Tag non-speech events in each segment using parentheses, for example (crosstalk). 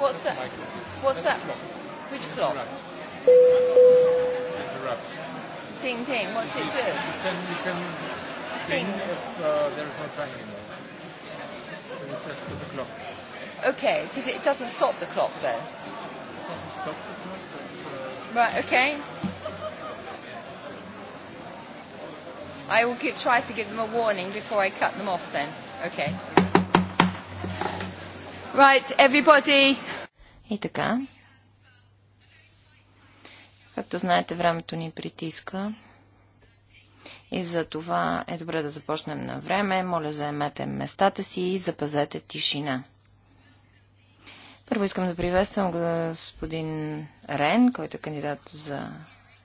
What's that? What's that? Which clock? Interrupts. Ding ding. What's it do? You can, you can ding, if uh, there is no time anymore. So you just put the clock. Okay, because it doesn't stop the clock though. It doesn't stop the clock. But, uh... Right. Okay. I will give, try to give them a warning before I cut them off then. Okay. Right, everybody. И така. Както знаете, времето ни притиска. И за това е добре да започнем на време. Моля, заемете местата си и запазете тишина. Първо искам да приветствам господин Рен, който е кандидат за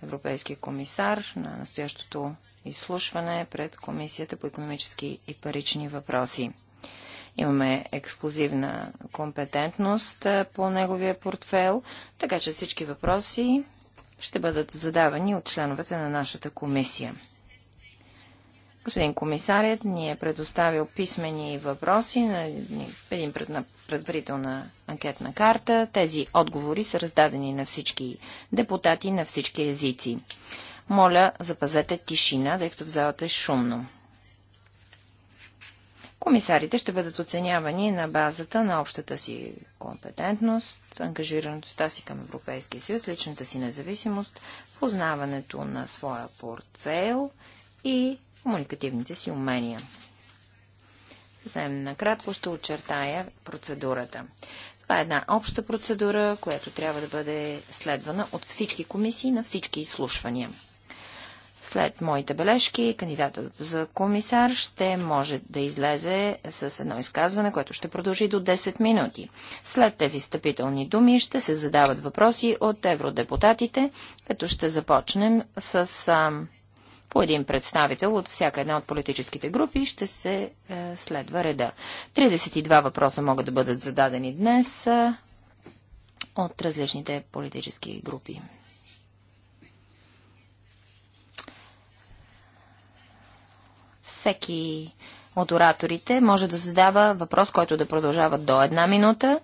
европейски комисар на настоящото изслушване пред Комисията по економически и парични въпроси. Имаме ексклюзивна компетентност по неговия портфел, така че всички въпроси ще бъдат задавани от членовете на нашата комисия. Господин комисарят ни е предоставил писмени въпроси на един предварителна анкетна карта. Тези отговори са раздадени на всички депутати на всички езици. Моля, запазете тишина, тъй като в залата е шумно. Комисарите ще бъдат оценявани на базата на общата си компетентност, ангажираността си към Европейския съюз, личната си независимост, познаването на своя портфейл и комуникативните си умения. Съвсем накратко ще очертая процедурата. Това е една обща процедура, която трябва да бъде следвана от всички комисии на всички изслушвания. След моите бележки, кандидатът за комисар ще може да излезе с едно изказване, което ще продължи до 10 минути. След тези встъпителни думи ще се задават въпроси от евродепутатите, като ще започнем с а, по един представител от всяка една от политическите групи ще се а, е, следва реда. 32 въпроса могат да бъдат зададени днес а, от различните политически групи. Всеки от ораторите може да задава въпрос, който да продължава до една минута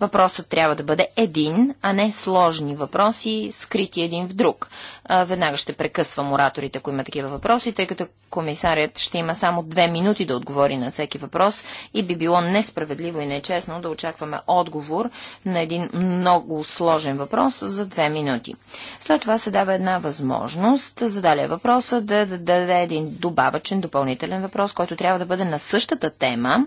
Въпросът трябва да бъде един, а не сложни въпроси, скрити един в друг. веднага ще прекъсвам ораторите, ако има такива въпроси, тъй като комисарят ще има само две минути да отговори на всеки въпрос и би било несправедливо и нечестно да очакваме отговор на един много сложен въпрос за две минути. След това се дава една възможност задалия въпроса да, да даде един добавъчен, допълнителен въпрос, който трябва да бъде на същата тема,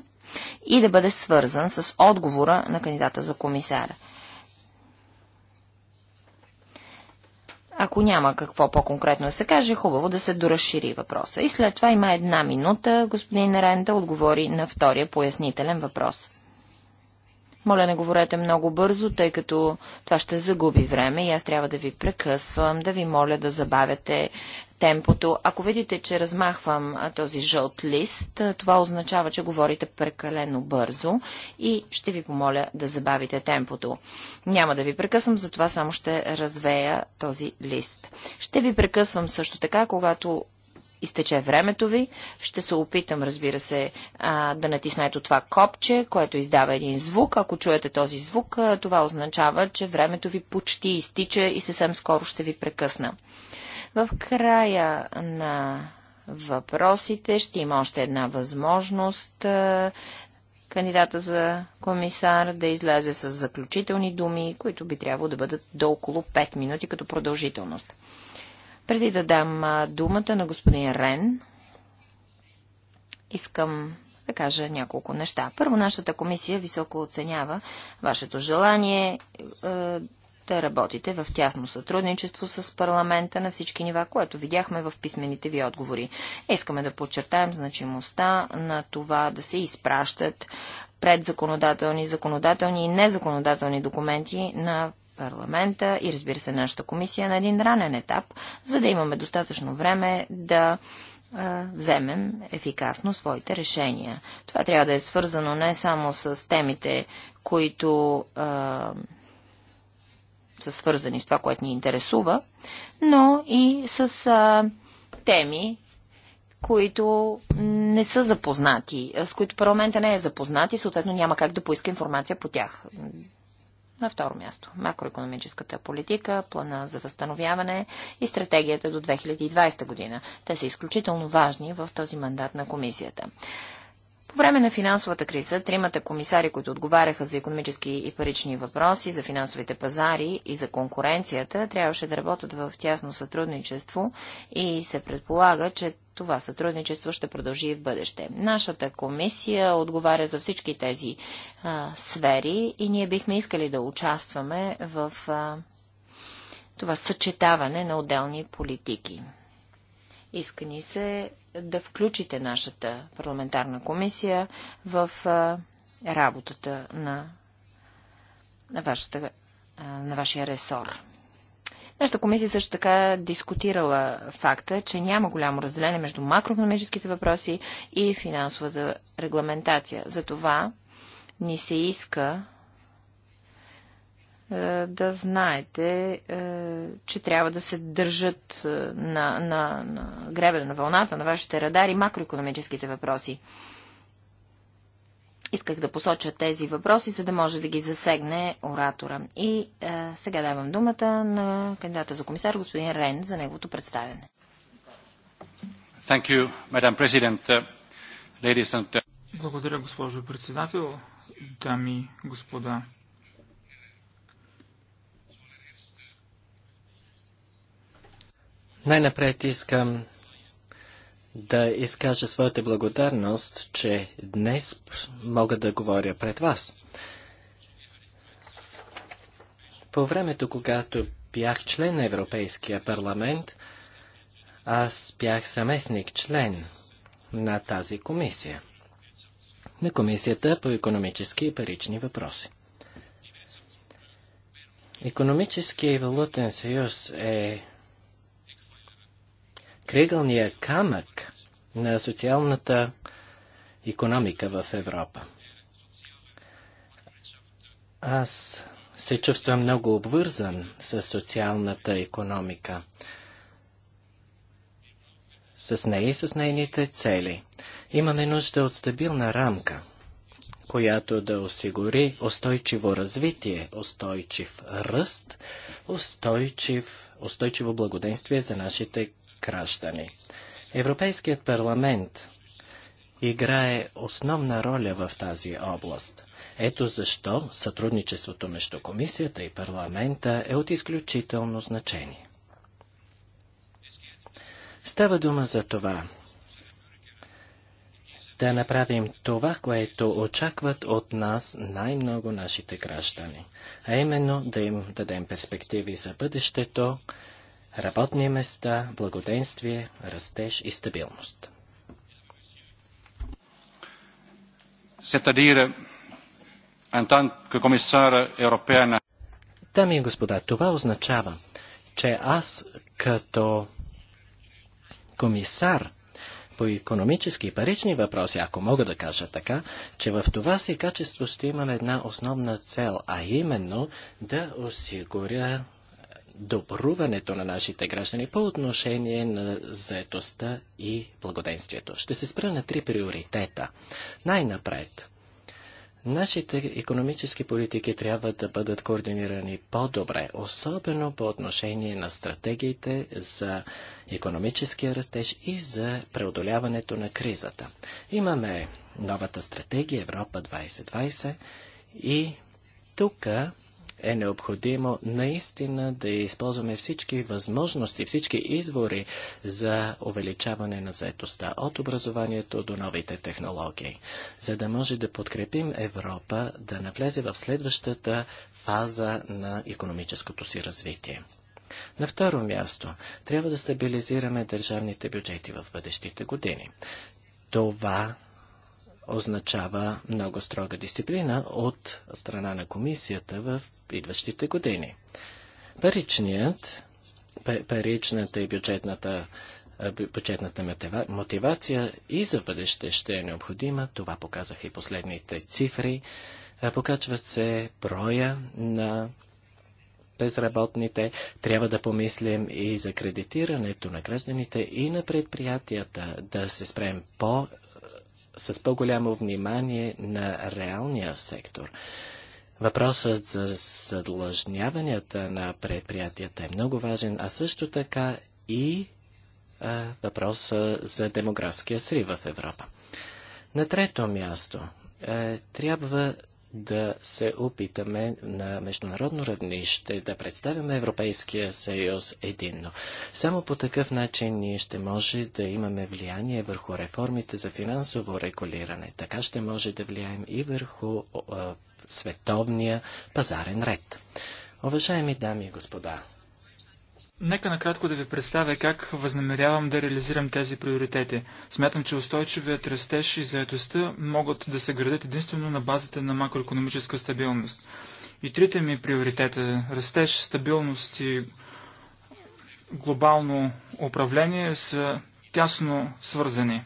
и да бъде свързан с отговора на кандидата за комисар. Ако няма какво по-конкретно да се каже, хубаво да се доразшири въпроса. И след това има една минута господин Рента отговори на втория пояснителен въпрос. Моля, не говорете много бързо, тъй като това ще загуби време и аз трябва да ви прекъсвам, да ви моля да забавяте темпото. Ако видите, че размахвам този жълт лист, това означава, че говорите прекалено бързо и ще ви помоля да забавите темпото. Няма да ви прекъсвам, затова само ще развея този лист. Ще ви прекъсвам също така, когато изтече времето ви. Ще се опитам, разбира се, да да натиснете това копче, което издава един звук. Ако чуете този звук, това означава, че времето ви почти изтича и съвсем скоро ще ви прекъсна. В края на въпросите ще има още една възможност кандидата за комисар да излезе с заключителни думи, които би трябвало да бъдат до около 5 минути като продължителност. Преди да дам думата на господин Рен, искам да кажа няколко неща. Първо, нашата комисия високо оценява вашето желание е, да работите в тясно сътрудничество с парламента на всички нива, което видяхме в писмените ви отговори. Искаме да подчертаем значимостта на това да се изпращат предзаконодателни, законодателни и незаконодателни документи на парламента и разбира се нашата комисия на един ранен етап, за да имаме достатъчно време да вземем ефикасно своите решения. Това трябва да е свързано не само с темите, които а, са свързани с това, което ни интересува, но и с а, теми, които не са запознати, с които парламента не е запознат и съответно няма как да поиска информация по тях. На второ място, макроекономическата политика, плана за възстановяване и стратегията до 2020 година. Те са изключително важни в този мандат на комисията. По време на финансовата криза, тримата комисари, които отговаряха за економически и парични въпроси, за финансовите пазари и за конкуренцията, трябваше да работят в тясно сътрудничество и се предполага, че това сътрудничество ще продължи и в бъдеще. Нашата комисия отговаря за всички тези а, сфери и ние бихме искали да участваме в а, това съчетаване на отделни политики. Иска ни се да включите нашата парламентарна комисия в а, работата на, на, вашата, а, на вашия ресор. Нашата комисия също така дискутирала факта, че няма голямо разделение между макроекономическите въпроси и финансовата регламентация. Затова ни се иска е, да знаете, е, че трябва да се държат е, на, на, на гребена на вълната на вашите радари макроекономическите въпроси. Исках да посоча тези въпроси, за да може да ги засегне оратора. И е, сега давам думата на кандидата за комисар, господин Рен, за неговото представяне. Thank you, uh, and... Благодаря, госпожо председател, дами и господа. Най-напред искам да изкажа своята благодарност, че днес мога да говоря пред вас. По времето, когато бях член на Европейския парламент, аз бях съместник член на тази комисия. На комисията по економически и парични въпроси. Економическия и валутен съюз е кръгълния камък на социалната економика в Европа. Аз се чувствам много обвързан с социалната економика. С нея и с нейните цели. Имаме нужда от стабилна рамка, която да осигури устойчиво развитие, устойчив ръст, устойчив, устойчиво благоденствие за нашите граждани. Европейският парламент играе основна роля в тази област. Ето защо сътрудничеството между комисията и парламента е от изключително значение. Става дума за това да направим това, което очакват от нас най-много нашите граждани, а именно да им дадем перспективи за бъдещето, работни места, благоденствие, растеж и стабилност. Дами и господа, това означава, че аз като комисар по економически и парични въпроси, ако мога да кажа така, че в това си качество ще имам една основна цел, а именно да осигуря добруването на нашите граждани по отношение на заетостта и благоденствието. Ще се спра на три приоритета. Най-напред. Нашите економически политики трябва да бъдат координирани по-добре, особено по отношение на стратегиите за економическия растеж и за преодоляването на кризата. Имаме новата стратегия Европа 2020 и тук е необходимо наистина да използваме всички възможности, всички извори за увеличаване на заетостта от образованието до новите технологии, за да може да подкрепим Европа да навлезе в следващата фаза на економическото си развитие. На второ място, трябва да стабилизираме държавните бюджети в бъдещите години. Това означава много строга дисциплина от страна на комисията в идващите години. Паричният, паричната и бюджетната, бюджетната мотивация и за бъдеще ще е необходима. Това показаха и последните цифри. Покачват се броя на безработните. Трябва да помислим и за кредитирането на гражданите и на предприятията, да се спрем по с по-голямо внимание на реалния сектор. Въпросът за задлъжняванията на предприятията е много важен, а също така и а, въпроса за демографския срив в Европа. На трето място а, е, трябва да се опитаме на международно равнище да представяме Европейския съюз единно. Само по такъв начин ние ще може да имаме влияние върху реформите за финансово регулиране. Така ще може да влияем и върху а, световния пазарен ред. Уважаеми дами и господа, Нека накратко да ви представя как възнамерявам да реализирам тези приоритети. Смятам, че устойчивият растеж и заедостта могат да се градят единствено на базата на макроекономическа стабилност. И трите ми приоритета – растеж, стабилност и глобално управление – са тясно свързани.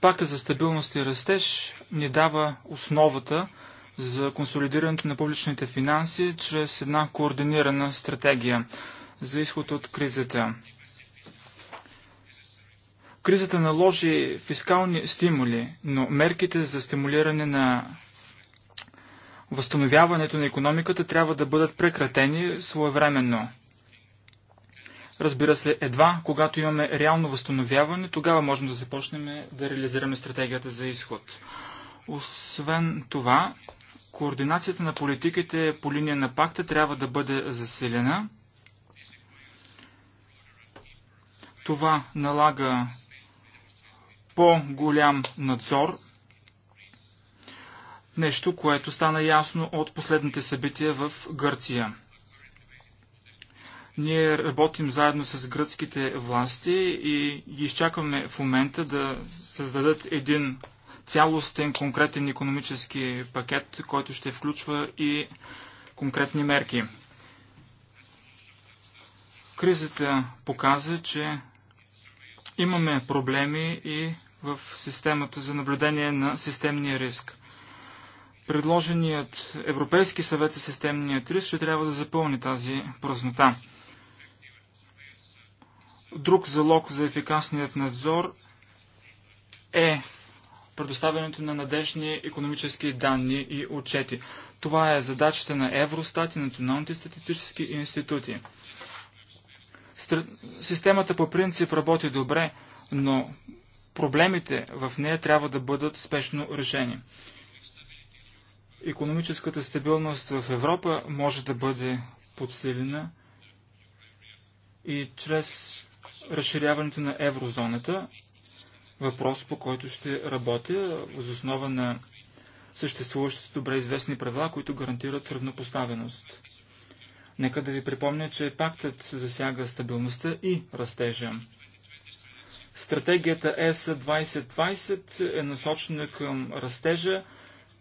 Пакта за стабилност и растеж ни дава основата – за консолидирането на публичните финанси чрез една координирана стратегия за изход от кризата. Кризата наложи фискални стимули, но мерките за стимулиране на възстановяването на економиката трябва да бъдат прекратени своевременно. Разбира се, едва когато имаме реално възстановяване, тогава можем да започнем да реализираме стратегията за изход. Освен това, Координацията на политиките по линия на пакта трябва да бъде засилена. Това налага по-голям надзор. Нещо, което стана ясно от последните събития в Гърция. Ние работим заедно с гръцките власти и ги изчакваме в момента да създадат един цялостен конкретен економически пакет, който ще включва и конкретни мерки. Кризата показа, че имаме проблеми и в системата за наблюдение на системния риск. Предложеният Европейски съвет за системният риск ще трябва да запълни тази празнота. Друг залог за ефикасният надзор е предоставянето на надежни економически данни и отчети. Това е задачата на Евростат и националните статистически институти. Системата по принцип работи добре, но проблемите в нея трябва да бъдат спешно решени. Економическата стабилност в Европа може да бъде подсилена и чрез разширяването на еврозоната, въпрос, по който ще работя, основа на съществуващите добре известни правила, които гарантират равнопоставеност. Нека да ви припомня, че пактът засяга стабилността и растежа. Стратегията ЕС 2020 е насочена към растежа,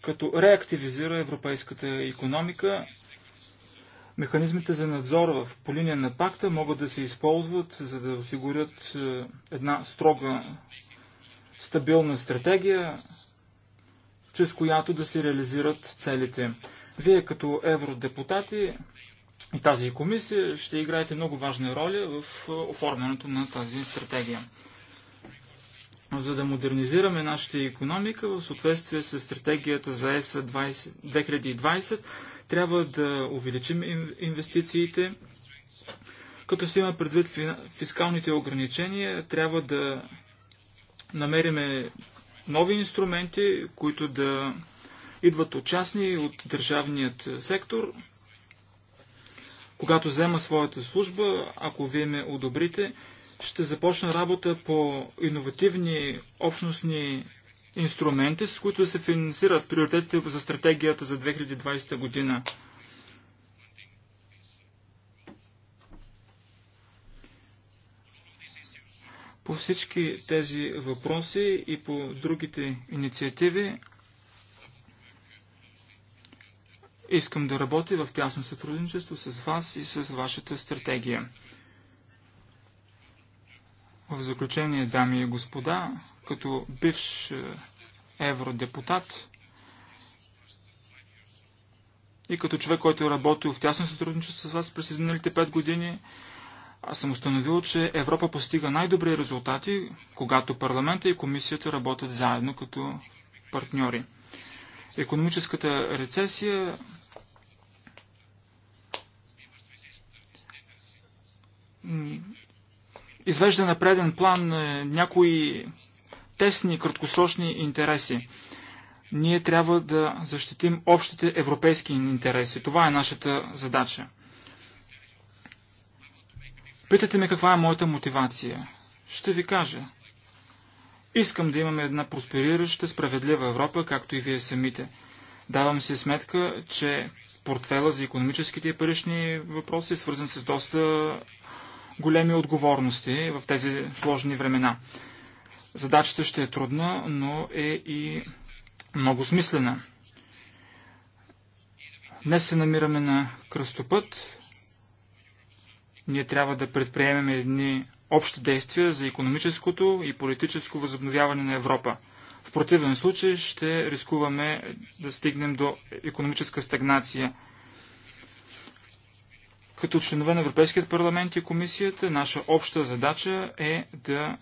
като реактивизира европейската економика. Механизмите за надзор в, полиния на пакта могат да се използват, за да осигурят е, една строга стабилна стратегия, чрез която да се реализират целите. Вие като евродепутати и тази комисия ще играете много важна роля в е, оформянето на тази стратегия. За да модернизираме нашата економика в съответствие с стратегията за ЕС 2020, трябва да увеличим инвестициите. Като се има предвид фискалните ограничения, трябва да намериме нови инструменти, които да идват от частни от държавният сектор. Когато взема своята служба, ако вие ме одобрите, ще започна работа по иновативни общностни инструменти, с които се финансират приоритетите за стратегията за 2020 година. По всички тези въпроси и по другите инициативи искам да работя в тясно сътрудничество с вас и с вашата стратегия. В заключение, дами и господа, като бивш е, евродепутат и като човек, който е работил в тясно сътрудничество с вас през изминалите 5 години, аз съм установил, че Европа постига най-добри резултати, когато парламента и комисията работят заедно като партньори. Економическата рецесия извежда на преден план е, някои тесни краткосрочни интереси. Ние трябва да защитим общите европейски интереси. Това е нашата задача. Питате ме каква е моята мотивация. Ще ви кажа. Искам да имаме една просперираща, справедлива Европа, както и вие самите. Давам си сметка, че портфела за економическите и парични въпроси е свързан с доста големи отговорности в тези сложни времена. Задачата ще е трудна, но е и много смислена. Днес се намираме на кръстопът, ние трябва да предприемем едни общи действия за економическото и политическо възобновяване на Европа. В противен случай ще рискуваме да стигнем до економическа стагнация. Като членове на Европейският парламент и комисията, наша обща задача е да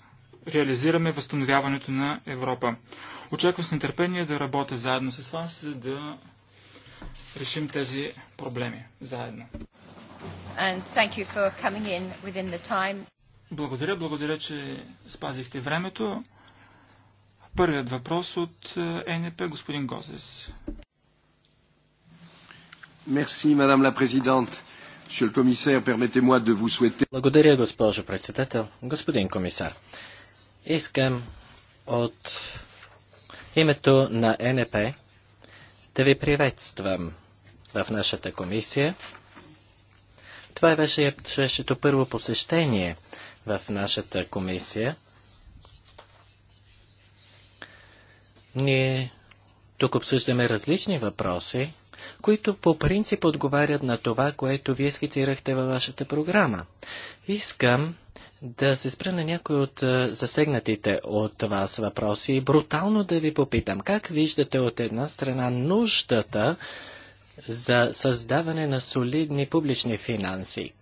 реализираме възстановяването на Европа. Очаквам с нетърпение да работя заедно с вас, за да решим тези проблеми заедно. And thank you for coming in within the time. Благодаря, благодаря, че спазихте времето. Първият въпрос от е, НП, е, господин Гозес. Merci, madame la présidente. Monsieur le commissaire, permettez-moi de vous souhaiter... Благодаря, госпожо председател. Господин комисар, искам от името на НП е да ви приветствам в нашата комисия. Това беше вашето първо посещение в нашата комисия. Ние тук обсъждаме различни въпроси, които по принцип отговарят на това, което вие скицирахте във вашата програма. Искам да се спра на някои от засегнатите от вас въпроси и брутално да ви попитам, как виждате от една страна нуждата за създаване на солидни публични финанси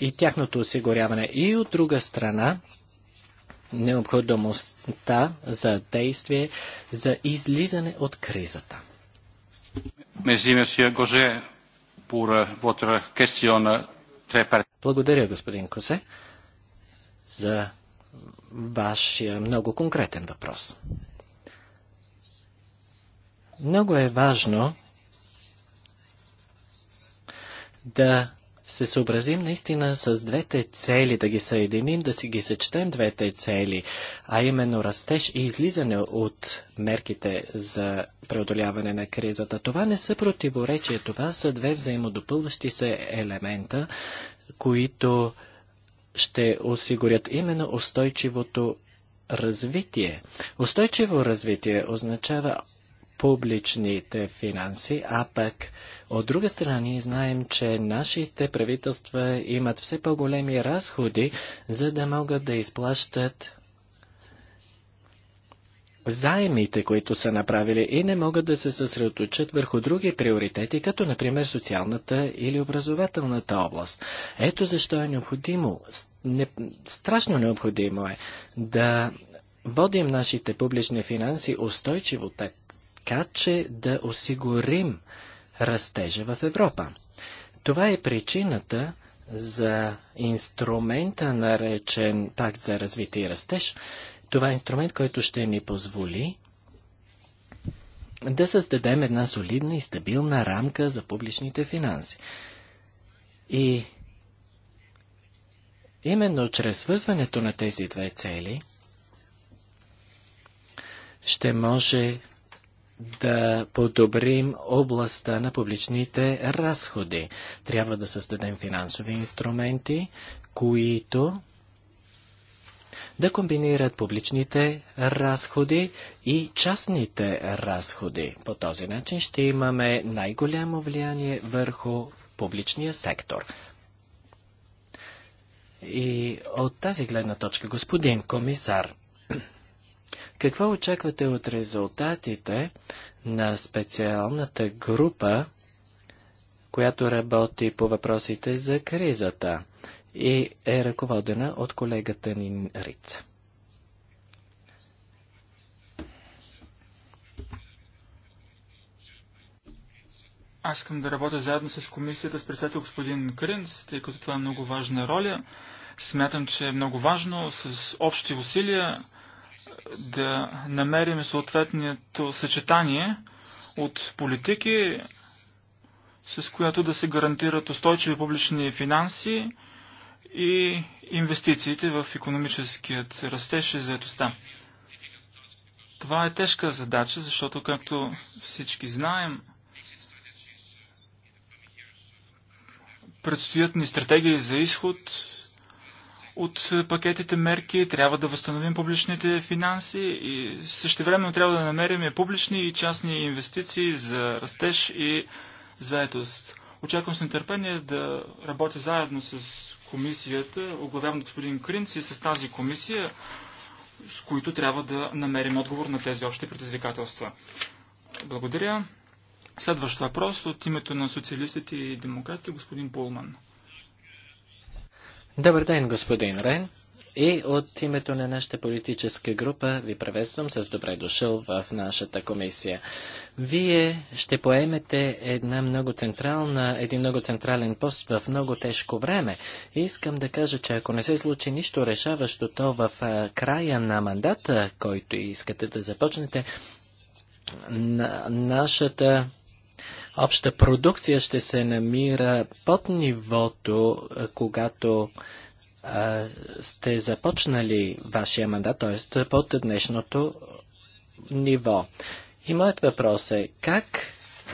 и тяхното осигуряване. И от друга страна, необходимостта за действие за излизане от кризата. Благодаря, господин Косе, за вашия много конкретен въпрос. Много е важно да се съобразим наистина с двете цели, да ги съединим, да си ги съчетем двете цели, а именно растеж и излизане от мерките за преодоляване на кризата. Това не са противоречия, това са две взаимодопълващи се елемента, които ще осигурят именно устойчивото развитие. Устойчиво развитие означава публичните финанси, а пък от друга страна ние знаем, че нашите правителства имат все по-големи разходи, за да могат да изплащат заемите, които са направили и не могат да се съсредоточат върху други приоритети, като например социалната или образователната област. Ето защо е необходимо, не, страшно необходимо е да водим нашите публични финанси устойчиво, така че да осигурим растежа в Европа. Това е причината за инструмента, наречен Пакт за развитие и растеж. Това е инструмент, който ще ни позволи да създадем една солидна и стабилна рамка за публичните финанси. И именно чрез свързването на тези две цели ще може да подобрим областта на публичните разходи. Трябва да създадем финансови инструменти, които да комбинират публичните разходи и частните разходи. По този начин ще имаме най-голямо влияние върху публичния сектор. И от тази гледна точка, господин комисар, какво очаквате от резултатите на специалната група, която работи по въпросите за кризата и е ръководена от колегата ни Риц? Аз искам да работя заедно с комисията с председател господин Кринц, тъй като това е много важна роля. Смятам, че е много важно с общи усилия да намерим съответното съчетание от политики, с която да се гарантират устойчиви публични финанси и инвестициите в економическият растеж и заедостта. Това е тежка задача, защото, както всички знаем, предстоят ни стратегии за изход от е, пакетите мерки, трябва да възстановим публичните финанси и същевременно трябва да намерим публични и частни инвестиции за растеж и заедост. Очаквам с нетърпение да работя заедно с комисията, оглавявам господин Кринц и с тази комисия, с които трябва да намерим отговор на тези общи предизвикателства. Благодаря. Следващ въпрос от името на социалистите и демократите, господин Пулман. Добър ден, господин Рен. И от името на нашата политическа група ви приветствам с добре дошъл в нашата комисия. Вие ще поемете една много централна, един много централен пост в много тежко време. И искам да кажа, че ако не се случи нищо решаващо то в края на мандата, който искате да започнете, на нашата обща продукция ще се намира под нивото, когато а, сте започнали вашия мандат, т.е. под днешното ниво. И моят въпрос е как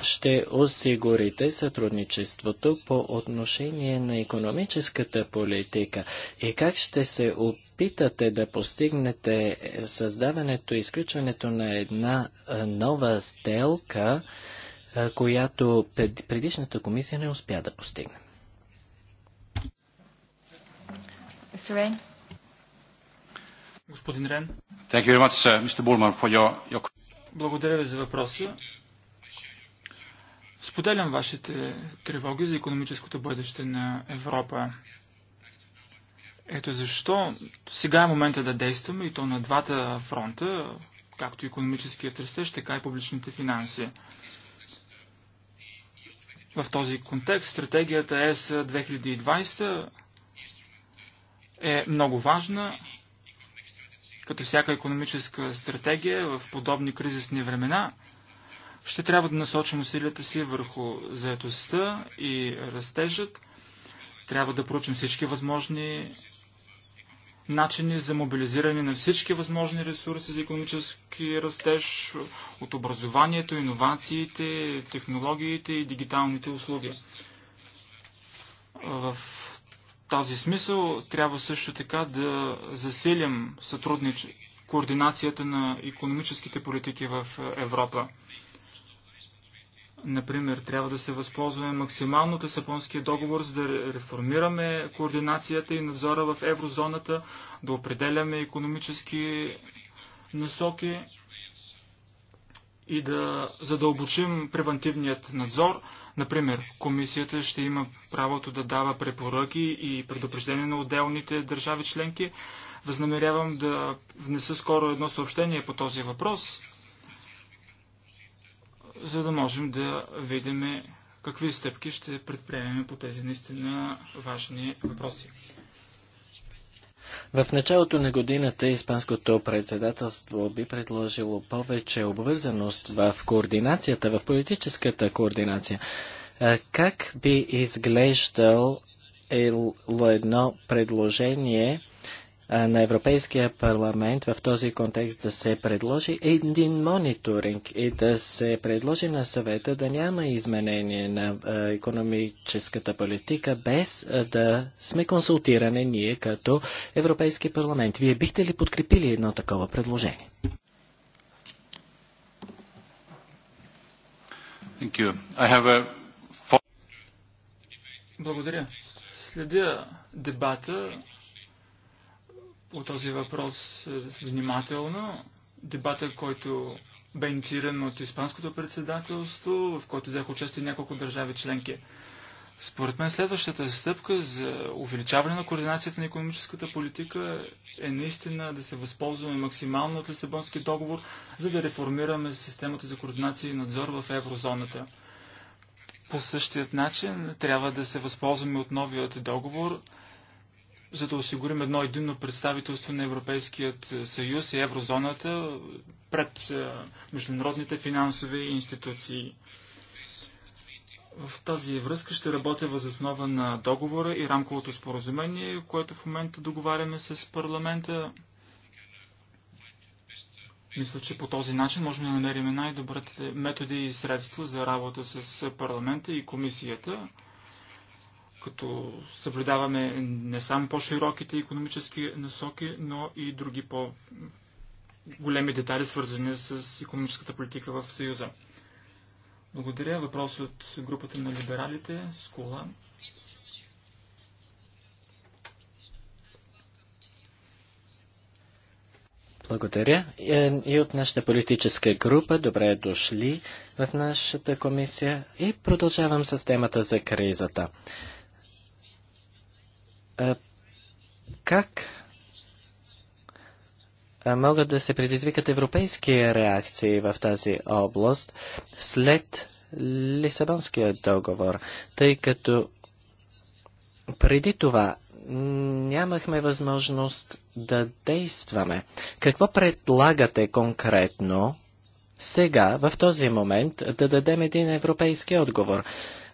ще осигурите сътрудничеството по отношение на економическата политика и как ще се опитате да постигнете е, създаването и изключването на една е, нова сделка, която предишната комисия не успя да постигне. Господин Рен. Благодаря ви за въпроса. Споделям вашите тревоги за економическото бъдеще на Европа. Ето защо сега е момента да действаме и то на двата фронта, както економическият растеж, така и публичните финанси. В този контекст стратегията ЕС 2020 е много важна, като всяка економическа стратегия в подобни кризисни времена. Ще трябва да насочим усилията си върху заетостта и растежът. Трябва да проучим всички възможни начини за мобилизиране на всички възможни ресурси за економически растеж от образованието, иновациите, технологиите и дигиталните услуги. В тази смисъл трябва също така да засилим сътруднич... координацията на економическите политики в Европа. Например, трябва да се възползваме максимално от Лисабонския договор, за да реформираме координацията и надзора в еврозоната, да определяме економически насоки и да задълбочим превентивният надзор. Например, комисията ще има правото да дава препоръки и предупреждение на отделните държави членки. Възнамерявам да внеса скоро едно съобщение по този въпрос – за да можем да видим какви стъпки ще предприемем по тези наистина важни въпроси. В началото на годината Испанското председателство би предложило повече обвързаност в координацията, в политическата координация. Как би изглеждало едно предложение на Европейския парламент в този контекст да се предложи един мониторинг и да се предложи на съвета да няма изменение на економическата политика без да сме консултирани ние като Европейски парламент. Вие бихте ли подкрепили едно такова предложение? A... Благодаря. Следя дебата по този въпрос е, внимателно. Дебата, който бе иницииран от Испанското председателство, в който взеха участие няколко държави членки. Според мен следващата стъпка за увеличаване на координацията на економическата политика е наистина да се възползваме максимално от Лисабонски договор, за да реформираме системата за координация и надзор в еврозоната. По същият начин трябва да се възползваме от новият договор, за да осигурим едно единно представителство на Европейският е, съюз и еврозоната е, пред е, международните финансови институции. В тази връзка ще работя въз основа на договора и рамковото споразумение, което в момента договаряме с парламента. Мисля, че по този начин можем да намерим най-добрите методи и средства за работа с парламента и комисията като съблюдаваме не само по-широките економически насоки, но и други по-големи детали, свързани с економическата политика в Съюза. Благодаря. Въпрос от групата на либералите. Скола. Благодаря. Е, и от нашата политическа група добре дошли в нашата комисия и продължавам с темата за кризата. Как могат да се предизвикат европейски реакции в тази област след Лисабонския договор, тъй като преди това нямахме възможност да действаме. Какво предлагате конкретно сега, в този момент, да дадем един европейски отговор?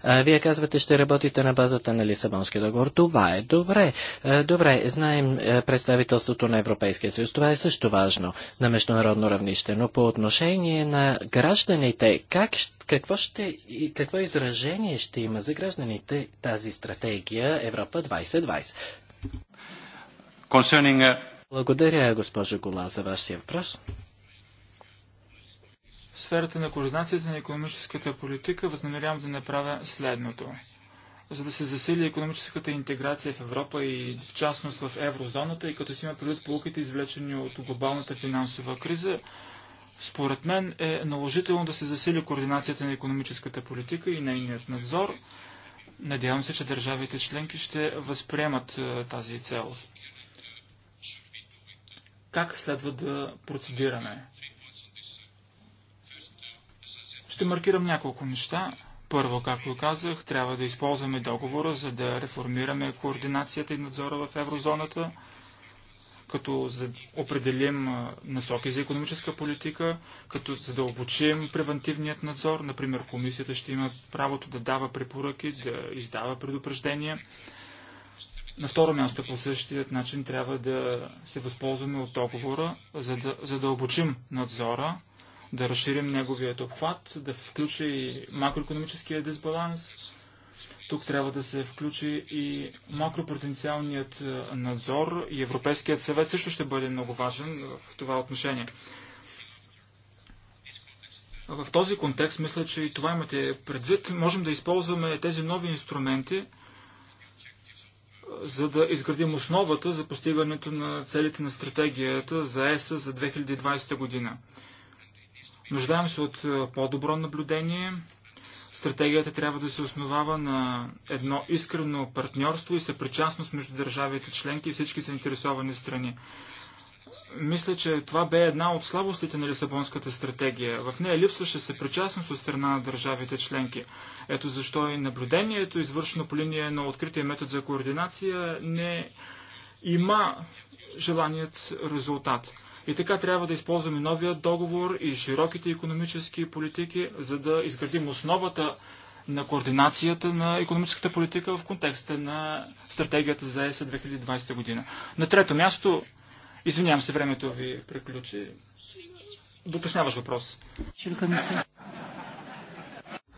А, вие казвате, ще работите на базата на Лисабонския договор. Това е добре. А, добре, знаем представителството на Европейския съюз. Това е също важно на международно равнище. Но по отношение на гражданите, как, какво, ще, какво изражение ще има за гражданите тази стратегия Европа 2020? Concerning... Благодаря, госпожо Гола, за вашия въпрос сферата на координацията на економическата политика възнамерявам да направя следното. За да се засили економическата интеграция в Европа и в частност в еврозоната и като си има предвид полуките извлечени от глобалната финансова криза, според мен е наложително да се засили координацията на економическата политика и нейният надзор. Надявам се, че държавите членки ще възприемат е, тази цел. Как следва да процедираме? Ще маркирам няколко неща. Първо, както казах, трябва да използваме договора, за да реформираме координацията и надзора в еврозоната, като за... определим насоки за економическа политика, като за да превентивният надзор. Например, комисията ще има правото да дава препоръки, да издава предупреждения. На второ място по същия начин трябва да се възползваме от договора, за да за да надзора, да разширим неговият обхват, да включи и макроекономическия дисбаланс. Тук трябва да се включи и макропотенциалният е, надзор и Европейският съвет също ще бъде много важен в това отношение. В този контекст, мисля, че и това имате предвид, можем да използваме тези нови инструменти, е, за да изградим основата за постигането на целите на стратегията за ЕС за 2020 година. Нуждаем се от по-добро наблюдение. Стратегията трябва да се основава на едно искрено партньорство и съпричастност между държавите членки и всички заинтересовани страни. Мисля, че това бе една от слабостите на Лисабонската стратегия. В нея липсваше съпричастност от страна на държавите членки. Ето защо и наблюдението, извършено по линия на открития метод за координация, не има желаният резултат. И така трябва да използваме новия договор и широките економически политики, за да изградим основата на координацията на економическата политика в контекста на стратегията за ЕС 2020 година. На трето място, извинявам се, времето ви приключи. Доточняваш въпрос.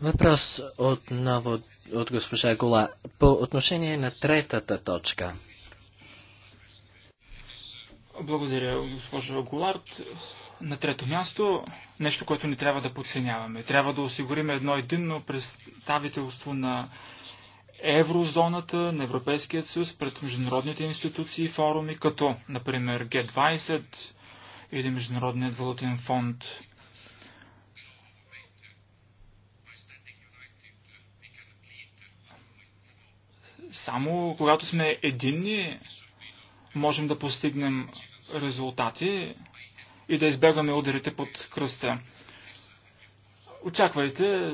Въпрос отново от госпожа Гола. По отношение на третата точка – благодаря, госпожо Голард. На трето място, нещо, което не трябва да подценяваме. Трябва да осигурим едно единно представителство на еврозоната, на Европейският съюз пред международните институции и форуми, като, например, Г20 или Международният валутен фонд. Само когато сме единни, можем да постигнем резултати и да избегаме ударите под кръста. Очаквайте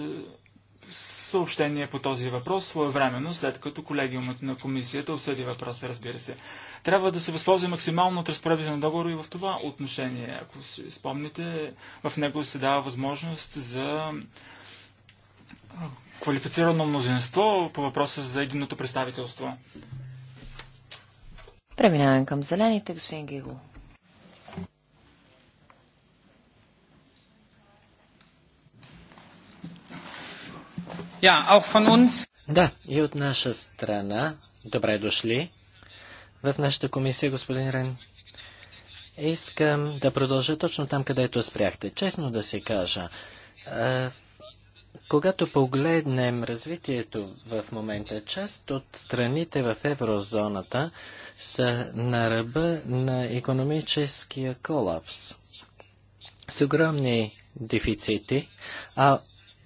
съобщение по този въпрос своевременно, след като колегиумът на комисията осъди въпроса, разбира се. Трябва да се възползва максимално от разпоредбите на договора и в това отношение. Ако си спомните, в него се дава възможност за квалифицирано мнозинство по въпроса за единното представителство. Преминаваме към зелените, господин Гигол. да, и от наша страна. Добре дошли. В нашата комисия, господин Рен. Искам да продължа точно там, където спряхте. Честно да си кажа, когато погледнем развитието в момента, част от страните в еврозоната са на ръба на економическия колапс с огромни дефицити, а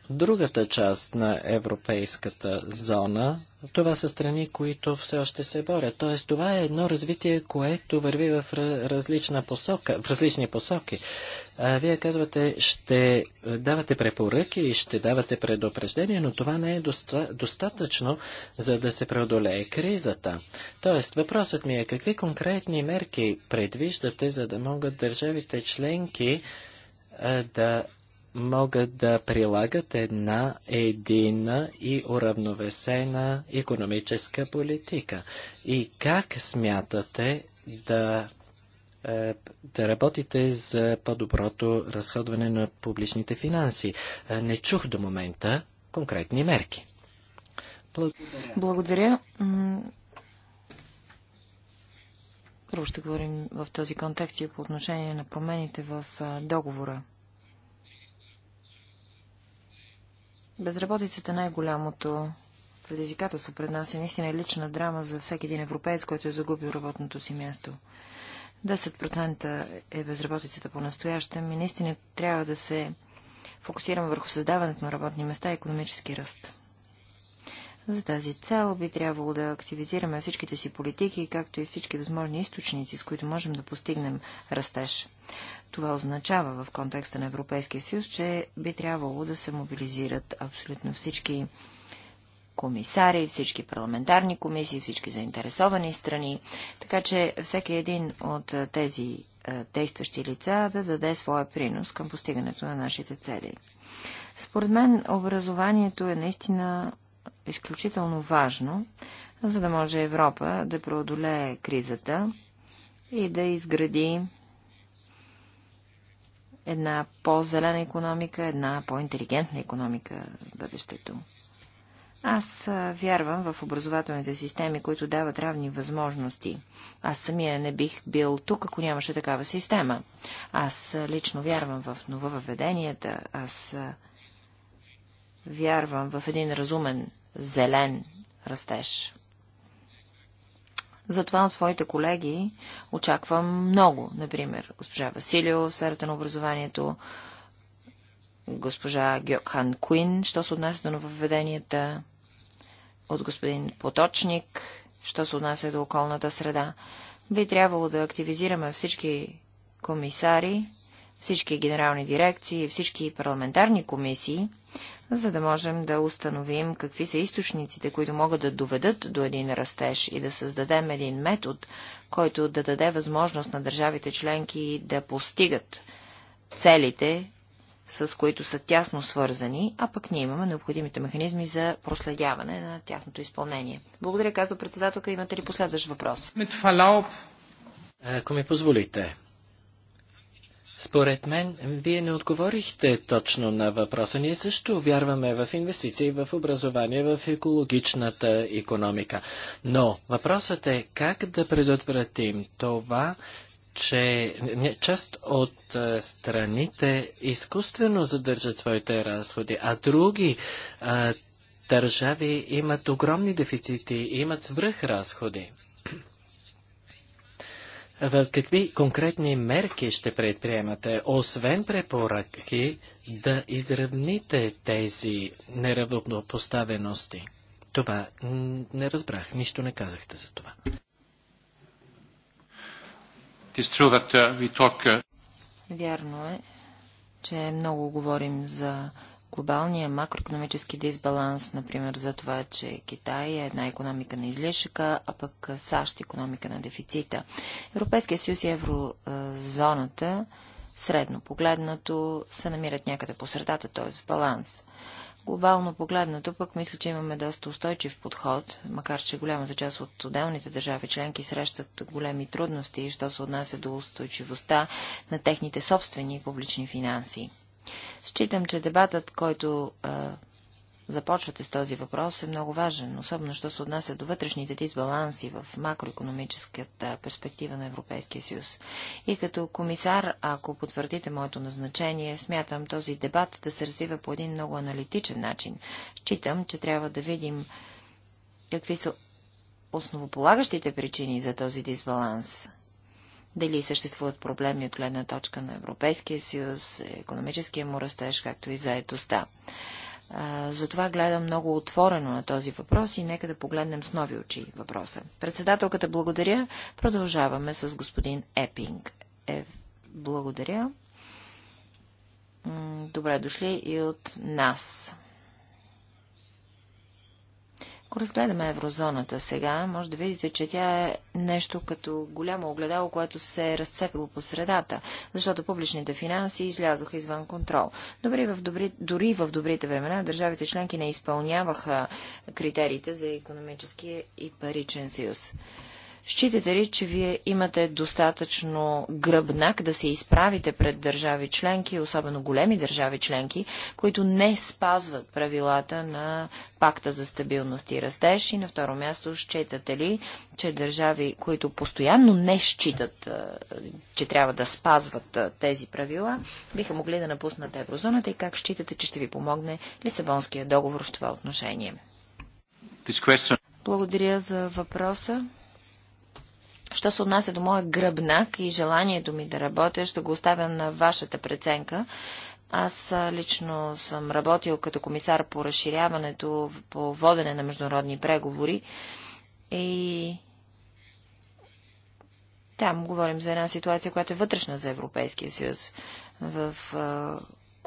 другата част на европейската зона това са страни, които все още се борят. Тоест, това е едно развитие, което върви в различна посока, в различни посоки. А, вие казвате, ще давате препоръки и ще давате предупреждения, но това не е доста, достатъчно, за да се преодолее кризата. Тоест, въпросът ми е какви конкретни мерки предвиждате, за да могат държавите членки а, да могат да прилагат една едина и уравновесена економическа политика? И как смятате да, е, да работите за по-доброто разходване на публичните финанси? Е, не чух до момента конкретни мерки. Благодаря. Благодаря. Първо ще говорим в този контекст и по отношение на промените в е, договора. Безработицата е най-голямото предизвикателство пред нас е наистина е лична драма за всеки един европеец, който е загубил работното си място. 10% е безработицата по настоящем и наистина трябва да се фокусираме върху създаването на работни места и економически ръст. За тази цел би трябвало да активизираме всичките си политики, както и всички възможни източници, с които можем да постигнем растеж. Това означава в контекста на Европейския съюз, че би трябвало да се мобилизират абсолютно всички комисари, всички парламентарни комисии, всички заинтересовани страни, така че всеки един от тези действащи лица да даде своя принос към постигането на нашите цели. Според мен образованието е наистина изключително важно, за да може Европа да преодолее кризата и да изгради една по-зелена економика, една по-интелигентна економика в бъдещето. Аз вярвам в образователните системи, които дават равни възможности. Аз самия не бих бил тук, ако нямаше такава система. Аз лично вярвам в нововъведенията. Аз вярвам в един разумен зелен растеж. Затова от своите колеги очаквам много. Например, госпожа Василио в сферата на образованието, госпожа Гьокхан Куин, що се отнася до нововведенията, от господин Поточник, що се отнася до околната среда. Би трябвало да активизираме всички комисари, всички генерални дирекции, всички парламентарни комисии, за да можем да установим какви са източниците, които могат да доведат до един растеж и да създадем един метод, който да даде възможност на държавите членки да постигат целите, с които са тясно свързани, а пък ние имаме необходимите механизми за проследяване на тяхното изпълнение. Благодаря, казва председателка. Имате ли последващ въпрос? Ако ми позволите, според мен, вие не отговорихте точно на въпроса. Ние също вярваме в инвестиции, в образование, в екологичната економика. Но въпросът е как да предотвратим това, че част от е, страните изкуствено задържат своите разходи, а други а, е, държави имат огромни дефицити и имат свръхразходи в какви конкретни мерки ще предприемате, освен препоръки, да изравните тези неравнопоставености? Това не разбрах, нищо не казахте за това. Uh, uh, Вярно е, че много говорим за глобалния макроекономически дисбаланс, например за това, че Китай е една економика на излишъка, а пък САЩ економика на дефицита. Европейския съюз и еврозоната средно погледнато се намират някъде по средата, т.е. в баланс. Глобално погледнато пък мисля, че имаме доста устойчив подход, макар че голямата част от отделните държави членки срещат големи трудности, що се отнася до устойчивостта на техните собствени публични финанси. Считам, че дебатът, който а, започвате с този въпрос, е много важен, особено, що се отнася до вътрешните дисбаланси в макроекономическата перспектива на Европейския съюз. И като комисар, ако потвърдите моето назначение, смятам този дебат да се развива по един много аналитичен начин. Считам, че трябва да видим какви са основополагащите причини за този дисбаланс дали съществуват проблеми от гледна точка на Европейския съюз, економическия му растеж, както и заетостта. Затова гледам много отворено на този въпрос и нека да погледнем с нови очи въпроса. Председателката благодаря. Продължаваме с господин Епинг. Е, благодаря. Добре дошли и от нас. Ако разгледаме еврозоната сега, може да видите, че тя е нещо като голямо огледало, което се е разцепило по средата, защото публичните финанси излязоха извън контрол. Добри в добри, дори в добрите времена държавите членки не изпълняваха критериите за економическия и паричен съюз. Считате ли, че вие имате достатъчно гръбнак да се изправите пред държави членки, особено големи държави членки, които не спазват правилата на пакта за стабилност и растеж? И на второ място, считате ли, че държави, които постоянно не считат, че трябва да спазват тези правила, биха могли да напуснат еврозоната и как считате, че ще ви помогне Лисабонския договор в това отношение? Благодаря за въпроса. Що се отнася до моя гръбнак и желанието ми да работя, ще го оставя на вашата преценка. Аз лично съм работил като комисар по разширяването, по водене на международни преговори и там говорим за една ситуация, която е вътрешна за Европейския съюз, в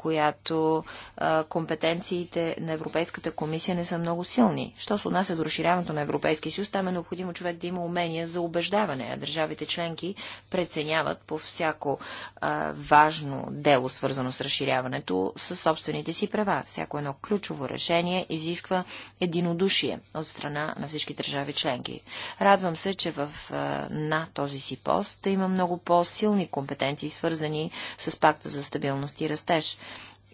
която а, компетенциите на Европейската комисия не са много силни. Що се отнася до разширяването на Европейския съюз, там е необходимо човек да има умения за убеждаване, а държавите членки преценяват по всяко а, важно дело, свързано с разширяването, със собствените си права. Всяко едно ключово решение изисква единодушие от страна на всички държави членки. Радвам се, че в, а, на този си пост има много по-силни компетенции, свързани с пакта за стабилност и растеж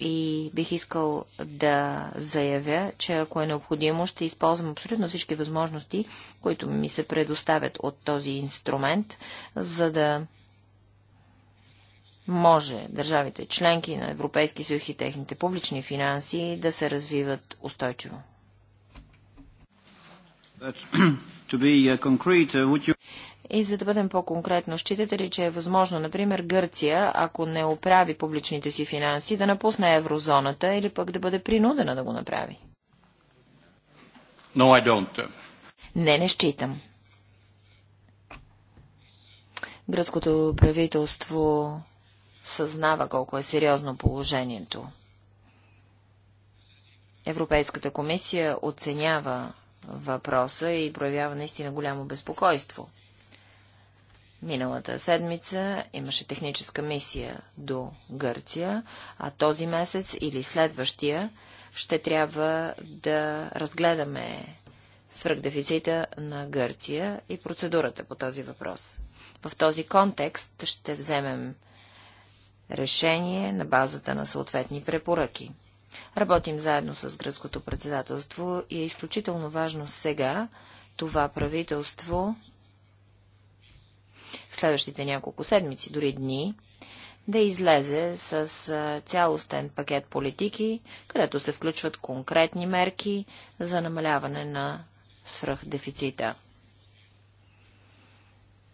и бих искал да заявя, че ако е необходимо, ще използвам абсолютно всички възможности, които ми се предоставят от този инструмент, за да може държавите членки на Европейски съюз и техните публични финанси да се развиват устойчиво. (clears throat) Uh, concrete, uh, you... И за да бъдем по-конкретно, считате ли, че е възможно, например, Гърция, ако не оправи публичните си финанси, да напусне еврозоната или пък да бъде принудена да го направи? No, I don't. Не, не считам. Гръцкото правителство съзнава колко е сериозно положението. Европейската комисия оценява въпроса и проявява наистина голямо безпокойство. Миналата седмица имаше техническа мисия до Гърция, а този месец или следващия ще трябва да разгледаме свръхдефицита на Гърция и процедурата по този въпрос. В този контекст ще вземем решение на базата на съответни препоръки. Работим заедно с гръцкото председателство и е изключително важно сега това правителство в следващите няколко седмици, дори дни, да излезе с цялостен пакет политики, където се включват конкретни мерки за намаляване на свръхдефицита.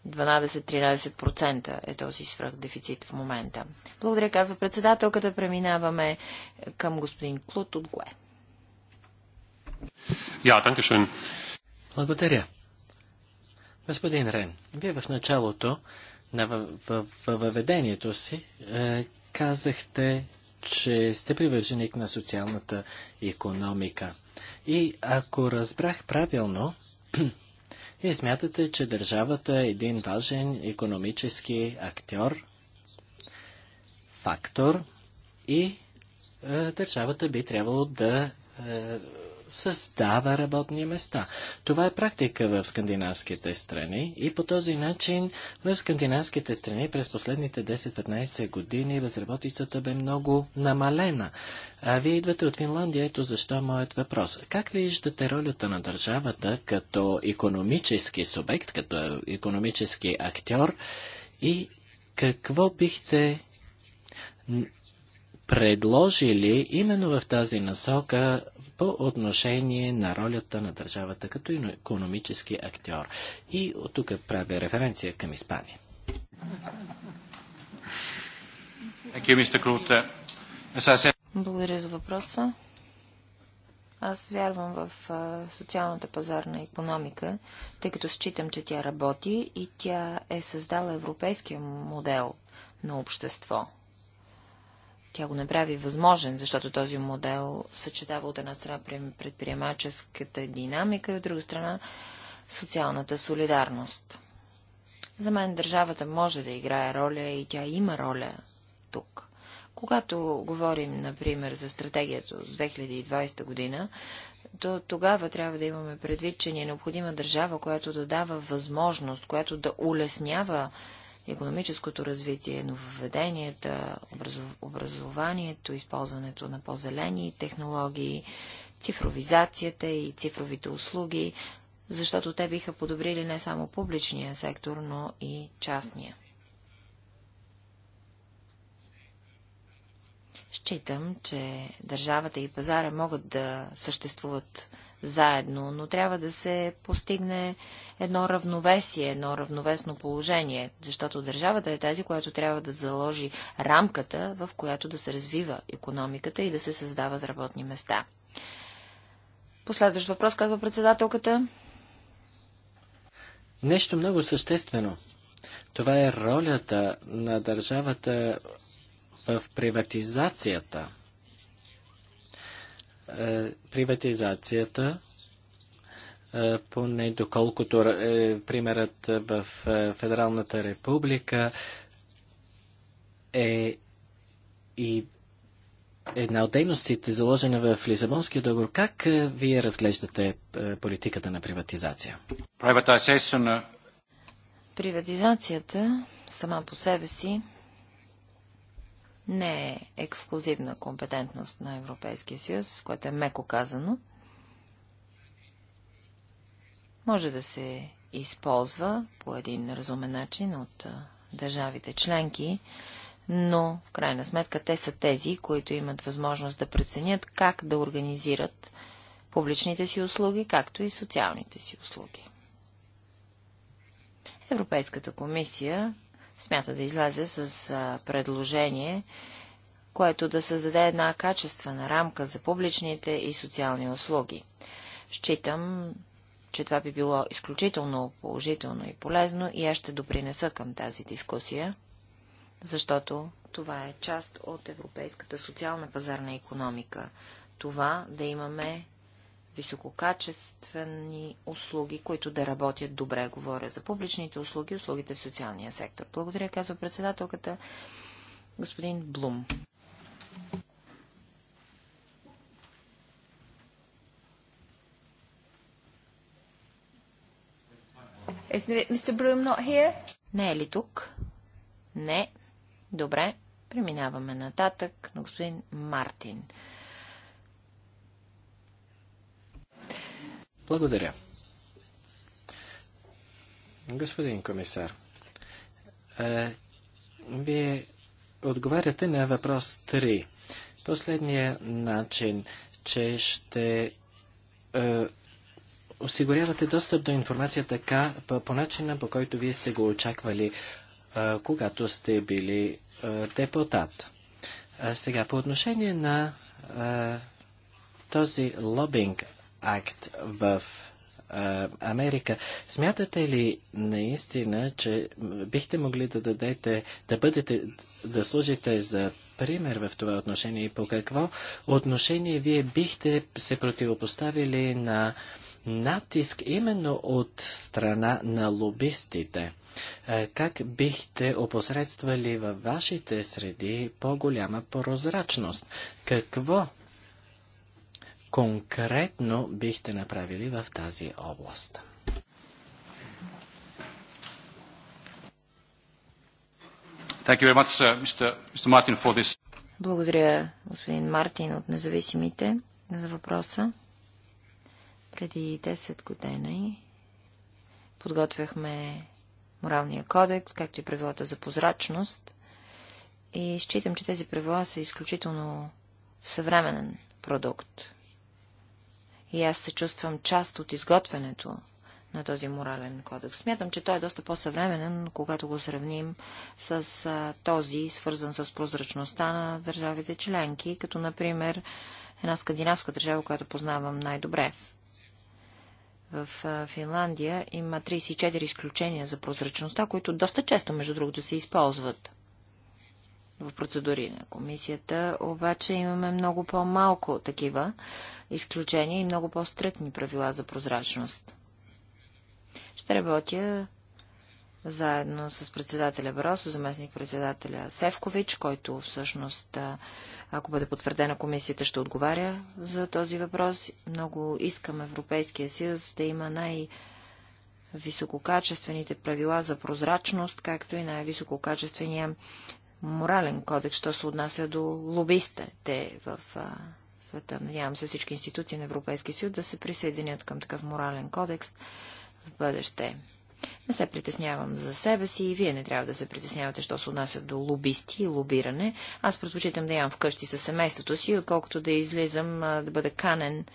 12-13% е този свръхдефицит в момента. Благодаря, казва председателката. Преминаваме към господин Клут от ГОЕ. Yeah, Благодаря. Господин Рен, вие в началото на въведението си е, казахте, че сте привърженик на социалната економика. И ако разбрах правилно, (clears throat) вие смятате, че държавата е един важен економически актьор, фактор и е, държавата би трябвало да е, създава работни места. Това е практика в скандинавските страни и по този начин в скандинавските страни през последните 10-15 години безработицата бе много намалена. А вие идвате от Финландия, ето защо е моят въпрос. Как виждате ролята на държавата като економически субект, като економически актьор и какво бихте предложили именно в тази насока по отношение на ролята на държавата като економически актьор. И от тук правя референция към Испания. Благодаря за въпроса. Аз вярвам в социалната пазарна економика, тъй като считам, че тя работи и тя е създала европейския модел на общество. Тя го направи възможен, защото този модел съчетава от една страна предприемаческата динамика и от друга страна социалната солидарност. За мен държавата може да играе роля и тя има роля тук. Когато говорим, например, за стратегията от 2020 година, то тогава трябва да имаме предвид, че ни е необходима държава, която да дава възможност, която да улеснява економическото развитие, нововведенията, образованието, използването на по-зелени технологии, цифровизацията и цифровите услуги, защото те биха подобрили не само публичния сектор, но и частния. Считам, че държавата и пазара могат да съществуват заедно, но трябва да се постигне едно равновесие, едно равновесно положение, защото държавата е тази, която трябва да заложи рамката, в която да се развива економиката и да се създават работни места. Последващ въпрос, казва председателката. Нещо много съществено. Това е ролята на държавата в приватизацията. Е, приватизацията е, поне доколкото е, примерът в е, Федералната република е и една от дейностите, заложена в Лизабонския договор. Как е, вие разглеждате политиката на приватизация? Приватизацията сама по себе си не е ексклюзивна компетентност на Европейския съюз, което е меко казано може да се използва по един разумен начин от държавите членки, но в крайна сметка те са тези, които имат възможност да преценят как да организират публичните си услуги, както и социалните си услуги. Европейската комисия смята да излезе с предложение, което да създаде една качествена рамка за публичните и социални услуги. Считам, че това би било изключително положително и полезно и аз ще допринеса към тази дискусия, защото това е част от европейската социална пазарна економика. Това да имаме висококачествени услуги, които да работят добре. Говоря за публичните услуги, услугите в социалния сектор. Благодаря, казва председателката господин Блум. Is Mr. not here? Не е ли тук? Не. Добре. Преминаваме нататък на господин Мартин. Благодаря. Господин комисар, а, вие отговаряте на въпрос 3. Последния начин, че ще осигурявате достъп до информация така, по, начина, по който вие сте го очаквали, когато сте били депутат. сега, по отношение на този лобинг акт в Америка, смятате ли наистина, че бихте могли да дадете, да бъдете, да служите за пример в това отношение и по какво отношение вие бихте се противопоставили на а, натиск именно от страна на лобистите. Е, как бихте опосредствали във вашите среди по-голяма прозрачност? Какво конкретно бихте направили в тази област? Благодаря, господин Мартин от независимите, за въпроса. Преди 10 години подготвяхме моралния кодекс, както и правилата за прозрачност. И считам, че тези правила са изключително съвременен продукт. И аз се чувствам част от изготвянето на този морален кодекс. Смятам, че той е доста по-съвременен, когато го сравним с а, този, свързан с прозрачността на държавите членки, като, например, една скандинавска държава, която познавам най-добре в Финландия има 34 изключения за прозрачността, които доста често, между другото, се използват в процедури на комисията. Обаче имаме много по-малко такива изключения и много по стрикни правила за прозрачност. Ще работя заедно с председателя Баросо, заместник председателя Севкович, който всъщност ако бъде потвърдена комисията, ще отговаря за този въпрос. Много искам Европейския съюз да има най- висококачествените правила за прозрачност, както и най-висококачествения морален кодекс, що се отнася до лобистите в а, света. Надявам се всички институции на Европейския съюз да се присъединят към такъв морален кодекс в бъдеще. Не се притеснявам за себе си и вие не трябва да се притеснявате, що се отнася до лобисти и лобиране. Аз предпочитам да ям вкъщи със семейството си, отколкото да излизам да бъда канен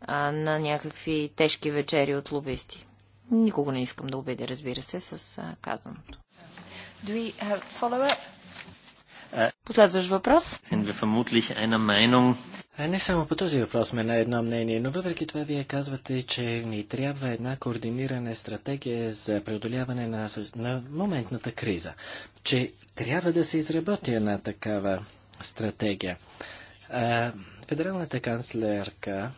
а, на някакви тежки вечери от лобисти. Никога не искам да обидя, разбира се, с а, казаното. Uh, е. Последваш въпрос. Не само по този въпрос сме на едно мнение, но въпреки това вие казвате, че ни трябва една координирана стратегия за преодоляване на, на моментната криза. Че трябва да се изработи една такава стратегия. А, федералната канцлерка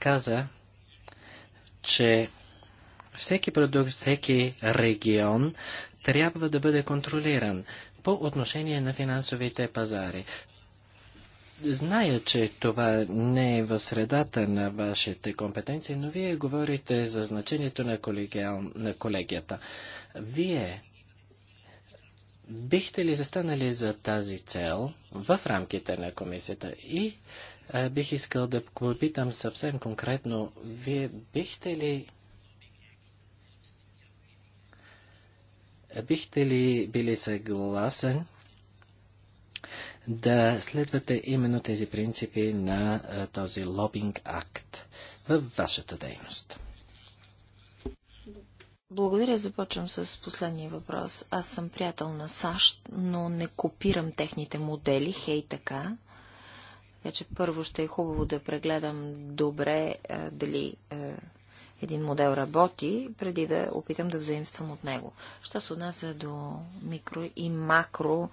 каза, че всеки продукт, всеки регион трябва да бъде контролиран по отношение на финансовите пазари. Зная, че това не е в средата на вашите компетенции, но вие говорите за значението на, колегиал, на колегията. Вие бихте ли застанали за тази цел в рамките на комисията? И а, бих искал да попитам съвсем конкретно, вие бихте ли бихте ли били съгласен да следвате именно тези принципи на този лобинг акт във вашата дейност. Благодаря. Започвам с последния въпрос. Аз съм приятел на САЩ, но не копирам техните модели, хей така. Така че първо ще е хубаво да прегледам добре дали един модел работи, преди да опитам да взаимствам от него. Що се отнася до микро и макро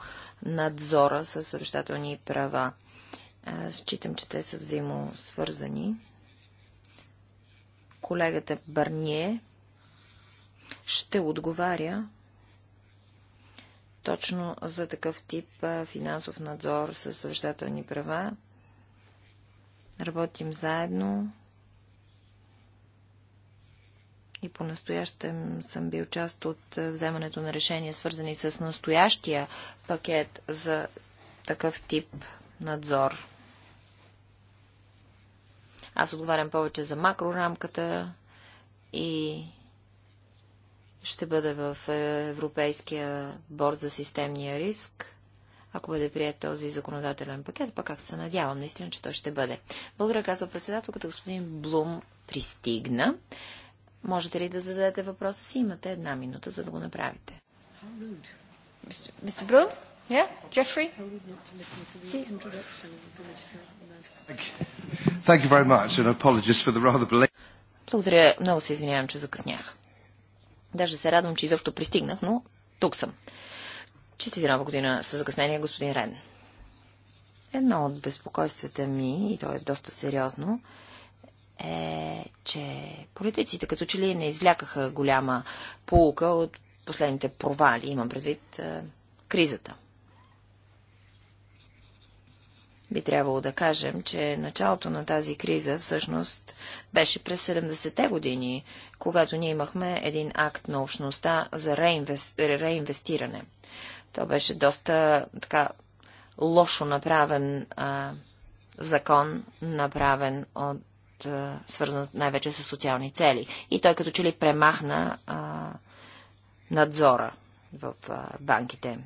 надзора с съвещателни права? Считам, че те са взаимосвързани. Колегата Барние ще отговаря точно за такъв тип финансов надзор с съвещателни права. Работим заедно и по-настоящем съм бил част от е, вземането на решения, свързани с настоящия пакет за такъв тип надзор. Аз отговарям повече за макрорамката и ще бъде в е, Европейския борд за системния риск. Ако бъде прият този законодателен пакет, пък как се надявам, наистина, че той ще бъде. Благодаря, казва председателката, господин Блум пристигна. Можете ли да зададете въпроса си? Имате една минута, за да го направите. Мистер Bloom? Да? Джефри? Thank you very much and apologies for the rather belated... Благодаря. Много се извинявам, че закъснях. Даже се радвам, че изобщо пристигнах, но тук съм. Честите нова година с закъснение, господин Рен. Едно от безпокойствата ми, и то е доста сериозно, е, че политиците като че ли не извлякаха голяма полука от последните провали, имам предвид е, кризата. Би трябвало да кажем, че началото на тази криза всъщност беше през 70-те години, когато ние имахме един акт на общността за реинвести... реинвестиране. То беше доста така лошо направен а, закон, направен от свързан най-вече с социални цели. И той като че ли премахна а, надзора в а, банките.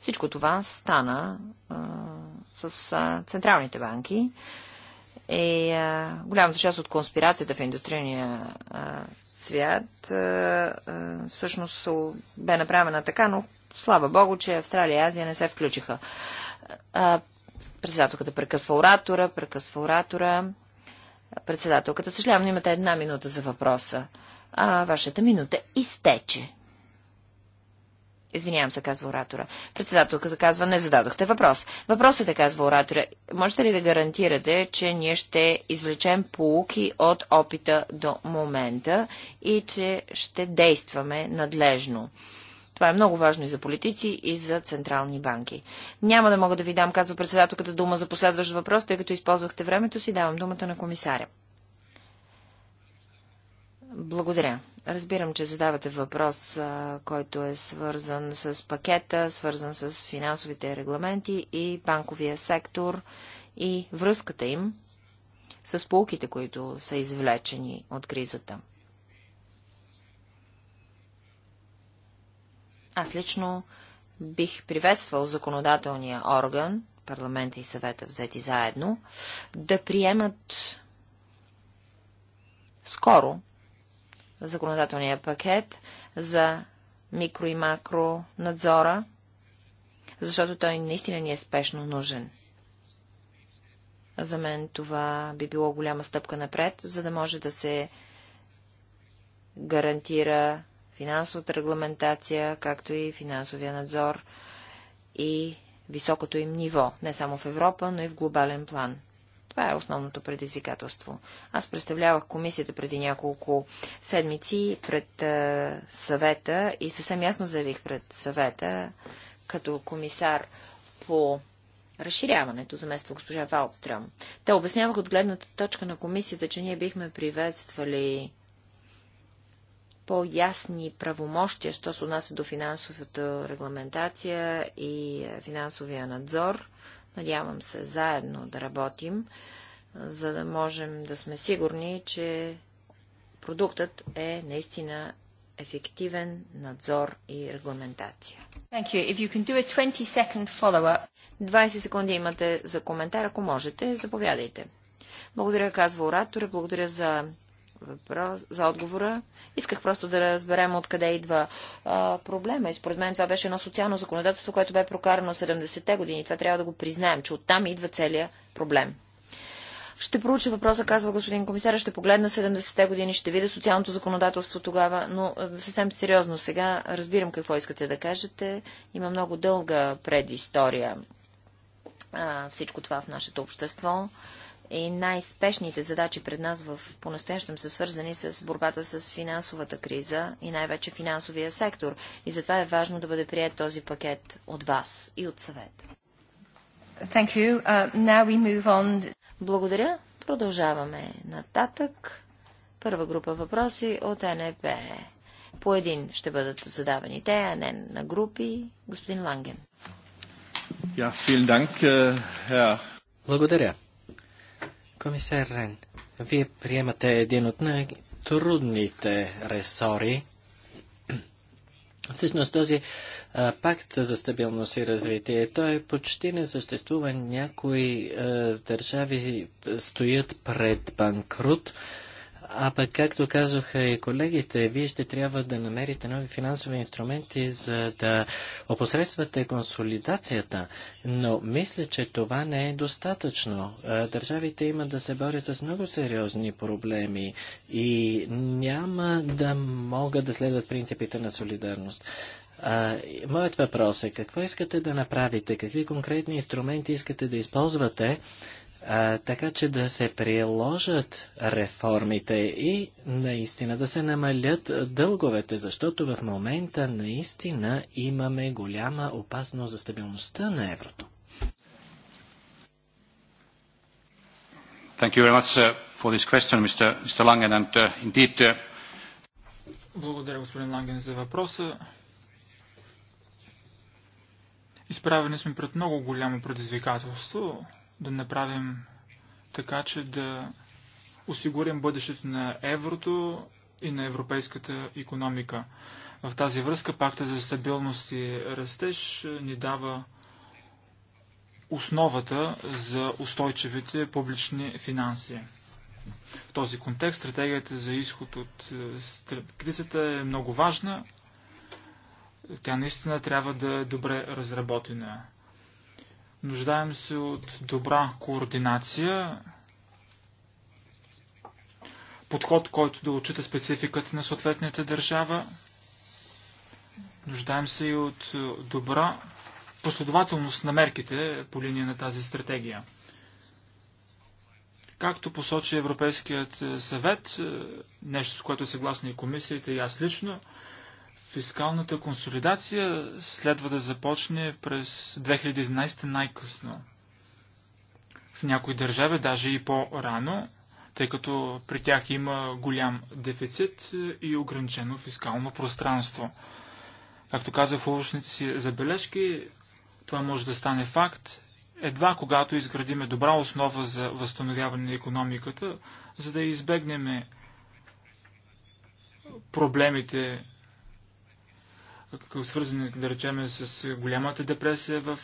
Всичко това стана а, с а, централните банки. И е, а, голямата част от конспирацията в индустриалния свят а, а, всъщност бе направена така, но слава богу, че Австралия и Азия не се включиха. А, председателката прекъсва оратора, прекъсва оратора. Председателката, съжалявам, но имате една минута за въпроса. А вашата минута изтече. Извинявам се, казва оратора. Председателката казва, не зададохте въпрос. Въпросът е, казва оратора, можете ли да гарантирате, че ние ще извлечем полуки от опита до момента и че ще действаме надлежно? Това е много важно и за политици, и за централни банки. Няма да мога да ви дам, казва председателката, дума за последващ въпрос, тъй като използвахте времето си, давам думата на комисаря. Благодаря. Разбирам, че задавате въпрос, който е свързан с пакета, свързан с финансовите регламенти и банковия сектор и връзката им с полките, които са извлечени от кризата. Аз лично бих приветствал законодателния орган, парламента и съвета взети заедно, да приемат скоро законодателния пакет за микро и макро надзора, защото той наистина ни е спешно нужен. За мен това би било голяма стъпка напред, за да може да се гарантира финансовата регламентация, както и финансовия надзор и високото им ниво, не само в Европа, но и в глобален план. Това е основното предизвикателство. Аз представлявах комисията преди няколко седмици пред е, съвета и съвсем ясно заявих пред съвета, като комисар по разширяването, замества госпожа Валдстрем. Те обяснявах от гледната точка на комисията, че ние бихме приветствали по-ясни правомощия, що се отнася до финансовата регламентация и е, финансовия надзор. Надявам се заедно да работим, за да можем да сме сигурни, че продуктът е наистина ефективен надзор и регламентация. 20, 20 секунди имате за коментар, ако можете, заповядайте. Благодаря, казва оратора, благодаря за въпрос, за отговора. Исках просто да разберем откъде идва а, проблема. И според мен това беше едно социално законодателство, което бе прокарано 70-те години. Това трябва да го признаем, че оттам идва целият проблем. Ще проуча въпроса, казва господин комисар, ще погледна 70-те години, ще видя социалното законодателство тогава, но съвсем сериозно сега разбирам какво искате да кажете. Има много дълга предистория а, всичко това в нашето общество и най-спешните задачи пред нас в понастоящем са свързани с борбата с финансовата криза и най-вече финансовия сектор. И затова е важно да бъде прият този пакет от вас и от съвета. Uh, Благодаря. Продължаваме нататък. Първа група въпроси от НЕП. По един ще бъдат задавани те, а не на групи. Господин Ланген. Yeah, Dank, uh, Благодаря. Комисар Рен, вие приемате един от най-трудните ресори. Всъщност този а, пакт за стабилност и развитие, той е почти не съществува. Някои а, държави стоят пред банкрут. А, а пък, както казаха и колегите, вие ще трябва да намерите нови финансови инструменти, за да опосредствате консолидацията. Но мисля, че това не е достатъчно. Държавите имат да се борят с много сериозни проблеми и няма да могат да следват принципите на солидарност. А, моят въпрос е, какво искате да направите? Какви конкретни инструменти искате да използвате, а, така че да се приложат реформите и наистина да се намалят дълговете, защото в момента наистина имаме голяма опасност за стабилността на еврото. Thank you very much for this question, Mr. Mr. Langen, and uh, indeed uh, благодаря, господин Ланген, за въпроса. Изправени сме пред много голямо предизвикателство да направим така, че да осигурим бъдещето на еврото и на европейската економика. В тази връзка пакта за стабилност и растеж е, ни дава основата за устойчивите публични финанси. В този контекст стратегията за изход от е, кризата е много важна. Тя наистина трябва да е добре разработена. Нуждаем се от добра координация, подход, който да отчита спецификата на съответната държава. Нуждаем се и от добра последователност на мерките по линия на тази стратегия. Както посочи Европейският съвет, нещо с което е съгласна и комисията и аз лично, Фискалната консолидация следва да започне през 2011 най-късно. В някои държави даже и по-рано, тъй като при тях има голям дефицит и ограничено фискално пространство. Както казах в увършните си забележки, това може да стане факт едва когато изградиме добра основа за възстановяване на економиката, за да избегнем проблемите свързани, да речем, с голямата депресия в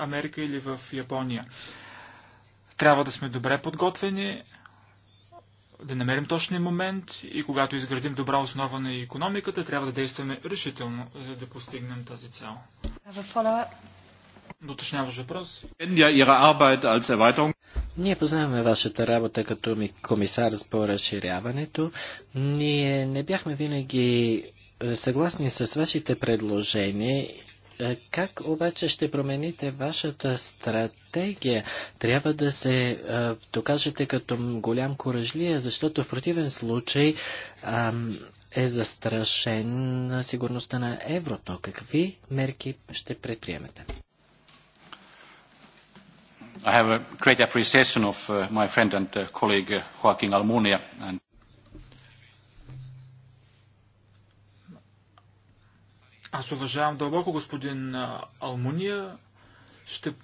Америка или в Япония. Трябва да сме добре подготвени, да намерим точния момент и когато изградим добра основа на економиката, трябва да действаме решително, за да постигнем тази цел. Доточняваш въпрос. Ние познаваме вашата работа като комисар по разширяването. Ние не бяхме винаги е, съгласни с вашите предложения. Е, как обаче ще промените вашата стратегия? Трябва да се а, е, докажете като голям коръжлия, защото в противен случай а, е застрашен на сигурността на еврото. Какви мерки ще предприемете? I have a great appreciation of uh, my friend and uh, colleague uh, Joaquin Almunia and Аз уважавам дълбоко господин Алмуния. Ще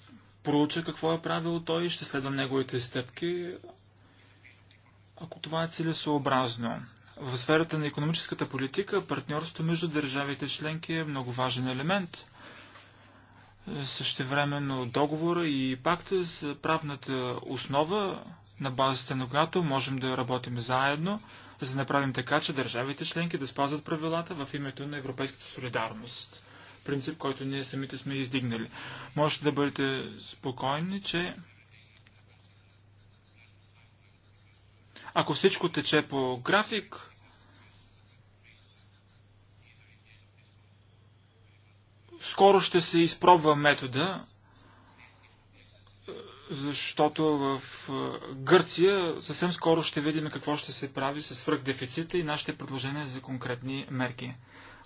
проуча какво е правил той и ще следвам неговите стъпки, ако това е целесообразно. В сферата на економическата политика партньорството между държавите членки е много важен елемент. Същевременно договора и пакта са правната основа, на базата на която можем да работим заедно – за да направим така, че държавите членки да спазват правилата в името на европейската солидарност. Принцип, който ние самите сме издигнали. Можете да бъдете спокойни, че ако всичко тече по график, скоро ще се изпробва метода защото в Гърция съвсем скоро ще видим какво ще се прави с свръхдефицита и нашите предложения за конкретни мерки.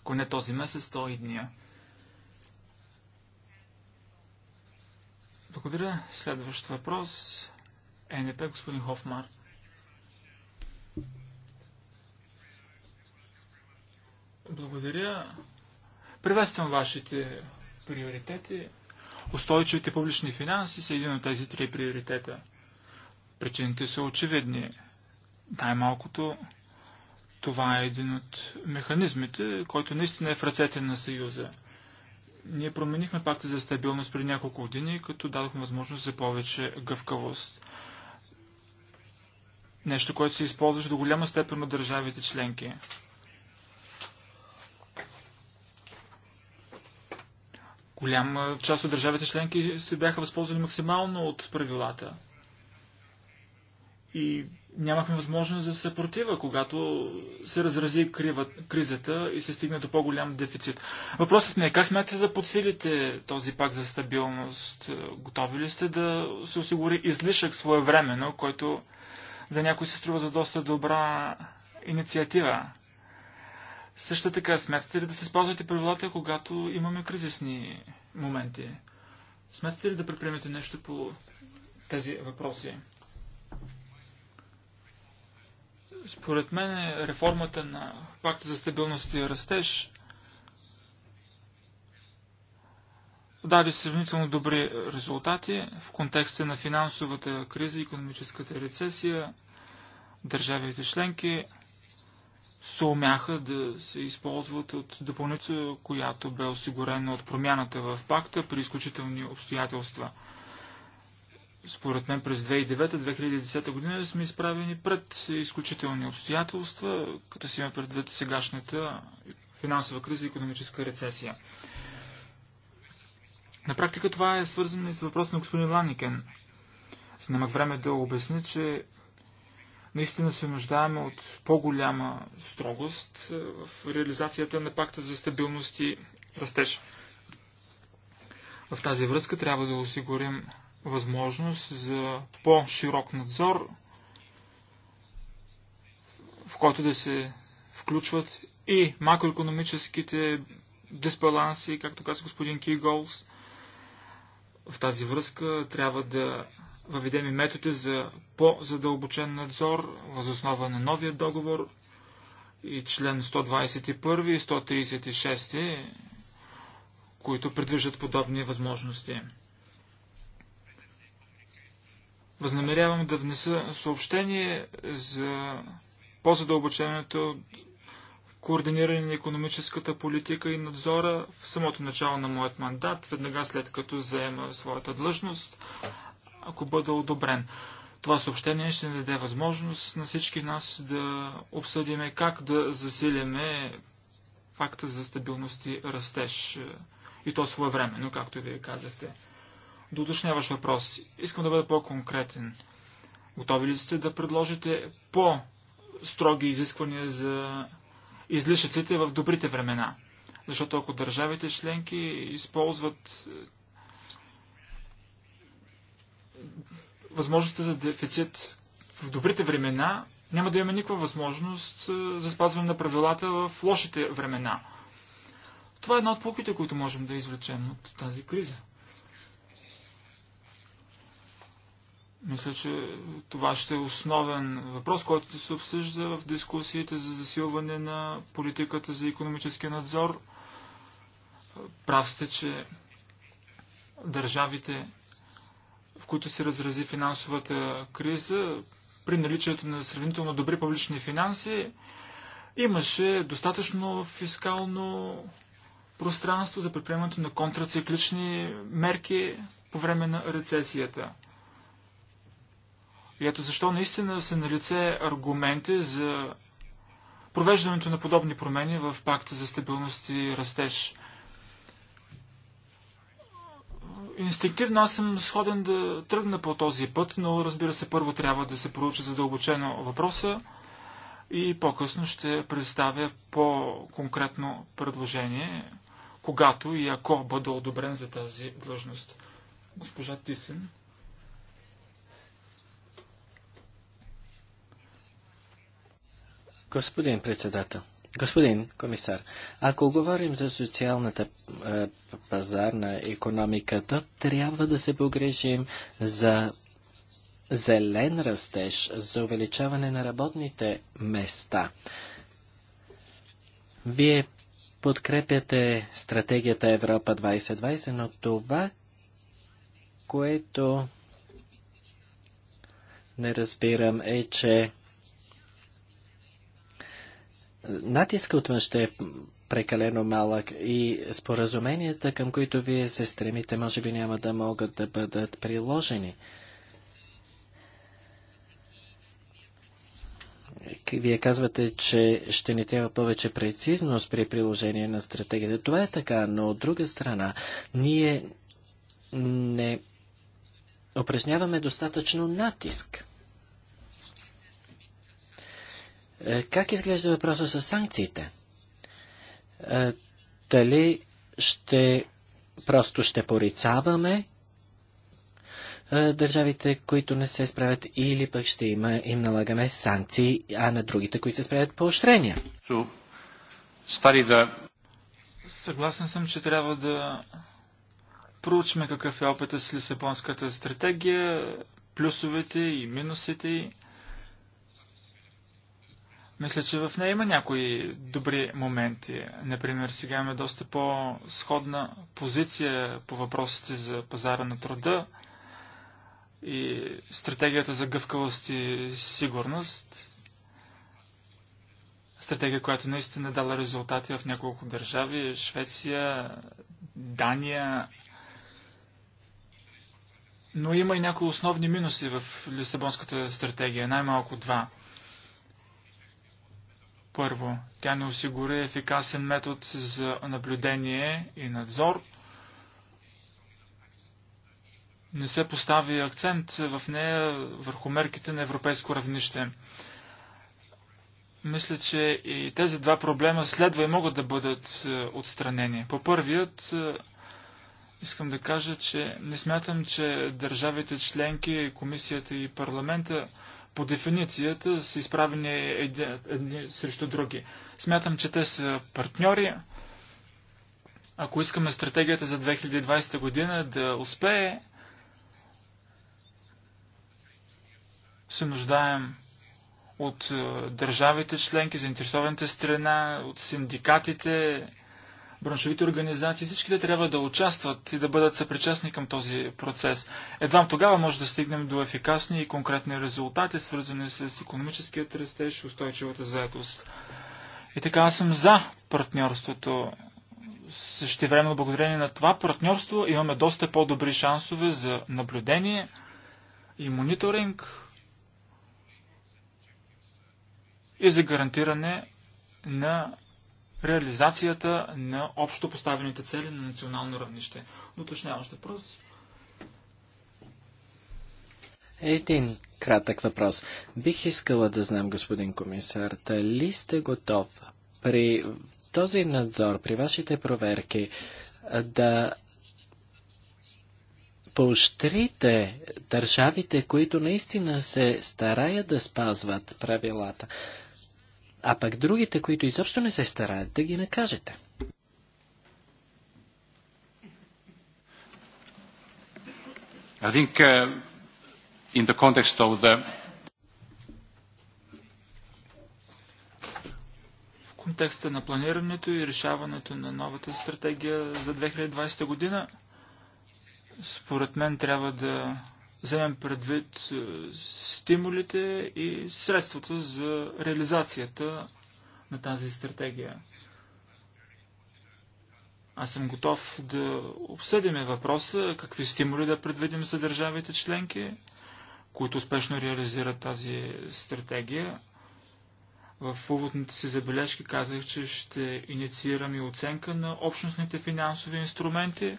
Ако не този месец, то и дния. Благодаря. Следващ въпрос. ЕНП, господин Хофмар. Благодаря. Приветствам вашите приоритети. Устойчивите публични финанси са един от тези три приоритета. Причините са очевидни. Най-малкото това е един от механизмите, който наистина е в ръцете на Съюза. Ние променихме пакта за стабилност преди няколко години, като дадохме възможност за повече гъвкавост. Нещо, което се използваше до голяма степен от държавите членки. Голяма част от държавите членки се бяха възползвали максимално от правилата. И нямахме възможност за се съпротива, когато се разрази крива, кризата и се стигне до по-голям дефицит. Въпросът ми е как смятате да подсилите този пак за стабилност? Готови ли сте да се осигури излишък своевременно, който за някой се струва за доста добра инициатива? Също така, смятате ли да се спазвате правилата, когато имаме кризисни моменти? Смятате ли да предприемете нещо по тези въпроси? Според мен реформата на Пакта за стабилност и растеж даде сравнително добри резултати в контекста на финансовата криза, економическата рецесия, държавите членки – съумяха да се използват от допълнителната, която бе осигурена от промяната в пакта при изключителни обстоятелства. Според мен през 2009-2010 година сме изправени пред изключителни обстоятелства, като си има предвид сегашната финансова криза и економическа рецесия. На практика това е свързано и с въпрос на господин Ланикен. Снимах време да обясня, че Наистина се нуждаем от по-голяма строгост е, в реализацията на пакта за стабилност и растеж. В тази връзка трябва да осигурим възможност за по-широк надзор, в който да се включват и макроекономическите дисбаланси, както каза господин Киголс. В тази връзка трябва да въведем и методи за по-задълбочен надзор възоснова на новия договор и член 121 и 136, които предвиждат подобни възможности. Възнамерявам да внеса съобщение за по-задълбоченото координиране на економическата политика и надзора в самото начало на моят мандат, веднага след като заема своята длъжност ако бъде одобрен. Това съобщение ще даде възможност на всички нас да обсъдиме как да засилиме факта за стабилност и растеж. И то своевременно, както вие казахте. До уточняваш въпрос. Искам да бъда по-конкретен. Готови ли сте да предложите по-строги изисквания за излишъците в добрите времена? Защото ако държавите членки използват възможността за дефицит в добрите времена, няма да имаме никаква възможност е, за спазване на правилата в лошите времена. Това е една от полките, които можем да извлечем от тази криза. Мисля, че това ще е основен въпрос, който се обсъжда в дискусиите за засилване на политиката за економически надзор. Прав сте, че държавите в които се разрази финансовата криза, при наличието на сравнително добри публични финанси, имаше достатъчно фискално пространство за предприемането на контрациклични мерки по време на рецесията. И ето защо наистина са налице аргументи за провеждането на подобни промени в пакта за стабилност и растеж. Инстинктивно аз съм сходен да тръгна по този път, но разбира се, първо трябва да се проучи задълбочено въпроса и по-късно ще представя по-конкретно предложение, когато и ако бъда одобрен за тази длъжност. Госпожа Тисен. Господин председател, Господин комисар, ако говорим за социалната е, пазарна економика, то трябва да се погрежим за зелен растеж, за увеличаване на работните места. Вие подкрепяте стратегията Европа 2020, но това, което не разбирам е, че натиска отвън ще е прекалено малък и споразуменията, към които вие се стремите, може би няма да могат да бъдат приложени. Вие казвате, че ще ни трябва повече прецизност при приложение на стратегията. Това е така, но от друга страна, ние не упражняваме достатъчно натиск. Е, как изглежда въпроса с санкциите? Е, дали ще просто ще порицаваме е, държавите, които не се справят, или пък ще има, им налагаме санкции, а на другите, които се справят поощрения. Стари да... Съгласен съм, че трябва да проучме какъв е опитът с лисапонската стратегия, плюсовете и минусите. Мисля, че в нея има някои добри моменти. Например, сега имаме доста по-сходна позиция по въпросите за пазара на труда и стратегията за гъвкавост и сигурност. Стратегия, която наистина дала резултати в няколко държави. Швеция, Дания, но има и някои основни минуси в Лисабонската стратегия, най-малко два – първо, тя не осигури ефикасен метод за наблюдение и надзор. Не се постави акцент в нея върху мерките на европейско равнище. Мисля, че и тези два проблема следва и могат да бъдат е, отстранени. По първият, е, искам да кажа, че не смятам, че държавите членки, комисията и парламента по дефиницията са изправени едни, едни срещу други. Смятам, че те са партньори. Ако искаме стратегията за 2020 година да успее, се нуждаем от е, държавите членки, заинтересованите страна, от синдикатите, браншовите организации, всичките трябва да участват и да бъдат съпричастни към този процес. Едвам тогава може да стигнем до ефикасни и конкретни резултати, свързани с економическият растеж устойчивата заедост. И така аз съм за партньорството. Същевременно, благодарение на това партньорство, имаме доста по-добри шансове за наблюдение и мониторинг и за гарантиране на реализацията на общо поставените цели на национално равнище. Уточняващ въпрос. Един кратък въпрос. Бих искала да знам, господин комисар, дали сте готов при този надзор, при вашите проверки, да поощрите държавите, които наистина се стараят да спазват правилата а пък другите, които изобщо не се стараят, да ги накажете. I think uh, in the context of the в контекста на планирането и решаването на новата стратегия за 2020 година, според мен трябва да вземем предвид е, стимулите и средствата за реализацията на тази стратегия. Аз съм готов да обсъдим въпроса, какви стимули да предвидим за държавите членки, които успешно реализират тази стратегия. В уводните си забележки казах, че ще инициирам и оценка на общностните финансови инструменти,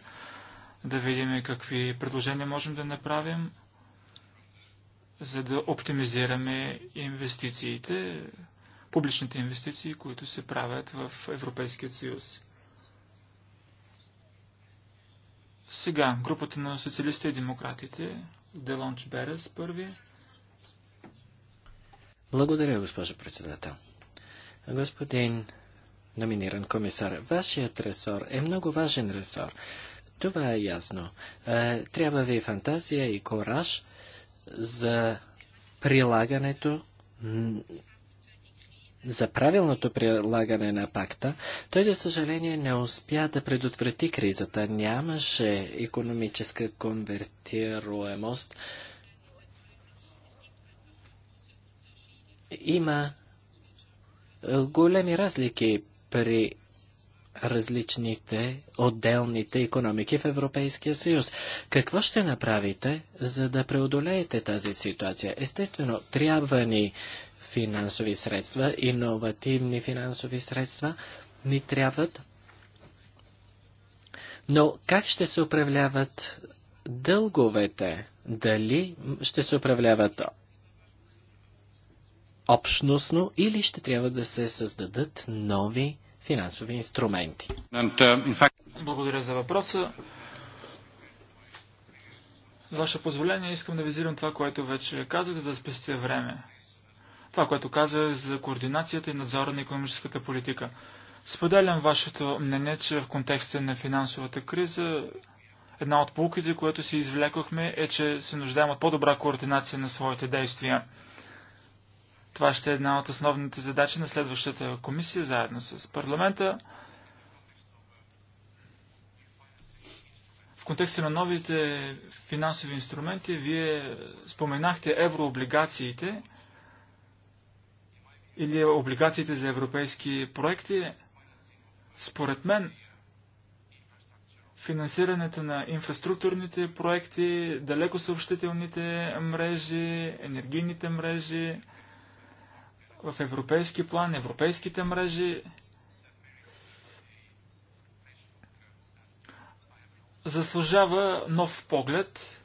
да видим какви предложения можем да направим, за да оптимизираме инвестициите, публичните инвестиции, които се правят в Европейския съюз. Сега, групата на социалистите и демократите, Делонч Берес първи. Благодаря, госпожо председател. Господин номиниран комисар, вашият ресор е много важен ресор. Това е ясно. Е, трябва ви фантазия и кораж за прилагането за правилното прилагане на пакта, той, за съжаление, не успя да предотврати кризата. Нямаше економическа конвертируемост. Има е, големи разлики при различните отделните економики в Европейския съюз. Какво ще направите, за да преодолеете тази ситуация? Естествено, трябва ни финансови средства, иновативни финансови средства ни трябват. Но как ще се управляват дълговете? Дали ще се управляват общностно или ще трябва да се създадат нови финансови инструменти. Uh, Благодаря за въпроса. Ваше позволение, искам да визирам това, което вече казах, за да спестя време. Това, което казах за координацията и надзора на економическата политика. Споделям вашето мнение, че в контекста на финансовата криза една от полуките, които си извлекохме, е, че се нуждаем от по-добра координация на своите действия. Това ще е една от основните задачи на следващата комисия, заедно с парламента. В контекста на новите финансови инструменти, вие споменахте еврооблигациите или облигациите за европейски проекти. Според мен, финансирането на инфраструктурните проекти, далеко съобщителните мрежи, енергийните мрежи, в европейски план, европейските мрежи. Заслужава нов поглед.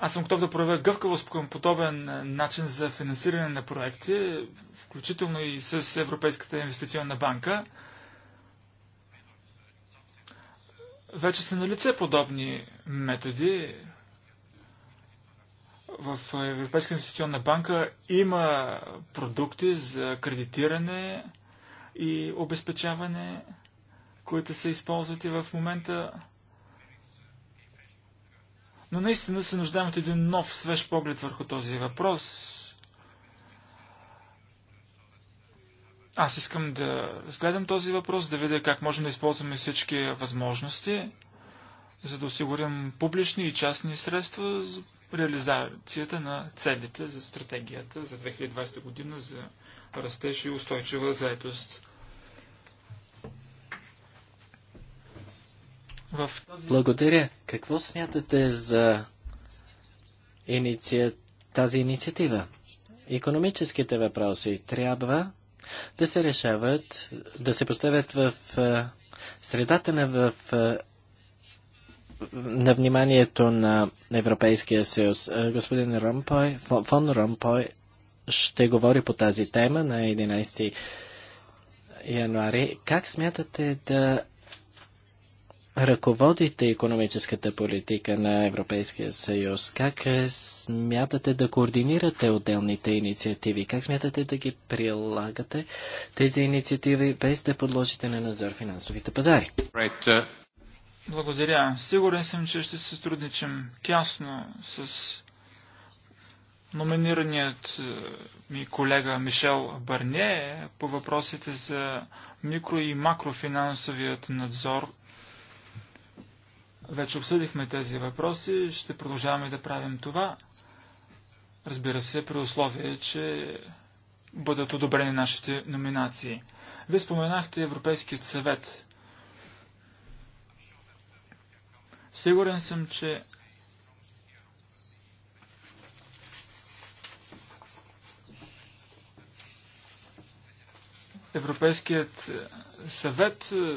Аз съм готов да проявя гъвкавост към подобен е, начин за финансиране на проекти, включително и с Европейската инвестиционна банка. Вече са на лице подобни методи. В Европейска инвестиционна банка има продукти за кредитиране и обезпечаване, които се използват и в момента. Но наистина се нуждаем от един нов, свеж поглед върху този въпрос. Аз искам да разгледам този въпрос, да видя как можем да използваме всички възможности за да осигурим публични и частни средства за реализацията на целите за стратегията за 2020 година за растеж и устойчива заетост. В... Благодаря. Какво смятате за иници... тази инициатива? Економическите въпроси трябва да се решават, да се поставят в средата на в на вниманието на Европейския съюз. Е, господин Ромпой, фон Ромпой ще говори по тази тема на 11 януари. Как смятате да ръководите економическата политика на Европейския съюз? Как е, смятате да координирате отделните инициативи? Как смятате да ги прилагате тези инициативи без да подложите на надзор финансовите пазари? Uh, благодаря. Сигурен съм, че ще се сътрудничим тясно с номинираният е, ми колега Мишел Барне по въпросите за микро- и макрофинансовият надзор. Вече обсъдихме тези въпроси, ще продължаваме да правим това. Разбира се, при условие, че бъдат одобрени нашите номинации. Вие споменахте Европейският съвет. Сигурен съм, че Европейският е, съвет е,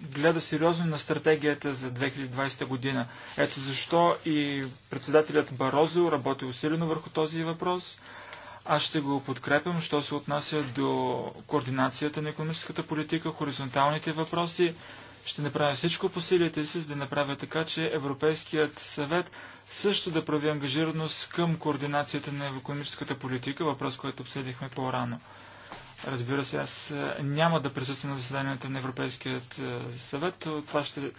гледа сериозно на стратегията за 2020 година. Ето защо и председателят Барозо работи усилено върху този въпрос. Аз ще го подкрепям, що се отнася до координацията на економическата политика, хоризонталните въпроси, ще направя всичко по силите си, за да направя така, че Европейският съвет също да прави ангажираност към координацията на економическата политика, въпрос, който обсъдихме по-рано. Разбира се, аз е, няма да присъствам на заседанието на Европейският е, съвет. Това ще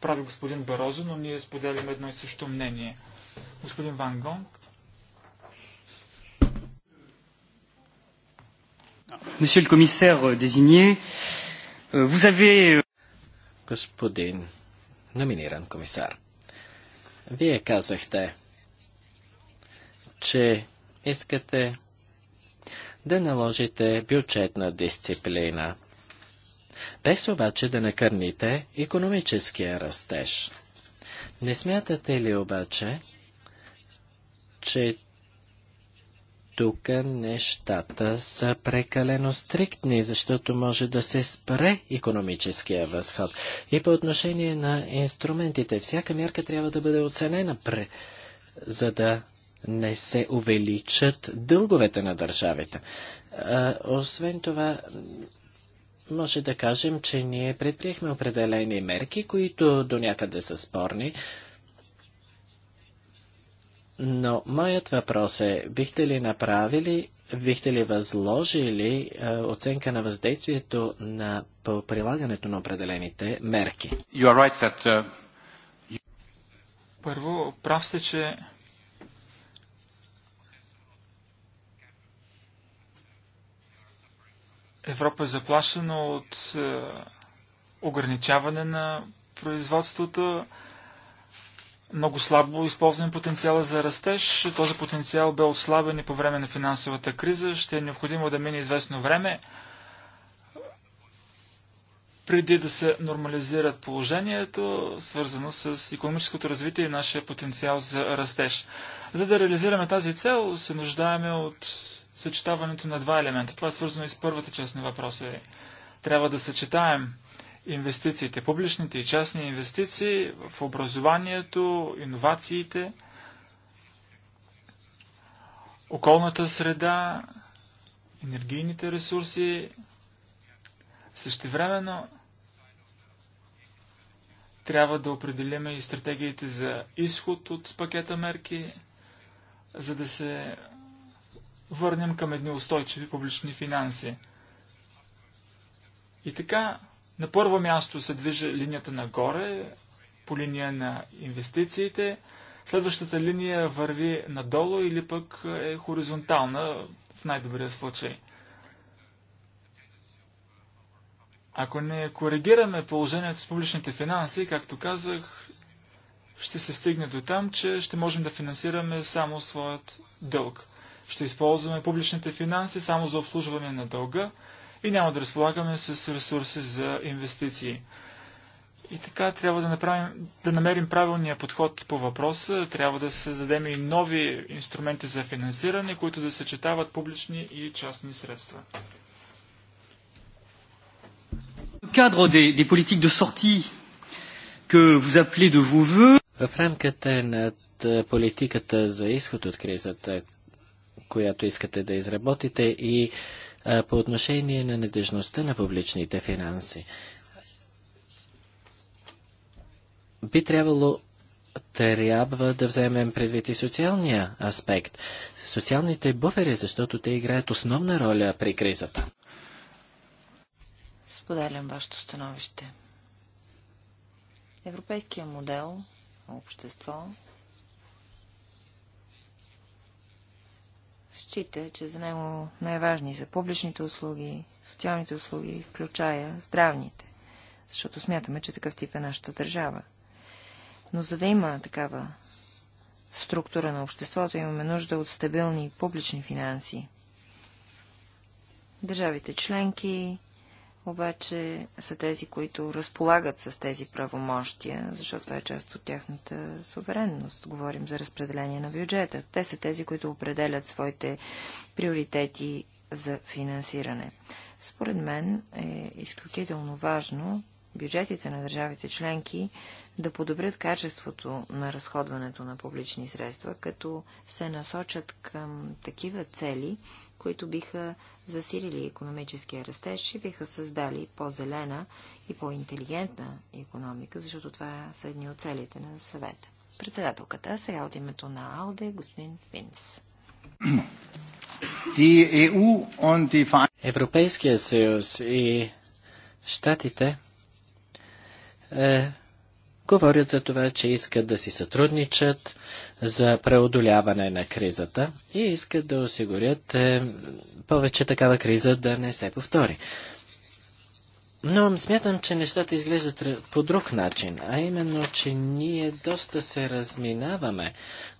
прави господин Барозо, но ние споделим едно и също мнение. Господин Ван Гонг. Monsieur le commissaire euh, désigné, euh, vous avez euh, Господин номиниран комисар, вие казахте, че искате да наложите бюджетна дисциплина, без обаче да накърните економическия растеж. Не смятате ли обаче, че тук нещата са прекалено стриктни, защото може да се спре економическия възход. И по отношение на инструментите, всяка мярка трябва да бъде оценена, за да не се увеличат дълговете на държавите. освен това, може да кажем, че ние предприехме определени мерки, които до някъде са спорни, но моят въпрос е, бихте ли направили, бихте ли възложили е, оценка на въздействието на прилагането на определените мерки? Right that, uh, you... Първо, прав сте, че Европа е заплашена от е, ограничаване на производството, много слабо използваме потенциала за растеж. Този потенциал бе отслабен и по време на финансовата криза. Ще е необходимо да мине известно време преди да се нормализират положението, свързано с економическото развитие и нашия потенциал за растеж. За да реализираме тази цел, се нуждаеме от съчетаването на два елемента. Това е свързано и с първата част на въпроса. Трябва да съчетаем инвестициите, публичните и частни инвестиции в образованието, иновациите, околната среда, енергийните ресурси. Същевременно трябва да определим и стратегиите за изход от пакета мерки, за да се върнем към едни устойчиви публични финанси. И така, на първо място се движи линията нагоре по линия на инвестициите. Следващата линия върви надолу или пък е хоризонтална в най-добрия случай. Ако не коригираме положението с публичните финанси, както казах, ще се стигне до там, че ще можем да финансираме само своят дълг. Ще използваме публичните финанси само за обслужване на дълга, и няма да разполагаме с ресурси за инвестиции. И така трябва да, направим, да намерим правилния подход по въпроса. Трябва да създадем и нови инструменти за финансиране, които да съчетават публични и частни средства. Кадро des, des politiques de sortie que vous appelez de vos voeux. В рамката на политиката за изход от кризата, която искате да изработите и по отношение на надежността на публичните финанси. Би трябвало трябва да вземем предвид и социалния аспект. Социалните буфери, защото те играят основна роля при кризата. Споделям вашето становище. Европейския модел, общество, счита, че за него най-важни са публичните услуги, социалните услуги, включая здравните, защото смятаме, че такъв тип е нашата държава. Но за да има такава структура на обществото, имаме нужда от стабилни публични финанси. Държавите членки обаче са тези, които разполагат с тези правомощия, защото това е част от тяхната суверенност. Говорим за разпределение на бюджета. Те са тези, които определят своите приоритети за финансиране. Според мен е изключително важно бюджетите на държавите членки да подобрят качеството на разходването на публични средства, като се насочат към такива цели, които биха засилили економическия растеж и биха създали по-зелена и по-интелигентна економика, защото това са едни от целите на съвета. Председателката, сега от името на АЛДЕ, господин Винс. E Европейския съюз и щатите е, говорят за това, че искат да си сътрудничат за преодоляване на кризата и искат да осигурят е, повече такава криза да не се повтори. Но смятам, че нещата изглеждат по друг начин, а именно, че ние доста се разминаваме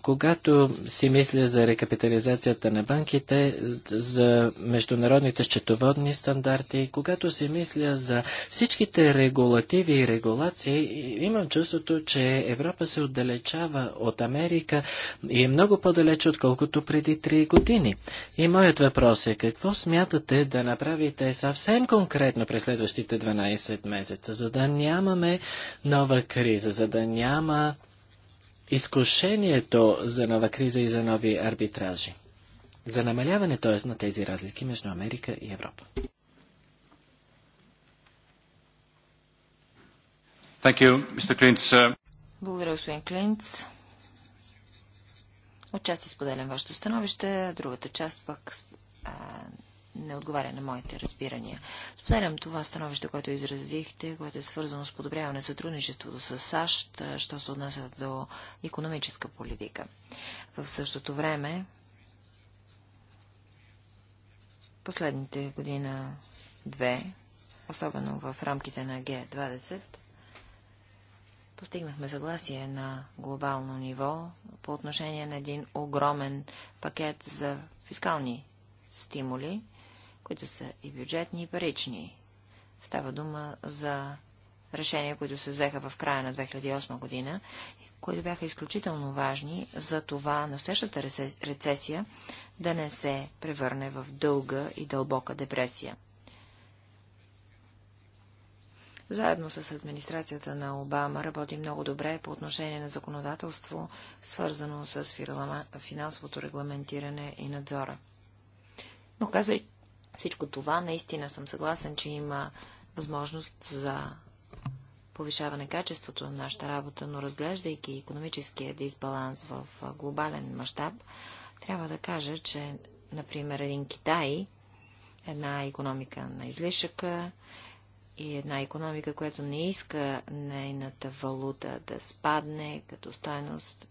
когато си мисля за рекапитализацията на банките, за международните счетоводни стандарти, когато си мисля за всичките регулативи и регулации, имам чувството, че Европа се отдалечава от Америка и е много по далече отколкото преди три години. И моят въпрос е, какво смятате да направите съвсем конкретно през следващите 12 месеца, за да нямаме нова криза, за да няма изкушението за нова криза и за нови арбитражи. За намаляване, т.е. на тези разлики между Америка и Европа. Thank you, Mr. Klintz. Благодаря, господин Клинц. Отчасти споделям вашето становище, другата част пък а, не отговаря на моите разбирания. Споделям това становище, което изразихте, което е свързано с подобряване на сътрудничеството с САЩ, що се отнася до економическа политика. В същото време, последните година две, особено в рамките на Г20, постигнахме съгласие на глобално ниво по отношение на един огромен пакет за фискални стимули, които са и бюджетни, и парични. Става дума за решения, които се взеха в края на 2008 година, които бяха изключително важни за това настоящата рецесия да не се превърне в дълга и дълбока депресия. Заедно с администрацията на Обама работи много добре по отношение на законодателство, свързано с финансовото регламентиране и надзора. Но казвай, всичко това, наистина съм съгласен, че има възможност за повишаване качеството на нашата работа, но разглеждайки економическия дисбаланс в глобален мащаб, трябва да кажа, че, например, един Китай, една економика на излишъка и една економика, която не иска нейната валута да спадне като стойност,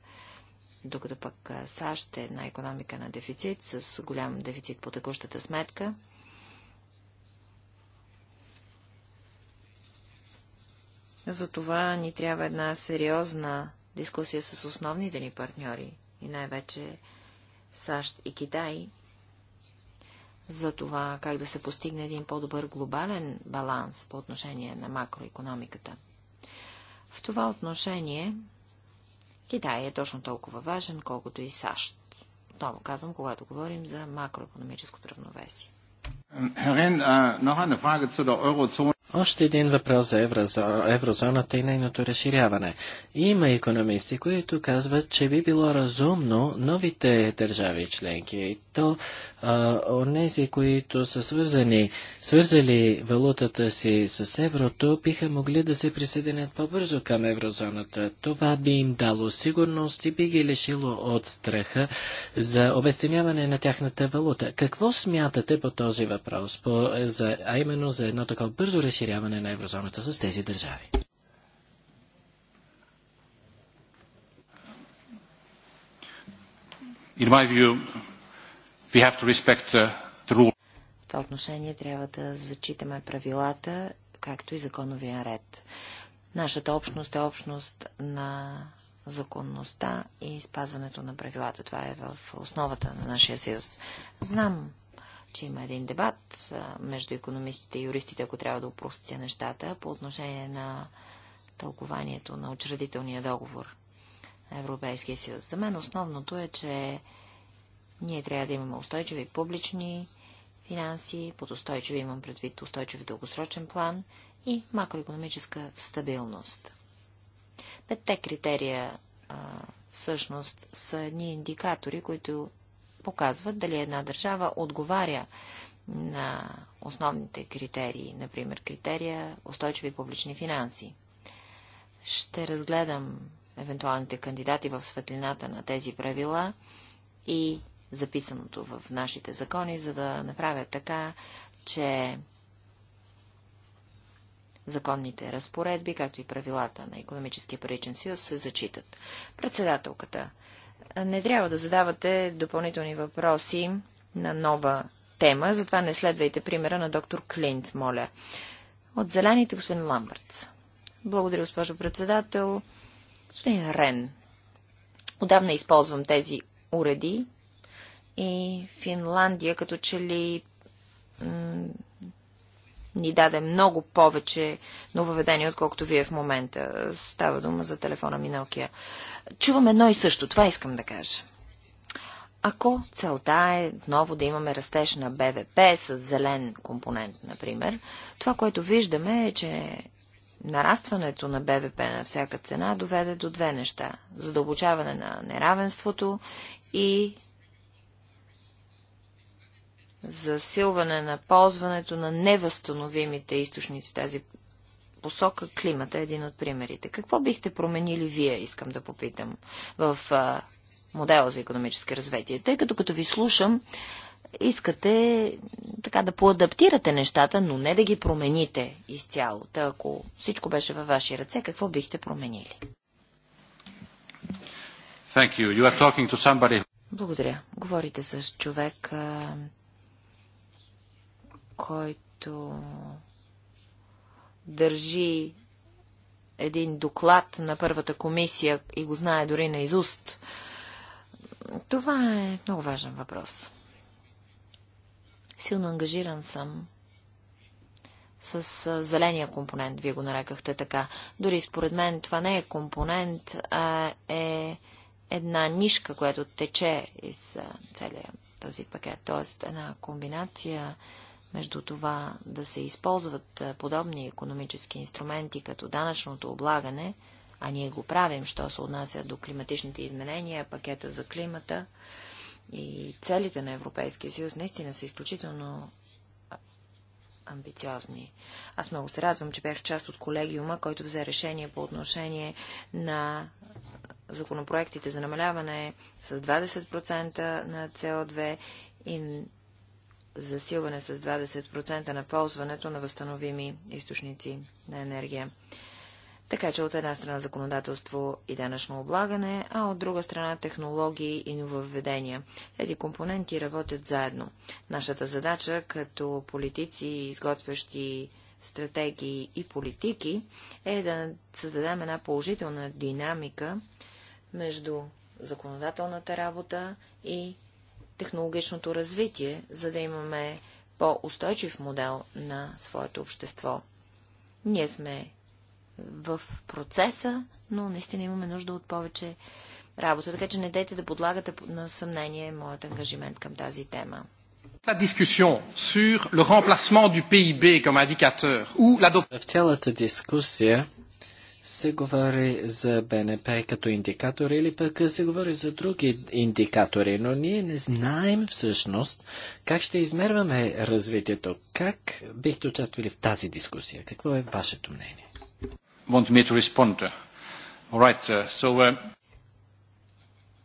докато пък САЩ е една економика на дефицит, с голям дефицит по текущата сметка – Затова ни трябва една сериозна дискусия с основните ни партньори и най-вече САЩ и Китай за това как да се постигне един по-добър глобален баланс по отношение на макроекономиката. В това отношение Китай е точно толкова важен, колкото и САЩ. Отново казвам, когато говорим за макроекономическото равновесие. Още един въпрос за еврозоната и нейното разширяване. Има економисти, които казват, че би било разумно новите държави членки, то а, онези, които са свързани, свързали валутата си с еврото, биха могли да се присъединят по-бързо към еврозоната. Това би им дало сигурност и би ги лишило от страха за обесценяване на тяхната валута. Какво смятате по този въпрос, по, за, а именно за едно такова бързо разширяване на еврозоната с тези държави? in my view Uh, в това отношение трябва да зачитаме правилата, както и законовия ред. Нашата общност е общност на законността и спазването на правилата. Това е в основата на нашия съюз. Знам, че има един дебат между економистите и юристите, ако трябва да упростите нещата, по отношение на тълкованието на учредителния договор на Европейския съюз. За мен основното е, че ние трябва да имаме устойчиви публични финанси, под устойчиви имам предвид устойчив дългосрочен план и макроекономическа стабилност. Петте критерия а, всъщност са едни индикатори, които показват дали една държава отговаря на основните критерии, например критерия устойчиви публични финанси. Ще разгледам евентуалните кандидати в светлината на тези правила и записаното в нашите закони, за да направят така, че законните разпоредби, както и правилата на економическия паричен съюз се зачитат. Председателката, не трябва да задавате допълнителни въпроси на нова тема, затова не следвайте примера на доктор Клинт, моля. От зелените господин Ламбърт. Благодаря, госпожо председател. Господин Рен, отдавна използвам тези уреди и Финландия, като че ли ни даде много повече нововедения, отколкото вие в момента. Става дума за телефона ми Nokia. Чувам едно и също, това искам да кажа. Ако целта е отново да имаме растеж на БВП с зелен компонент, например, това, което виждаме е, че нарастването на БВП на всяка цена доведе до две неща. Задълбочаване на неравенството и засилване на ползването на невъзстановимите източници тази посока, климата е един от примерите. Какво бихте променили вие, искам да попитам, в модела за економически развитие? Тъй като като ви слушам, искате така да поадаптирате нещата, но не да ги промените изцяло. Та ако всичко беше във ваши ръце, какво бихте променили? Thank you. You are talking to somebody. Благодаря. Говорите с човек, който държи един доклад на първата комисия и го знае дори на изуст. Това е много важен въпрос. Силно ангажиран съм с зеления компонент, вие го нарекахте така. Дори според мен това не е компонент, а е една нишка, която тече из целия този пакет. Тоест една комбинация между това да се използват е, подобни економически инструменти като данъчното облагане, а ние го правим, що се отнася до климатичните изменения, пакета за климата и целите на Европейския съюз, наистина са изключително амбициозни. Аз много се радвам, че бях част от колегиума, който взе решение по отношение на законопроектите за намаляване с 20% на CO2 и засилване с 20% на ползването на възстановими източници на енергия. Така че от една страна законодателство и данъчно облагане, а от друга страна технологии и нововведения. Тези компоненти работят заедно. Нашата задача като политици, изготвящи стратегии и политики, е да създадем една положителна динамика между законодателната работа и технологичното развитие, за да имаме по-устойчив модел на своето общество. Ние сме в процеса, но наистина имаме нужда от повече работа, така че не дайте да подлагате на съмнение моят ангажимент към тази тема. La discussion sur le remplacement du PIB comme indicateur ou l'adoption. В цялата дискусия се говори за БНП като индикатор или пък се говори за други индикатори, но ние не знаем всъщност как ще измерваме развитието. Как бихте участвали в тази дискусия? Какво е вашето мнение? Right, uh, so, uh...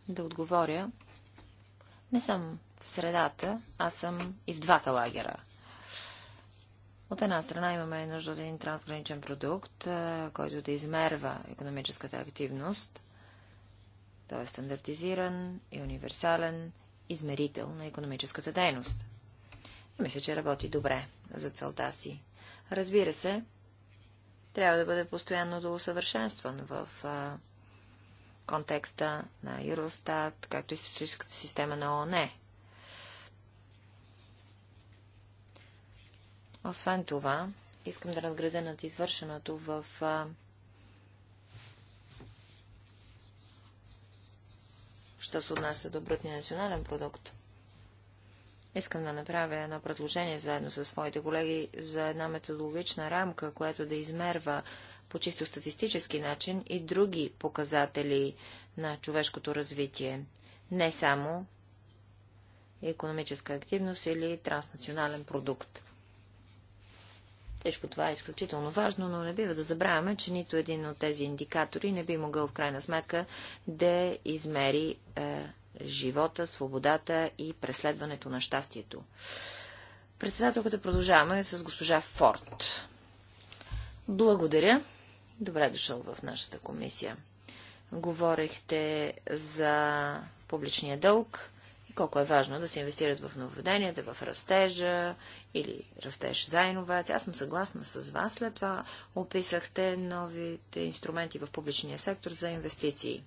Да отговоря. Не съм в средата, аз съм и в двата лагера – от една страна имаме нужда от един трансграничен продукт, който да измерва економическата активност. Той е стандартизиран и универсален измерител на економическата дейност. И мисля, че работи добре за целта си. Разбира се, трябва да бъде постоянно доусъвършенстван в а, контекста на Юростат, както и статистическата система на ОНЕ. Освен това, искам да разграда над извършеното в що се отнася до брутния национален продукт. Искам да направя едно предложение заедно с своите колеги за една методологична рамка, която да измерва по чисто статистически начин и други показатели на човешкото развитие, не само економическа активност или транснационален продукт. Всичко това е изключително важно, но не бива да забравяме, че нито един от тези индикатори не би могъл в крайна сметка да измери е, живота, свободата и преследването на щастието. Председателката продължаваме с госпожа Форд. Благодаря. Добре дошъл в нашата комисия. Говорихте за публичния дълг колко е важно да се инвестират в нововведенията, в растежа или растеж за иновация. Аз съм съгласна с вас. След това описахте новите инструменти в публичния сектор за инвестиции.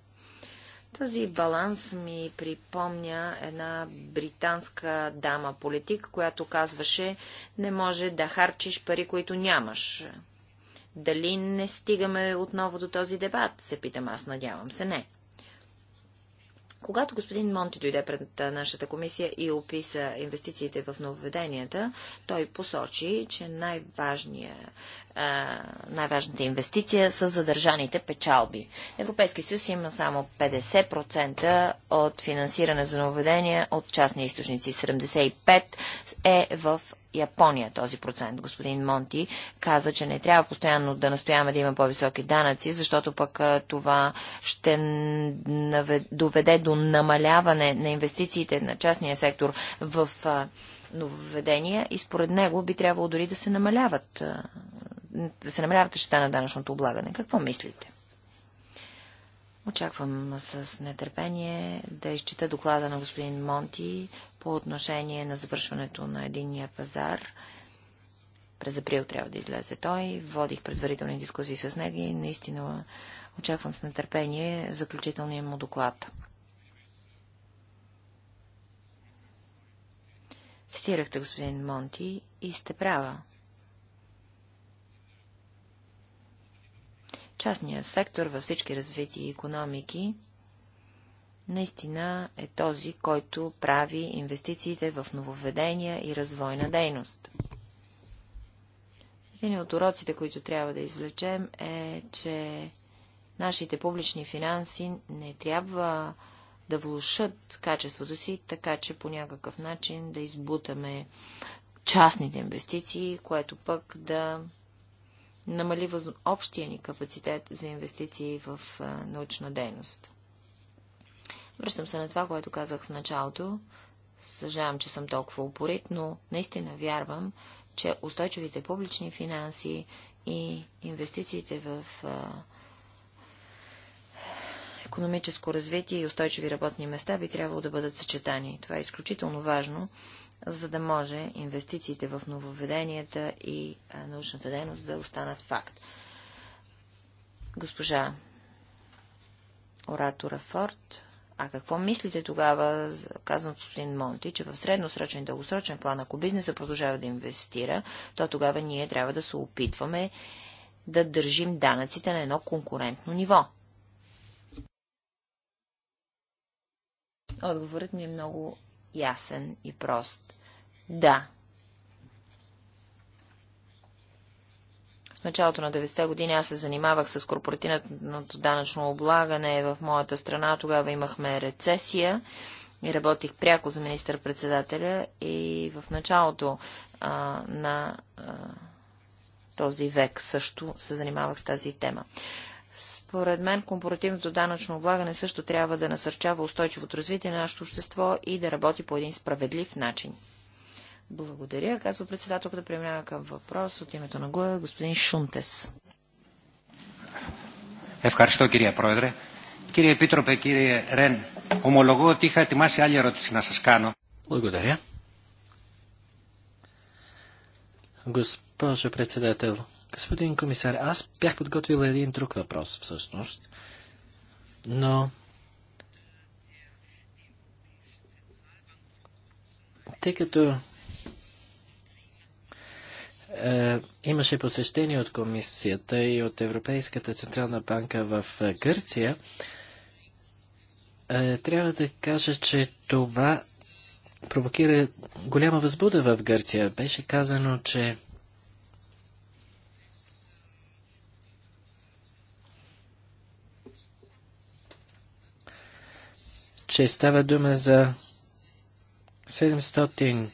Тази баланс ми припомня една британска дама политик, която казваше, не може да харчиш пари, които нямаш. Дали не стигаме отново до този дебат, се питам аз, надявам се не. Когато господин Монти дойде пред нашата комисия и описа инвестициите в нововведенията, той посочи, че най важната инвестиция са задържаните печалби. Европейски съюз има само 50% от финансиране за нововведения от частни източници. 75% е в Япония този процент. Господин Монти каза, че не трябва постоянно да настояваме да има по-високи данъци, защото пък това ще доведе до намаляване на инвестициите на частния сектор в нововведения и според него би трябвало дори да се намаляват да се намаляват щета на данъчното облагане. Какво мислите? Очаквам с нетърпение да изчита доклада на господин Монти по отношение на завършването на единния пазар. През април трябва да излезе той. Водих предварителни дискусии с него и наистина очаквам с нетърпение заключителния му доклад. Цитирахте господин Монти и сте права. Частният сектор във всички развити економики – наистина е този, който прави инвестициите в нововведения и развойна дейност. Един от уроците, които трябва да извлечем е, че нашите публични финанси не трябва да влушат качеството си, така че по някакъв начин да избутаме частните инвестиции, което пък да намали общия ни капацитет за инвестиции в научна дейност. Връщам се на това, което казах в началото. Съжалявам, че съм толкова упорит, но наистина вярвам, че устойчивите публични финанси и инвестициите в а, економическо развитие и устойчиви работни места би трябвало да бъдат съчетани. Това е изключително важно, за да може инвестициите в нововведенията и а, научната дейност да останат факт. Госпожа оратора Форд а какво мислите тогава, казано господин Монти, че в средносрочен и дългосрочен план, ако бизнеса продължава да инвестира, то тогава ние трябва да се опитваме да държим данъците на едно конкурентно ниво. Отговорът ми е много ясен и прост. Да, В началото на 90-те години аз се занимавах с корпоративното данъчно облагане в моята страна. Тогава имахме рецесия и работих пряко за министър-председателя и в началото а, на а, този век също се занимавах с тази тема. Според мен, корпоративното данъчно облагане също трябва да насърчава устойчивото развитие на нашето общество и да работи по един справедлив начин. Благодаря, казва председателката. Да преминава към въпрос от името на ГОЕ, господин Шунтес. Ευχαριστώ κυρία Πρόεδρε. Κύριε Επίτροπε, κύριε Ρεν, ομολογώ ότι είχα ετοιμάσει άλλη ερώτηση να σας κάνω. Благодаря. Госпожо председател, господин комисар, аз бях подготвил един друг въпрос всъщност, но тъй като е, имаше посещение от комисията и от Европейската централна банка в е, Гърция. Е, трябва да кажа, че това провокира голяма възбуда в Гърция. Беше казано, че че става дума за 700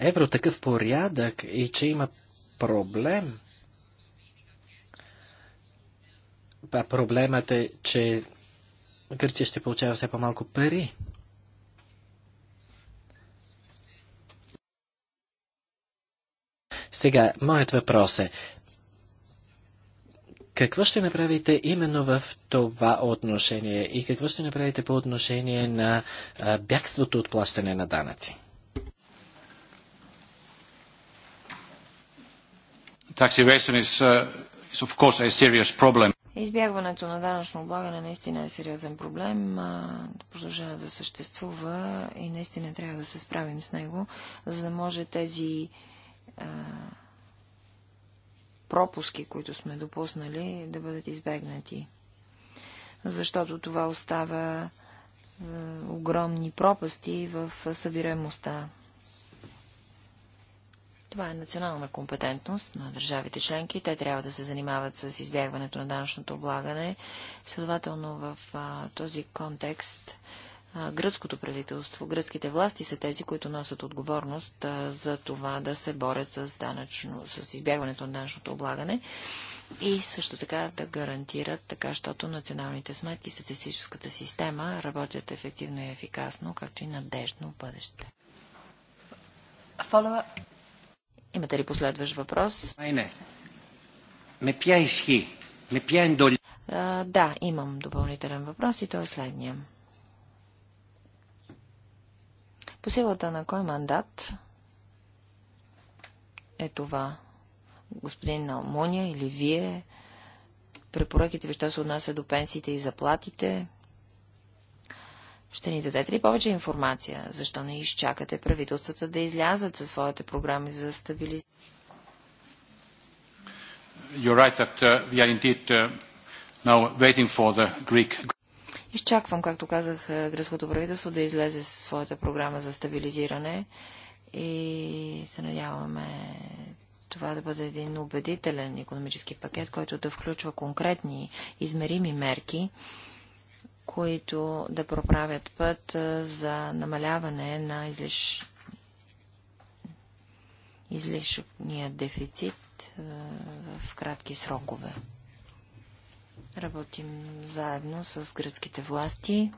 евро такъв порядък и че има проблем. А проблемът е, че Гърция ще получава все по-малко пари. Сега, моят въпрос е, какво ще направите именно в това отношение и какво ще направите по отношение на бягството от плащане на данъци? Uh, Избягването на данъчно облагане наистина е сериозен проблем. Продължава да съществува и наистина трябва да се справим с него, за да може тези пропуски, които сме допуснали, да бъдат избегнати. Защото това остава огромни пропасти в събираемостта това е национална компетентност на държавите членки. Те трябва да се занимават с избягването на данъчното облагане. Следователно в а, този контекст а, гръцкото правителство, гръцките власти са тези, които носят отговорност а, за това да се борят с, данъчно, с избягването на данъчното облагане и също така да гарантират така, защото националните сметки и статистическата система работят ефективно и ефикасно, както и надежно в бъдеще. Follow-up. Имате ли последващ въпрос? Ме пя Ме пя ендоли. Да, имам допълнителен въпрос и то е следния. По силата на кой мандат е това? Господин Налмония или вие? Препоръките ви, що се отнася до пенсиите и заплатите? Ще ни дадете ли повече информация? Защо не изчакате правителствата да излязат със своите програми за стабилизация? Uh, uh, Изчаквам, както казах, е, гръцкото правителство да излезе със своята програма за стабилизиране и се надяваме това да бъде един убедителен економически пакет, който да включва конкретни измерими мерки, които да проправят път за намаляване на излиш... излишния дефицит в кратки срокове. Работим заедно с гръцките власти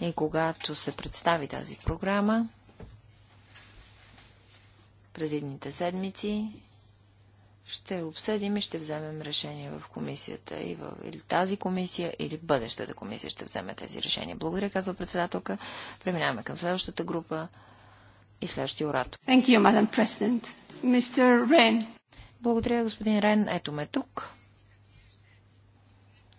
и когато се представи тази програма, през едните седмици ще обсъдим и ще вземем решение в комисията. И в, или тази комисия, или бъдещата комисия ще вземе тези решения. Благодаря, казва председателка. Преминаваме към следващата група и следващия оратор. Thank you, Madam President. Mr. Ren. Благодаря, господин Рен. Ето ме тук.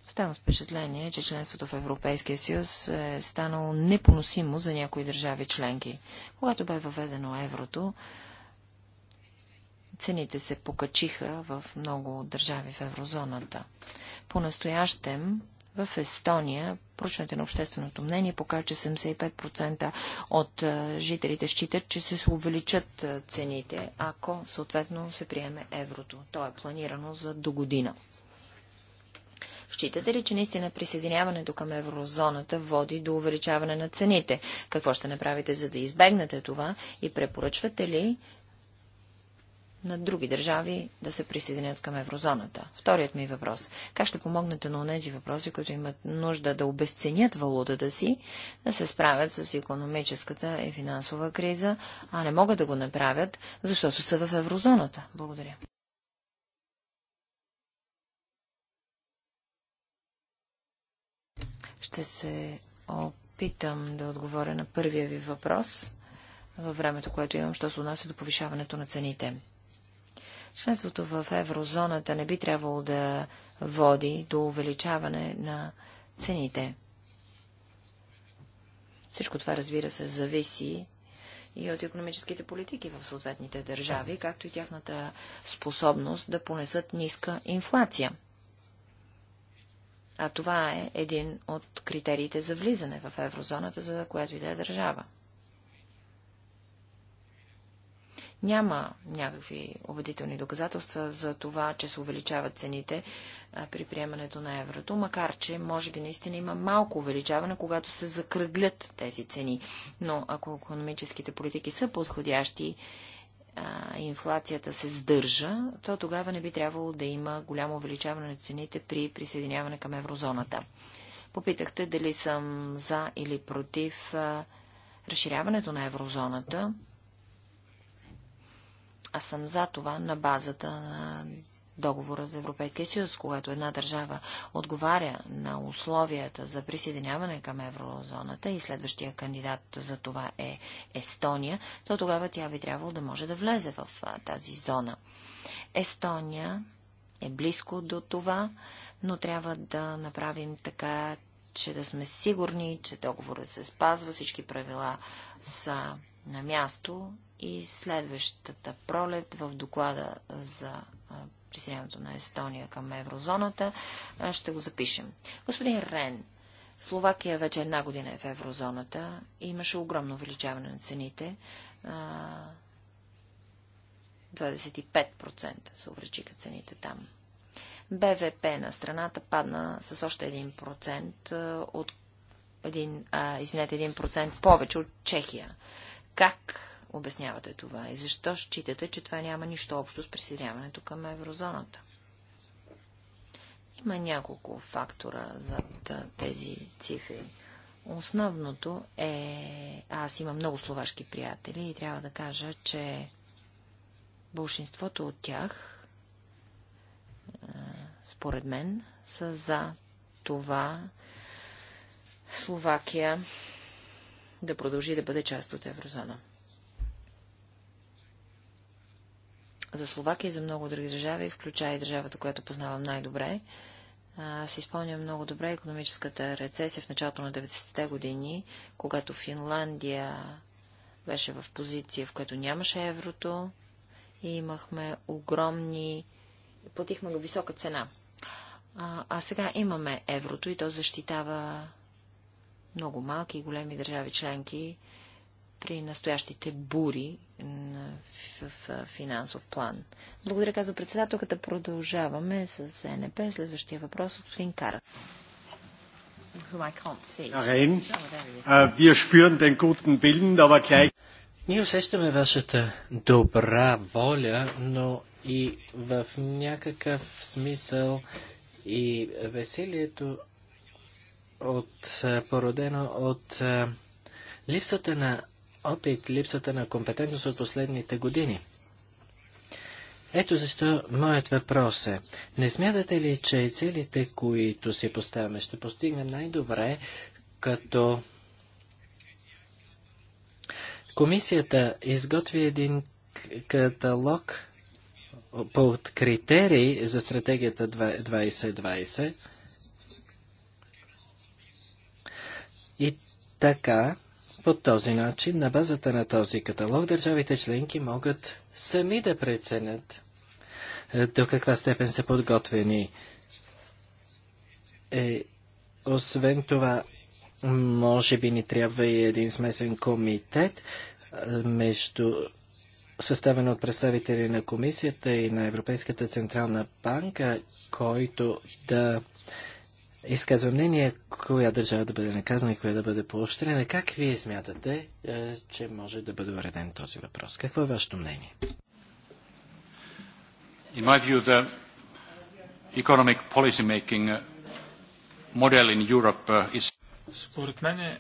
Ставам с впечатление, че членството в Европейския съюз е станало непоносимо за някои държави членки. Когато бе въведено еврото, цените се покачиха в много държави в еврозоната. По-настоящем в Естония проучването на общественото мнение покажа, че 75% от жителите считат, че се увеличат цените, ако съответно се приеме еврото. То е планирано за до година. Считате ли, че наистина присъединяването към еврозоната води до увеличаване на цените? Какво ще направите, за да избегнете това? И препоръчвате ли на други държави да се присъединят към еврозоната? Вторият ми въпрос. Как ще помогнете на тези въпроси, които имат нужда да обесценят валутата си, да се справят с економическата и финансова криза, а не могат да го направят, защото са в еврозоната? Благодаря. Ще се опитам да отговоря на първия ви въпрос във времето, което имам, що се отнася до повишаването на цените. Членството в еврозоната не би трябвало да води до увеличаване на цените. Всичко това, разбира се, зависи и от економическите политики в съответните държави, както и тяхната способност да понесат ниска инфлация. А това е един от критериите за влизане в еврозоната, за която и да е държава. Няма някакви убедителни доказателства за това, че се увеличават цените при приемането на еврото, макар че може би наистина има малко увеличаване, когато се закръглят тези цени. Но ако економическите политики са подходящи, инфлацията се сдържа, то тогава не би трябвало да има голямо увеличаване на цените при присъединяване към еврозоната. Попитахте дали съм за или против разширяването на еврозоната. Аз съм за това на базата на договора за Европейския съюз, когато една държава отговаря на условията за присъединяване към еврозоната и следващия кандидат за това е Естония, то тогава тя би трябвало да може да влезе в тази зона. Естония е близко до това, но трябва да направим така, че да сме сигурни, че договорът се спазва, всички правила са на място и следващата пролет в доклада за присъединяването на Естония към еврозоната ще го запишем. Господин Рен, Словакия вече една година е в еврозоната и имаше огромно увеличаване на цените. 25% се увеличиха цените там. БВП на страната падна с още 1% от един, а, извинете, 1% повече от Чехия. Как обяснявате това и защо считате, че това няма нищо общо с присъединяването към еврозоната? Има няколко фактора зад тези цифри. Основното е... Аз имам много словашки приятели и трябва да кажа, че большинството от тях, според мен, са за това Словакия да продължи да бъде част от еврозона. за Словакия и за много други държави, включая и държавата, която познавам най-добре. Аз изпълням много добре економическата рецесия в началото на 90-те години, когато Финландия беше в позиция, в която нямаше еврото и имахме огромни... Платихме го висока цена. А, а сега имаме еврото и то защитава много малки и големи държави членки при настоящите бури в финансов план. Благодаря, каза председателката. Продължаваме с НП. Следващия въпрос от господин Карат. Oh, Ние усещаме вашата добра воля, но и в някакъв смисъл и веселието от, породено от липсата на опит, липсата на компетентност от последните години. Ето защо моят въпрос е, не смятате ли, че целите, които си поставяме, ще постигнем най-добре, като комисията изготви един каталог по критерии за стратегията 2020 и така по този начин, на базата на този каталог, държавите членки могат сами да преценят е, до каква степен са подготвени. Е, освен това, може би ни трябва и един смесен комитет е, между съставен от представители на комисията и на Европейската централна банка, който да изказва мнение коя държава да бъде наказана и коя да бъде поощрена. Как вие смятате, е, че може да бъде уреден този въпрос? Какво е вашето мнение? In my view, the economic uh, model in Europe uh, is... Според мен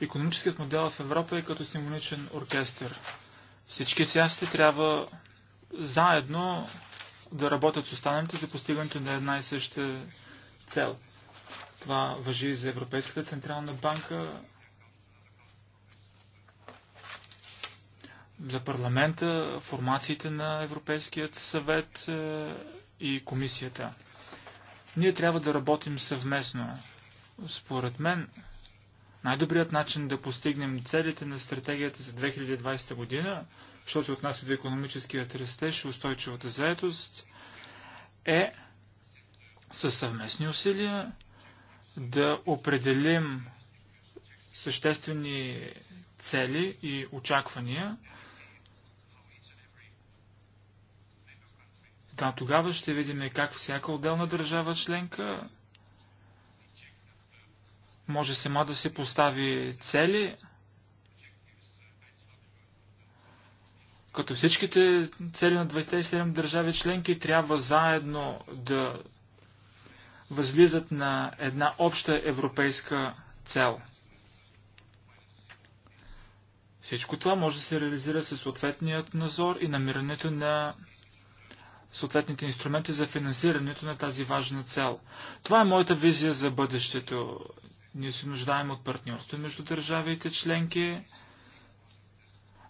економическият модел в Европа е като симфоничен оркестър. Всички части трябва заедно да работят с останалите за постигането на една и съща цел. Това въжи за Европейската централна банка, за парламента, формациите на Европейският съвет е, и комисията. Ние трябва да работим съвместно. Според мен, най-добрият начин да постигнем целите на стратегията за 2020 година, що се отнася до економическият растеж и устойчивата заетост, е със съвместни усилия да определим съществени цели и очаквания. Да, тогава ще видим как всяка отделна държава членка може сама да се постави цели, като всичките цели на 27 държави членки трябва заедно да възлизат на една обща европейска цел. Всичко това може да се реализира със съответният назор и намирането на съответните инструменти за финансирането на тази важна цел. Това е моята визия за бъдещето. Ние се нуждаем от партньорство между държавите членки,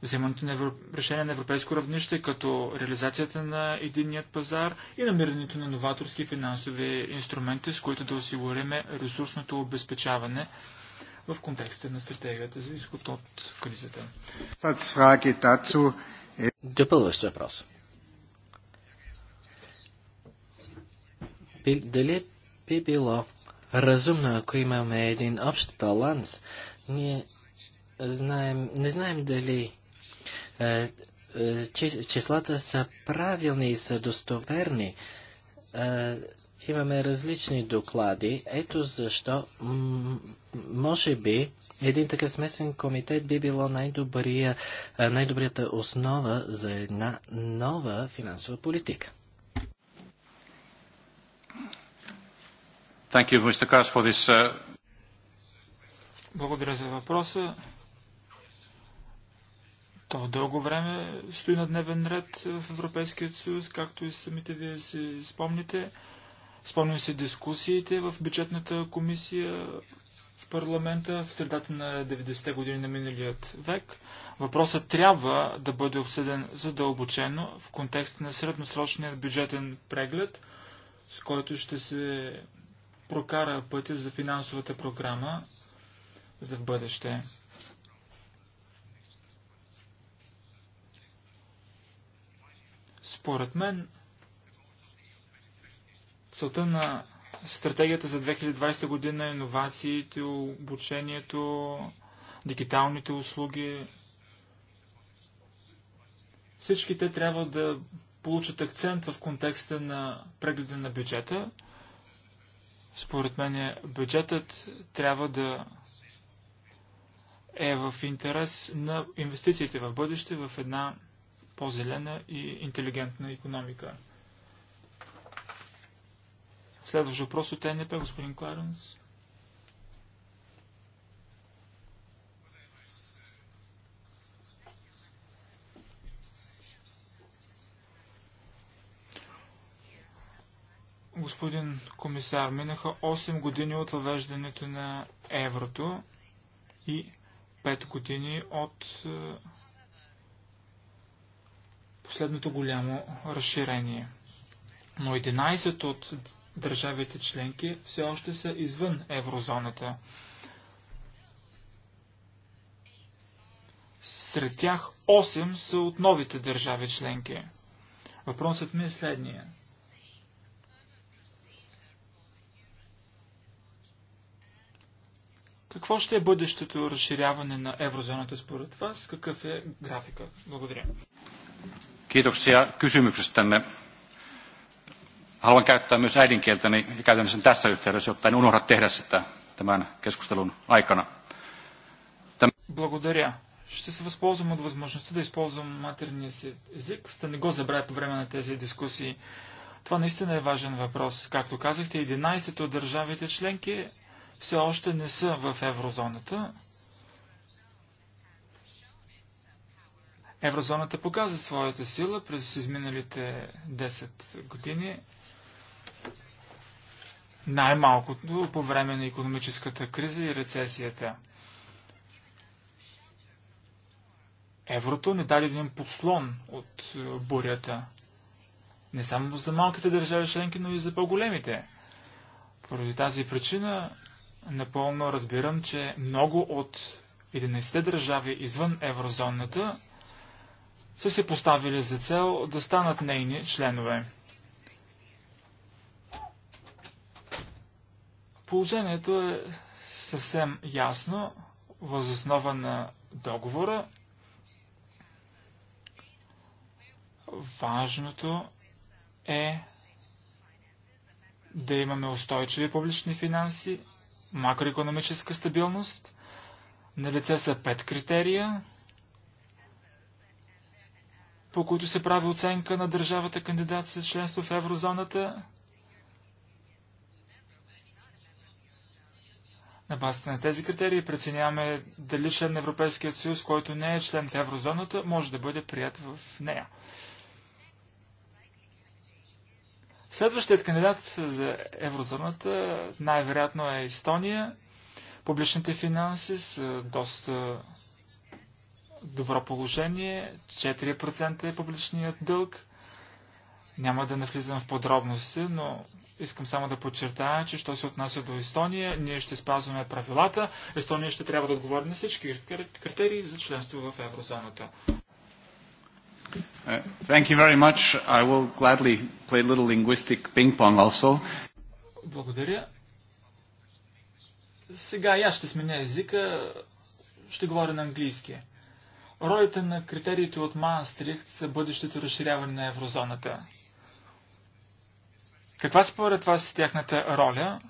вземането на евро... решение на европейско равнище, като реализацията на единният пазар и намирането на новаторски финансови инструменти, с които да осигуриме ресурсното обезпечаване в контекста на стратегията за изход от кризата. Допълващ въпрос. Дали би било разумно, ако имаме един общ баланс, ние знаем, не знаем дали е, е, числата са правилни и са достоверни. Е, имаме различни доклади. Ето защо, може би, един такъв смесен комитет би било най-добрия, най-добрията основа за една нова финансова политика. Thank you, Mr. for this, uh... Благодаря за въпроса. То дълго време стои на дневен ред в Европейският съюз, както и самите вие си спомните. Спомням си дискусиите в бюджетната комисия в парламента в средата на 90-те години на миналият век. Въпросът трябва да бъде обсъден задълбочено в контекста на средносрочния бюджетен преглед, с който ще се прокара пътя за финансовата програма за в бъдеще. Според мен, целта на стратегията за 2020 година е иновациите, обучението, дигиталните услуги. Всички те трябва да получат акцент в контекста на прегледа на бюджета. Според мен е, бюджетът трябва да е в интерес на инвестициите в бъдеще в една по-зелена и интелигентна економика. Следващ въпрос от НП, господин Кларенс. Господин комисар, минаха 8 години от въвеждането на еврото и 5 години от е, последното голямо разширение. Но 11 от държавите членки все още са извън еврозоната. Сред тях 8 са от новите държави членки. Въпросът ми е следния. Какво ще е бъдещето разширяване на еврозоната според вас? Какъв е графика? Благодаря. Kiitoksia kysymyksestänne. Haluan käyttää myös äidinkieltäni ja käytän sen tässä yhteydessä, jotta en unohda tehdä sitä tämän keskustelun aikana. Tämä... Благодаря. Ще се възползвам от възможността да използвам материния си език, за да не го забравя по време на тези дискусии. Това наистина е важен въпрос. Както казахте, 11 от държавите членки все още не са в еврозоната. Еврозоната показа своята сила през изминалите 10 години. Най-малкото по време на економическата криза и рецесията. Еврото не даде един подслон от е, бурята. Не само за малките държави членки, но и за по-големите. Поради тази причина напълно разбирам, че много от 11 държави извън еврозоната са се поставили за цел да станат нейни членове. Положението е съвсем ясно, възоснова на договора. Важното е да имаме устойчиви публични финанси, макроекономическа стабилност. На лице са пет критерия – по които се прави оценка на държавата кандидат за членство в еврозоната, На базата на тези критерии преценяваме дали член на Европейския съюз, който не е член в еврозоната, може да бъде прият в нея. Следващият кандидат за еврозоната най-вероятно е Естония. Публичните финанси са доста добро положение, 4% е публичният дълг. Няма да навлизам в подробности, но искам само да подчертая, че що се отнася до Естония, ние ще спазваме правилата. Естония ще трябва да отговори на всички критерии за членство в еврозоната. Uh, thank you very much. I will gladly play little linguistic ping pong also. Благодаря. Сега я аз ще сменя езика. Ще говоря на английски ролята на критериите от Маастрихт за бъдещето разширяване на еврозоната. Каква според вас е тяхната роля?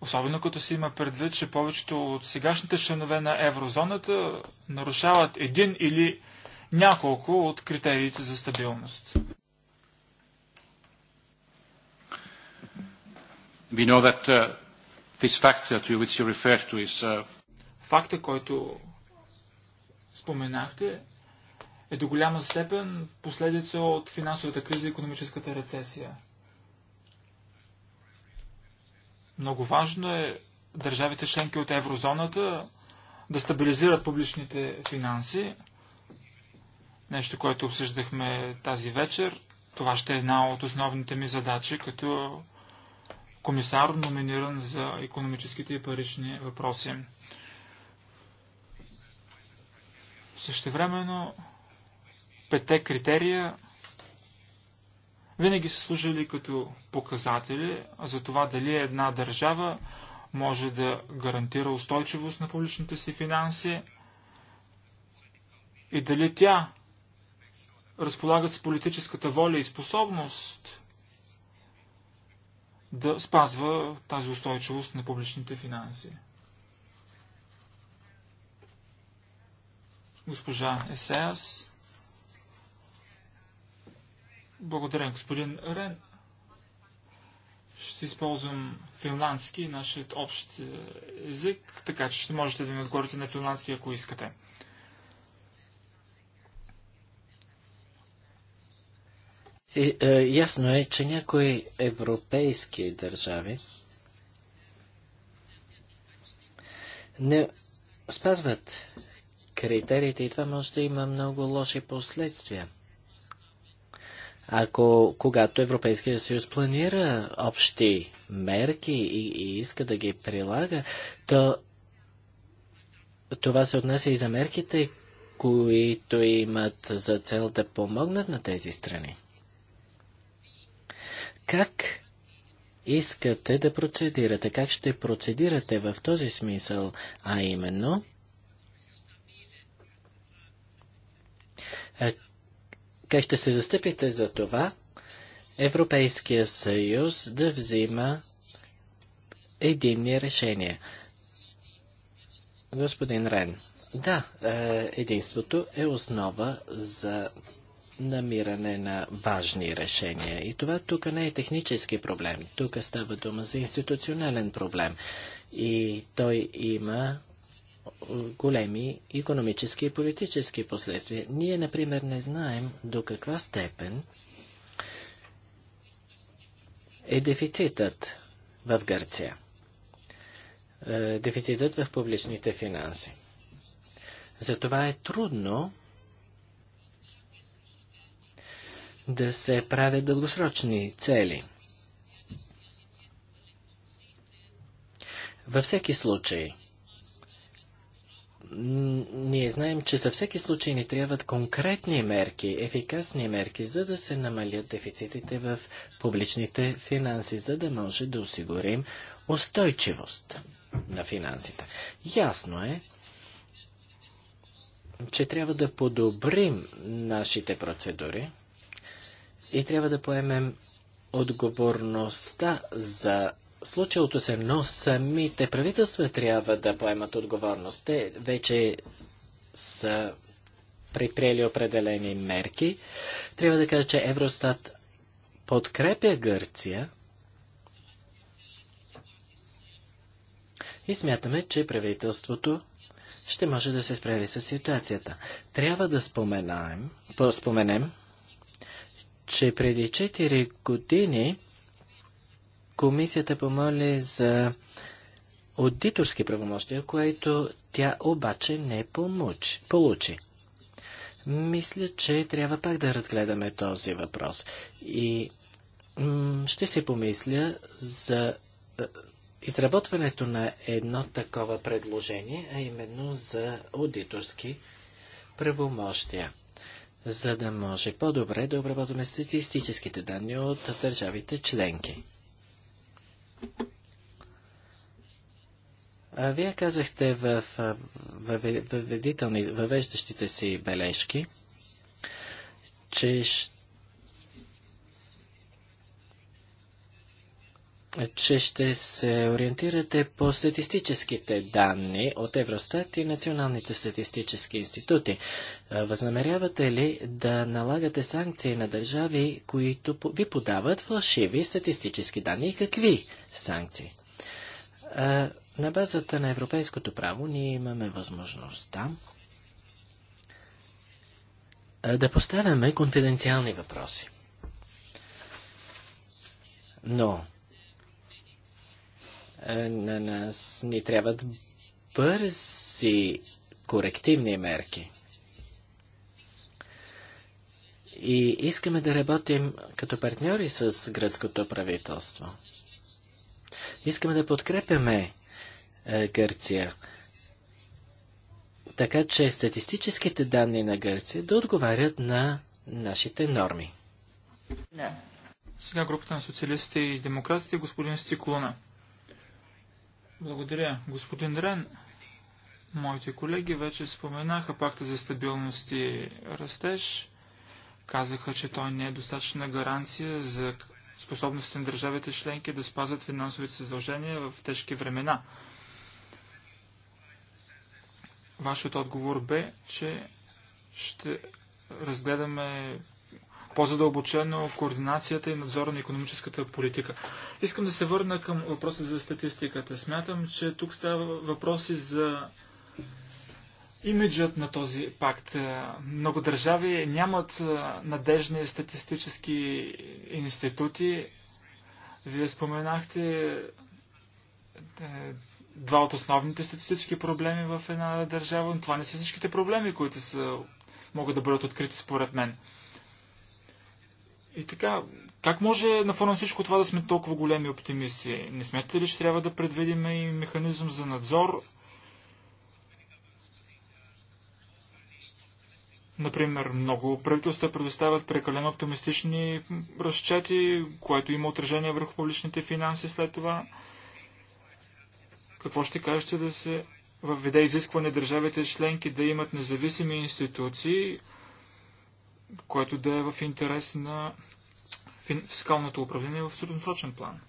Особено като се има предвид, че повечето от сегашните членове на еврозоната нарушават един или няколко от критериите за стабилност. That, uh, is, uh... Факта, който споменахте, е до голяма степен последица от финансовата криза и економическата рецесия. Много важно е държавите членки от еврозоната да стабилизират публичните финанси. Нещо, което обсъждахме тази вечер. Това ще е една от основните ми задачи като комисар, номиниран за економическите и парични въпроси. Същевременно, пете критерия винаги са служили като показатели за това дали една държава може да гарантира устойчивост на публичните си финанси и дали тя разполага с политическата воля и способност да спазва тази устойчивост на публичните финанси. госпожа Есеас. Благодаря, господин Рен. Ще използвам финландски, нашият общ е, език, така че ще можете да ми отговорите на финландски, ако искате. Си, е, ясно е, че някои европейски държави не спазват критериите и това може да има много лоши последствия. Ако когато Европейския съюз планира общи мерки и, и иска да ги прилага, то това се отнася и за мерките, които имат за цел да помогнат на тези страни. Как искате да процедирате? Как ще процедирате в този смисъл, а именно – Е, как ще се застъпите за това Европейския съюз да взима единни решения? Господин Рен, да, е, единството е основа за намиране на важни решения. И това тук не е технически проблем. Тук става дума за институционален проблем. И той има големи економически и политически последствия. Ние, например, не знаем до каква степен е дефицитът в Гърция. Е, дефицитът в публичните финанси. Затова е трудно да се правят дългосрочни цели. Във всеки случай – ние знаем, че за всеки случай ни трябват конкретни мерки, ефикасни мерки, за да се намалят дефицитите в публичните финанси, за да може да осигурим устойчивост на финансите. Ясно е, че трябва да подобрим нашите процедури и трябва да поемем отговорността за случилото се, но самите правителства трябва да поемат отговорност. Те вече са предприели определени мерки. Трябва да кажа, че Евростат подкрепя Гърция и смятаме, че правителството ще може да се справи с ситуацията. Трябва да споменаем, споменем, че преди 4 години Комисията помоли за аудиторски правомощия, което тя обаче не помочи, получи. Мисля, че трябва пак да разгледаме този въпрос. И ще се помисля за е, изработването на едно такова предложение, а именно за аудиторски правомощия, за да може по-добре да обработваме статистическите данни от държавите членки. А вие казахте в в въвеждащите си бележки, че ще че ще се ориентирате по статистическите данни от Евростат и националните статистически институти. Възнамерявате ли да налагате санкции на държави, които ви подават фалшиви статистически данни и какви санкции? На базата на европейското право ние имаме възможността да поставяме конфиденциални въпроси. Но е, на нас ни трябват бързи корективни мерки. И искаме да работим като партньори с гръцкото правителство. Искаме да подкрепяме е, Гърция, така че статистическите данни на Гърция да отговарят на нашите норми. Не. Сега групата на социалистите и демократите, господин Стикулона. Благодаря. Господин Рен, моите колеги вече споменаха пакта за стабилност и растеж. Казаха, че той не е достатъчна гаранция за способността на държавите членки да спазват финансовите задължения в тежки времена. Вашият отговор бе, че ще разгледаме по-задълбочено координацията и надзора на економическата политика. Искам да се върна към въпроса за статистиката. Смятам, че тук става въпроси за имиджът на този пакт. Е, Много държави нямат е, надежни статистически институти. Вие споменахте е, два от основните статистически проблеми в една държава, но това не са всичките проблеми, които са, могат да бъдат открити според мен. И така, как може на фона всичко това да сме толкова големи оптимисти? Не смятате ли, че трябва да предвидим и механизъм за надзор? Например, много правителства предоставят прекалено оптимистични разчети, което има отражение върху публичните финанси след това. Какво ще кажете да се въведе изискване държавите членки да имат независими институции, което да е в интерес на фискалното управление в средносрочен план.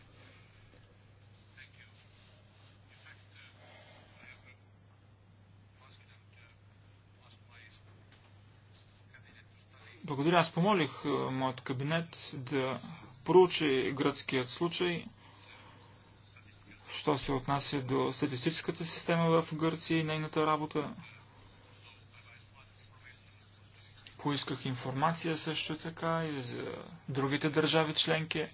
Благодаря. Аз помолих е, моят кабинет да проучи гръцкият случай, що се отнася до статистическата система в Гърция и нейната работа. Поисках информация също така и за другите държави членки.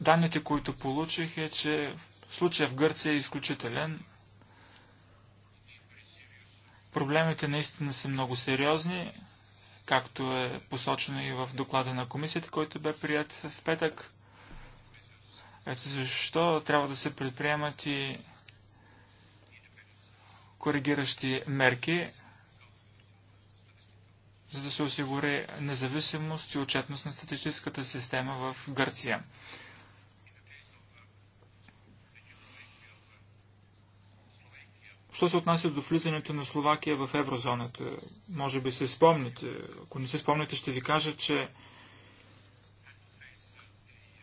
Данните, които получих е, че случая в Гърция е изключителен. Проблемите наистина са много сериозни, както е посочено и в доклада на комисията, който бе прият в петък. Ето защо трябва да се предприемат и коригиращи мерки за да се осигури независимост и отчетност на статистическата система в Гърция. Що се отнася до влизането на Словакия в еврозоната? Може би се спомните. Ако не се спомните, ще ви кажа, че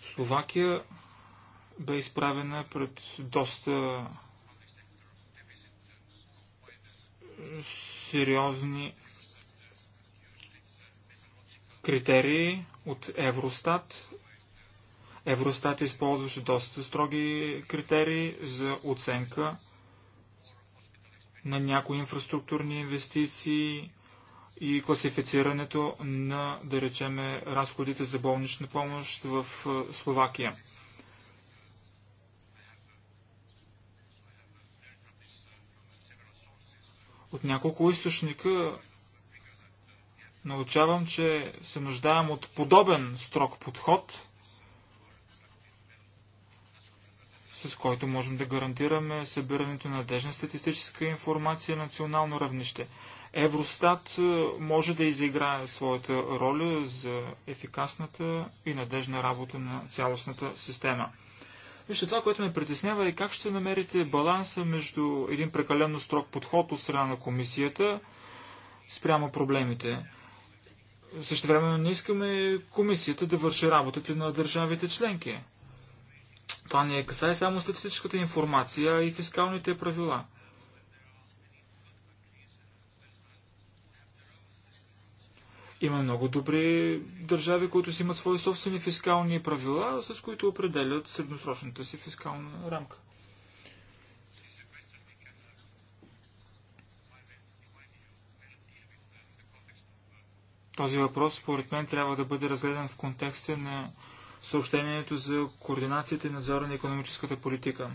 Словакия бе изправена пред доста сериозни критерии от Евростат. Евростат използваше доста строги критерии за оценка на някои инфраструктурни инвестиции и класифицирането на, да речеме, разходите за болнична помощ в е, Словакия. От няколко източника научавам, че се нуждаем от подобен строг подход, с който можем да гарантираме събирането на надежна статистическа информация на национално равнище. Евростат е, може да изиграе своята роля за ефикасната и надежна работа на цялостната система. Вижте, това, което ме притеснява е как ще намерите баланса между един прекалено строг подход от страна на комисията спрямо проблемите. Също време не искаме комисията да върши работата на държавите членки. Това не е касае само статистическата информация и фискалните правила. Има много добри държави, които си имат свои собствени фискални правила, с които определят средносрочната си фискална рамка. Този въпрос, според мен, трябва да бъде разгледан в контекста на съобщението за координацията и надзора на економическата политика.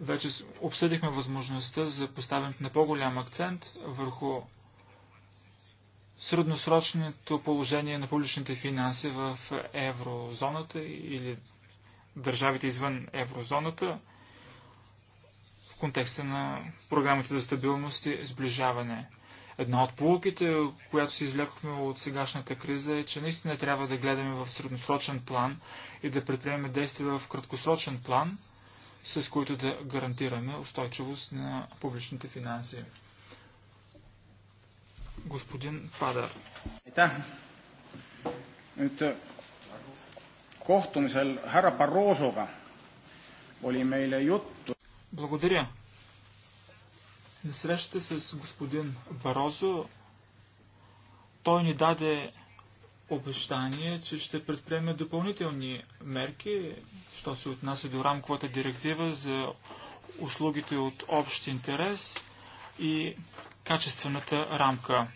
Вече обсъдихме възможността за поставянето на по-голям акцент върху средносрочното положение на публичните финанси в еврозоната или държавите извън еврозоната – в контекста на програмите за стабилност и сближаване. Една от полуките, която си извлекохме от сегашната криза е, че наистина трябва да гледаме в средносрочен план и да предприемем действия в краткосрочен план, с които да гарантираме устойчивост на публичните финанси. Господин Падар. Aitäh. Nüüd kohtumisel härra oli meile juttu благодаря. На срещата с господин Барозо той ни даде обещание, че ще предприеме допълнителни мерки, що се отнася до рамковата директива за услугите от общ интерес и качествената рамка,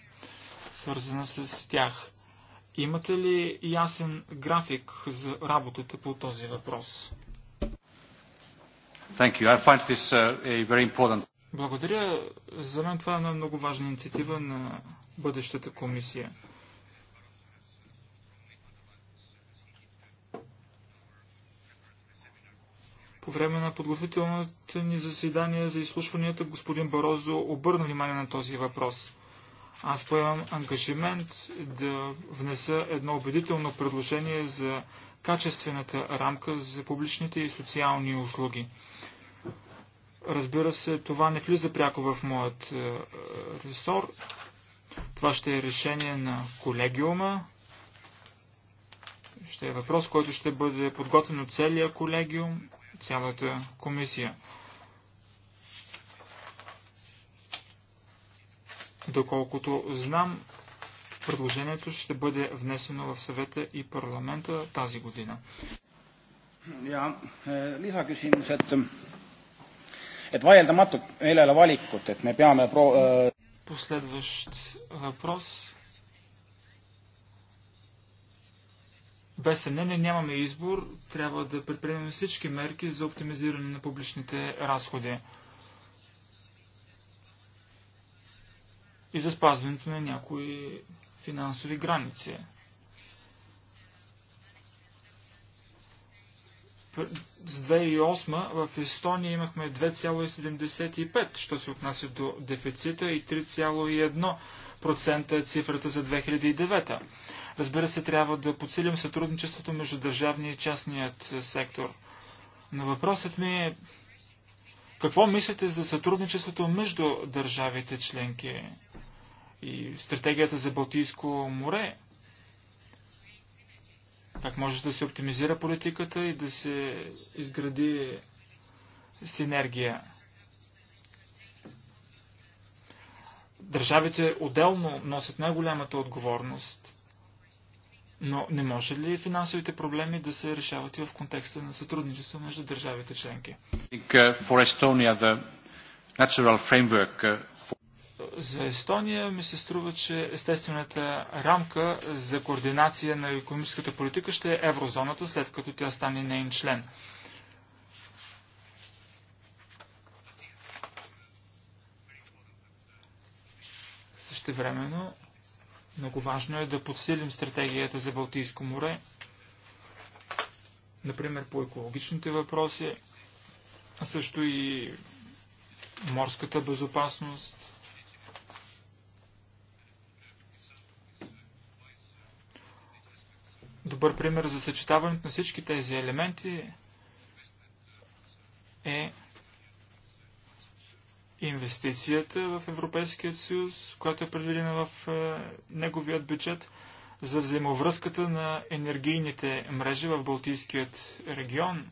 свързана с тях. Имате ли ясен график за работата по този въпрос? Thank you. I find this uh, a very important. Благодаря. За мен това е една много важна инициатива на бъдещата комисия. По време на подготвителната ни заседание за изслушванията господин Барозо обърна внимание на този въпрос. Аз поемам ангажимент да внеса едно убедително предложение за качествената рамка за публичните и социални услуги. Разбира се, това не влиза пряко в моят е, ресор. Това ще е решение на колегиума. Ще е въпрос, който ще бъде подготвен от целия колегиум, цялата комисия. Доколкото знам, Предложението ще бъде внесено в съвета и парламента тази година. Ja е, lisaküsimus, et, et vaieldamatult meile ei ole valikut, et me peame pro-. Äh, Последващ въпрос. Без съмнение нямаме избор, трябва да предприемем всички мерки за оптимизиране на публичните разходи и за спазването на някои финансови граници. С 2008 в Естония имахме 2,75, що се отнася до дефицита и 3,1% е цифрата за 2009. Разбира се, трябва да подсилим сътрудничеството между държавния и частният е, сектор. Но въпросът ми е какво мислите за сътрудничеството между държавите членки? и стратегията за Балтийско море. Как може да се оптимизира политиката и да се изгради синергия. Държавите отделно носят най-голямата отговорност. Но не може ли финансовите проблеми да се решават и в контекста на сътрудничество между държавите членки? Uh, for Estonia, the natural framework uh, за Естония ми се струва, че естествената рамка за координация на економическата политика ще е еврозоната, след като тя стане нейн член. времено, много важно е да подсилим стратегията за Балтийско море, например по екологичните въпроси, а също и морската безопасност, Добър пример за съчетаването на всички тези елементи е инвестицията в Европейският съюз, която е предвидена в е, неговият бюджет за взаимовръзката на енергийните мрежи в Балтийският регион,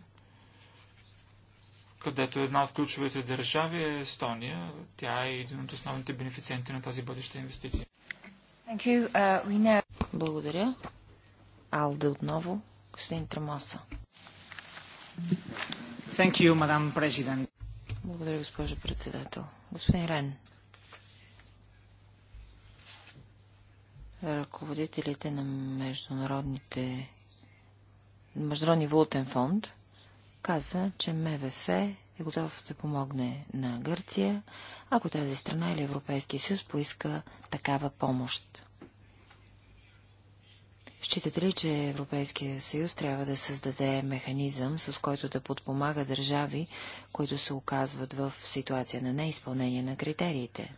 където една от ключовите държави е Естония. Тя е един от основните бенефициенти на тази бъдеща инвестиция. Uh, Благодаря. Алде отново. Господин Трамоса. Thank you, Благодаря, госпожо председател. Господин Рен. Ръководителите на международните Международни валутен фонд каза, че МВФ е готов да помогне на Гърция, ако тази страна или Европейския съюз поиска такава помощ. Считате ли, че Европейския съюз трябва да създаде механизъм, с който да подпомага държави, които се оказват в ситуация на неизпълнение на критериите?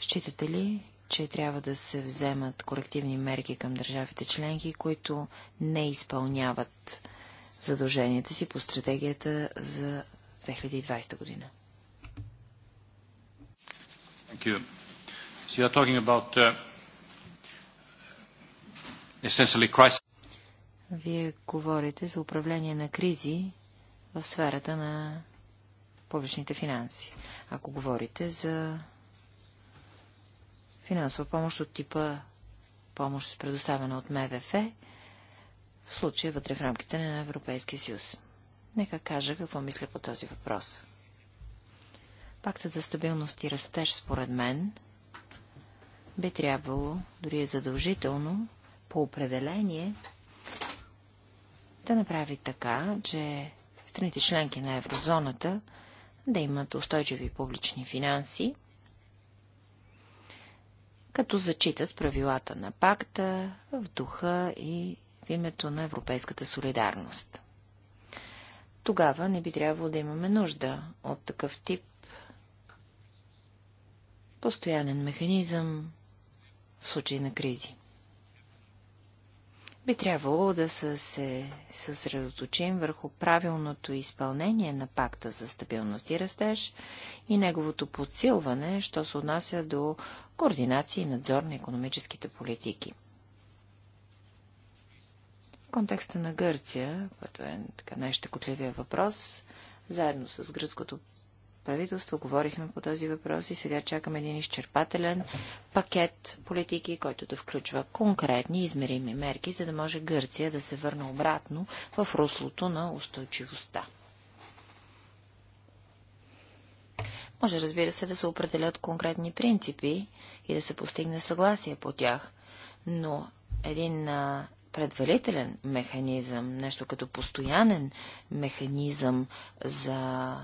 Считате ли, че трябва да се вземат корективни мерки към държавите членки, които не изпълняват задълженията си по стратегията за 2020 година? Thank you. So you're talking about uh, вие говорите за управление на кризи в сферата на публичните финанси. Ако говорите за финансова помощ от типа помощ, предоставена от МВФ, в случая вътре в рамките на Европейския съюз. Нека кажа какво мисля по този въпрос. Пактът за стабилност и растеж, според мен, би трябвало, дори е задължително, по определение да направи така, че страните членки на еврозоната да имат устойчиви публични финанси, като зачитат правилата на пакта в духа и в името на европейската солидарност. Тогава не би трябвало да имаме нужда от такъв тип постоянен механизъм в случай на кризи. Би трябвало да се съсредоточим върху правилното изпълнение на пакта за стабилност и растеж и неговото подсилване, що се отнася до координация и надзор на економическите политики. В контекста на Гърция, което е така най-щекотливия въпрос, заедно с гръцкото правителство, говорихме по този въпрос и сега чакаме един изчерпателен пакет политики, който да включва конкретни измерими мерки, за да може Гърция да се върне обратно в руслото на устойчивостта. Може, разбира се, да се определят конкретни принципи и да се постигне съгласие по тях, но един предварителен механизъм, нещо като постоянен механизъм за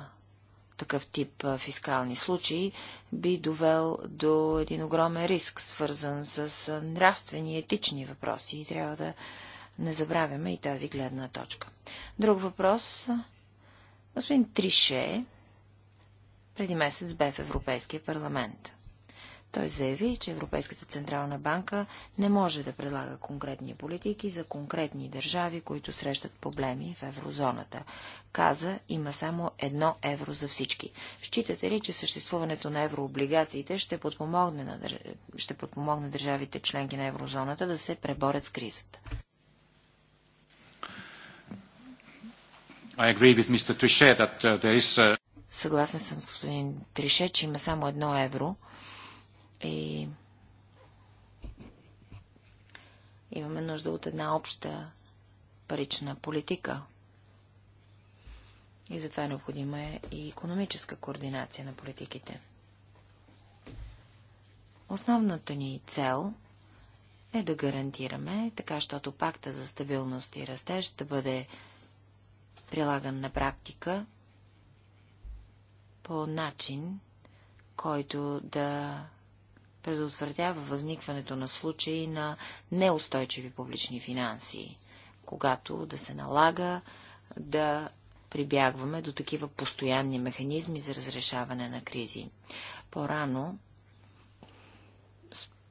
такъв тип фискални случаи, би довел до един огромен риск, свързан с нравствени и етични въпроси. И трябва да не забравяме и тази гледна точка. Друг въпрос. Господин Трише преди месец бе в Европейския парламент. Той заяви, че Европейската Централна банка не може да предлага конкретни политики за конкретни държави, които срещат проблеми в еврозоната. Каза, има само едно евро за всички. Считате ли, че съществуването на еврооблигациите ще подпомогне, на ще подпомогне държавите членки на еврозоната да се преборят с кризата? I agree with Mr. Trichet that uh, there is a... Uh, Съгласен съм с господин Трише, че има само едно евро – и имаме нужда от една обща парична политика. И затова е необходима е и економическа координация на политиките. Основната ни цел е да гарантираме, така щото пакта за стабилност и растеж да бъде прилаган на практика по начин, който да предотвратява възникването на случаи на неустойчиви публични финанси, когато да се налага да прибягваме до такива постоянни механизми за разрешаване на кризи. По-рано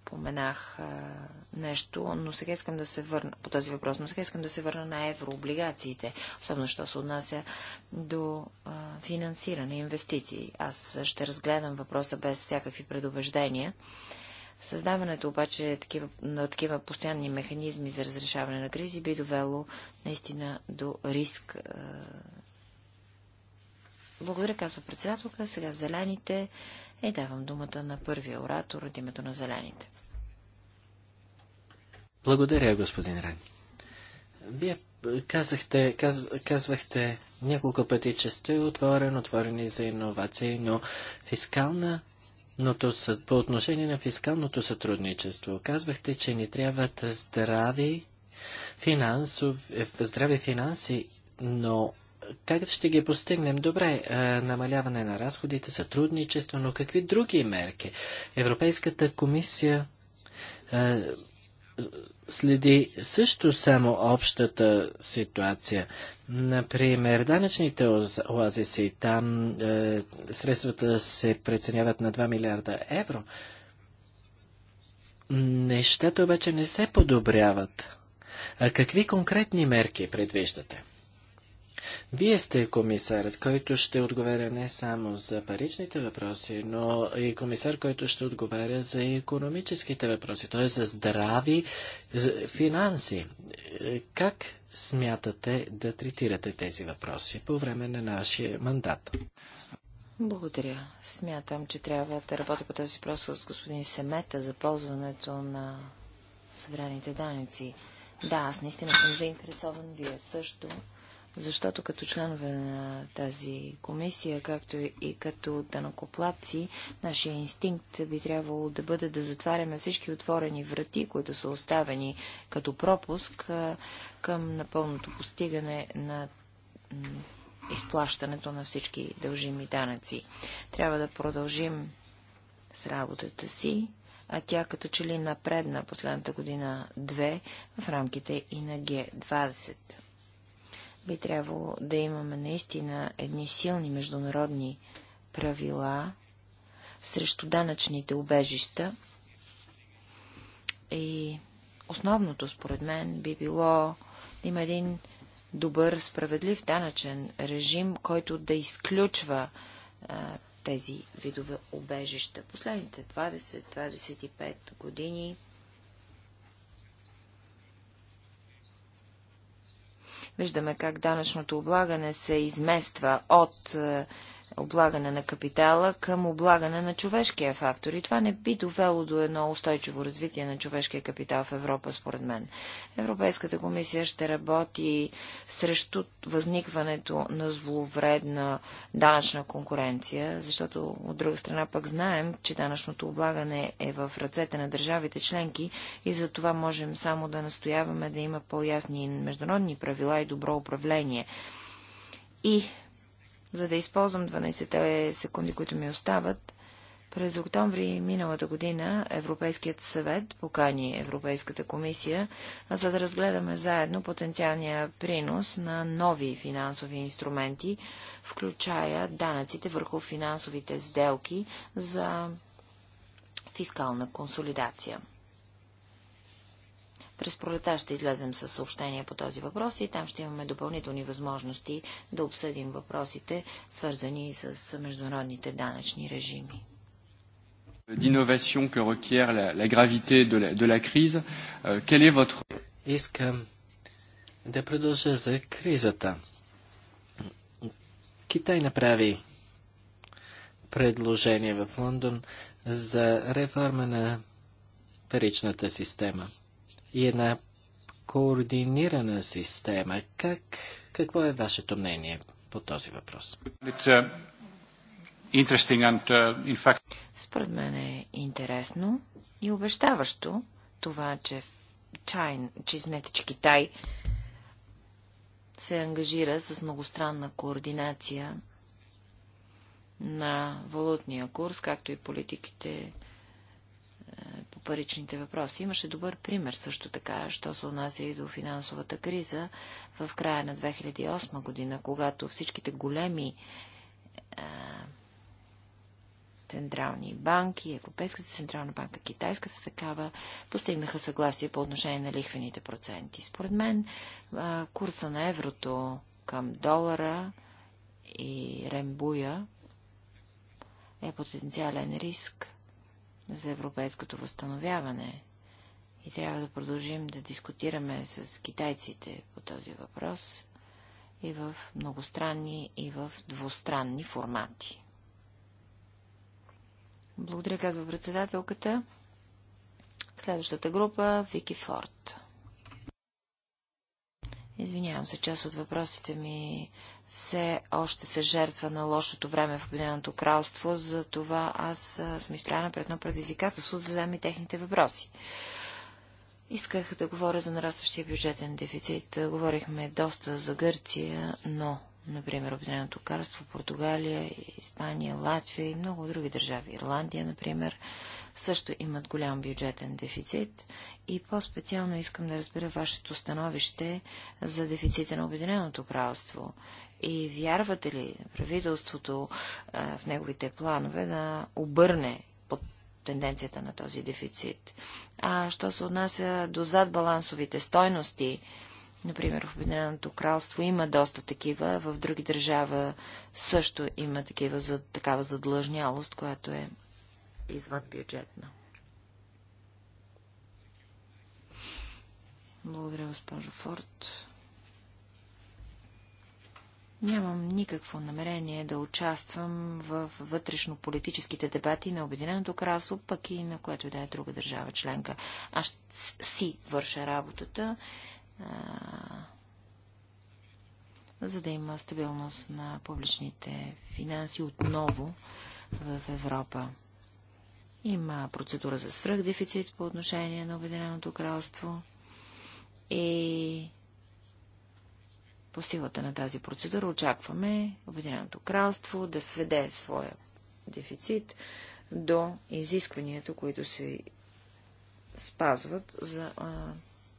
споменах а, нещо, но сега искам да се върна по този въпрос, но сега искам да се върна на еврооблигациите, особено що се отнася до а, финансиране, инвестиции. Аз ще разгледам въпроса без всякакви предубеждения. Създаването обаче е такива, на такива постоянни механизми за разрешаване на кризи би довело наистина до риск. А... Благодаря, казва председателка. Сега зелените. И давам думата на първия оратор от името на Зелените. Благодаря, господин Рен. Вие казахте, каз, казвахте няколко пъти, че сте отворен, отворени за иновации, но фискална Ното по отношение на фискалното сътрудничество, казвахте, че ни трябват здрави, финансов, е, здрави финанси, но как ще ги постигнем? Добре, намаляване на разходите, сътрудничество, но какви други мерки? Европейската комисия следи също само общата ситуация. Например, данъчните оазиси, там средствата се преценяват на 2 милиарда евро. Нещата обаче не се подобряват. А какви конкретни мерки предвиждате? Вие сте комисарът, който ще отговаря не само за паричните въпроси, но и комисар, който ще отговаря за економическите въпроси, т.е. за здрави за финанси. Как смятате да третирате тези въпроси по време на нашия мандат? Благодаря. Смятам, че трябва да работя по този въпрос с господин Семета за ползването на събраните данници. Да, аз наистина съм заинтересован, вие също защото като членове на тази комисия, както и като данокоплаци, нашия инстинкт би трябвало да бъде да затваряме всички отворени врати, които са оставени като пропуск към напълното постигане на изплащането на всички дължими данъци. Трябва да продължим с работата си, а тя като че ли напредна последната година две в рамките и на Г20. Би трябвало да имаме наистина едни силни международни правила срещу данъчните убежища. И основното, според мен, би било да има един добър, справедлив данъчен режим, който да изключва а, тези видове убежища. Последните 20-25 години Виждаме как данъчното облагане се измества от е, облагане на капитала към облагане на човешкия фактор. И това не би довело до едно устойчиво развитие на човешкия капитал в Европа, според мен. Европейската комисия ще работи срещу възникването на зловредна данъчна конкуренция, защото от друга страна пък знаем, че данъчното облагане е в ръцете на държавите членки и за това можем само да настояваме да има по-ясни международни правила и добро управление. И за да използвам 12 секунди, които ми остават, през октомври миналата година Европейският съвет покани Европейската комисия, за да разгледаме заедно потенциалния принос на нови финансови инструменти, включая данъците върху финансовите сделки за фискална консолидация. През пролета ще излезем с съобщение по този въпрос и там ще имаме допълнителни възможности да обсъдим въпросите, свързани с международните данъчни режими d'innovation que requiert la, la gravité de la, de la crise. Euh, quel est votre... Искам да продължа за кризата. Китай направи предложение в Лондон за реформа на паричната система и една координирана система. Как, какво е вашето мнение по този въпрос? Uh, uh, Според мен е интересно и обещаващо това, че чай, че, знаете, че Китай се ангажира с многостранна координация на валутния курс, както и политиките паричните въпроси. Имаше добър пример също така, що се отнася и до финансовата криза в края на 2008 година, когато всичките големи а, централни банки, Европейската централна банка, Китайската такава, постигнаха съгласие по отношение на лихвените проценти. Според мен а, курса на еврото към долара и рембуя е потенциален риск за европейското възстановяване. И трябва да продължим да дискутираме с китайците по този въпрос и в многостранни, и в двустранни формати. Благодаря, казва председателката. Следващата група Вики Форд. Извинявам се, част от въпросите ми все още се жертва на лошото време в Обединеното кралство, за това аз съм изправена пред едно предизвикателство, за да и техните въпроси. Исках да говоря за нарастващия бюджетен дефицит. Говорихме доста за Гърция, но, например, Обединеното кралство, Португалия, Испания, Латвия и много други държави, Ирландия, например, също имат голям бюджетен дефицит и по-специално искам да разбера вашето становище за дефицита на Обединеното кралство и вярвате ли правителството а, в неговите планове да обърне под тенденцията на този дефицит? А що се отнася до задбалансовите стойности, например в Обединеното кралство има доста такива, в други държава също има такива, за, такава задлъжнялост, която е извън бюджетна. Благодаря, госпожо Форд. Нямам никакво намерение да участвам в вътрешно-политическите дебати на Обединеното кралство, пък и на което да е друга държава членка. Аз си върша работата, а, за да има стабилност на публичните финанси отново в Европа. Има процедура за свръхдефицит по отношение на Обединеното кралство и по силата на тази процедура очакваме Обединеното кралство да сведе своя дефицит до изискванията, които се спазват за а,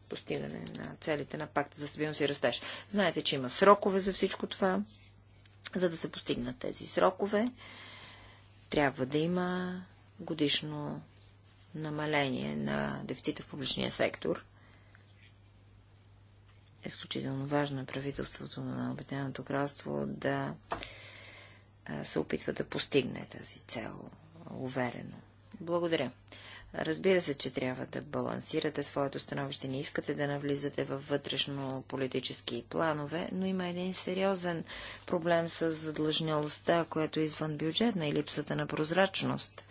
постигане на целите на пакта за стабилност и растеж. Знаете, че има срокове за всичко това. За да се постигнат тези срокове, трябва да има годишно намаление на дефицита в публичния сектор Изключително важно е правителството на Обединеното кралство да се опитва да постигне тази цел уверено. Благодаря. Разбира се, че трябва да балансирате своето становище. Не искате да навлизате във вътрешно политически планове, но има един сериозен проблем с задлъжнялостта, която е извън бюджетна и липсата на прозрачност.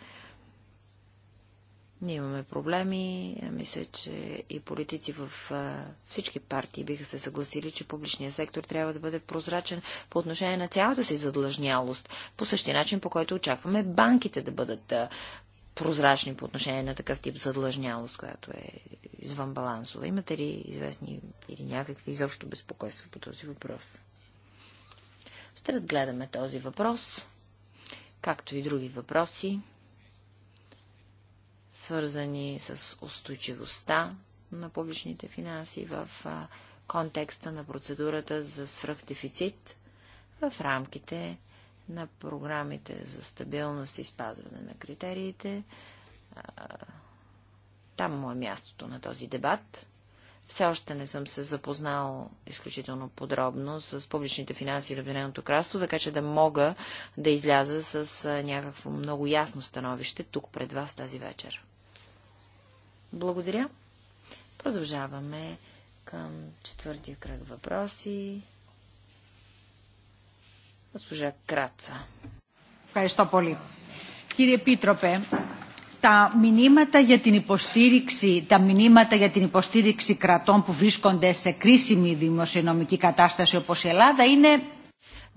Ние имаме проблеми. Е, мисля, че и политици в е, всички партии биха се съгласили, че публичният сектор трябва да бъде прозрачен по отношение на цялата си задлъжнялост. По същия начин, по който очакваме банките да бъдат е, прозрачни по отношение на такъв тип задлъжнялост, която е извън балансова. Имате ли известни или някакви изобщо безпокойства по този въпрос? Ще разгледаме този въпрос, както и други въпроси свързани с устойчивостта на публичните финанси в контекста на процедурата за свръхдефицит в рамките на програмите за стабилност и спазване на критериите. Там му е мястото на този дебат. Все още не съм се запознал изключително подробно с публичните финанси на Обединеното кралство, така че да мога да изляза с някакво много ясно становище тук пред вас тази вечер. Благодаря. Продължаваме към четвъртия кръг въпроси. Госпожа Краца. Ευχαριστώ πολύ. Κύριε τα μηνύματα για την υποστήριξη, τα μηνύματα για την υποστήριξη κρατών που βρίσκονται σε κρίσιμη δημοσιονομική κατάσταση όπως η Ελλάδα είναι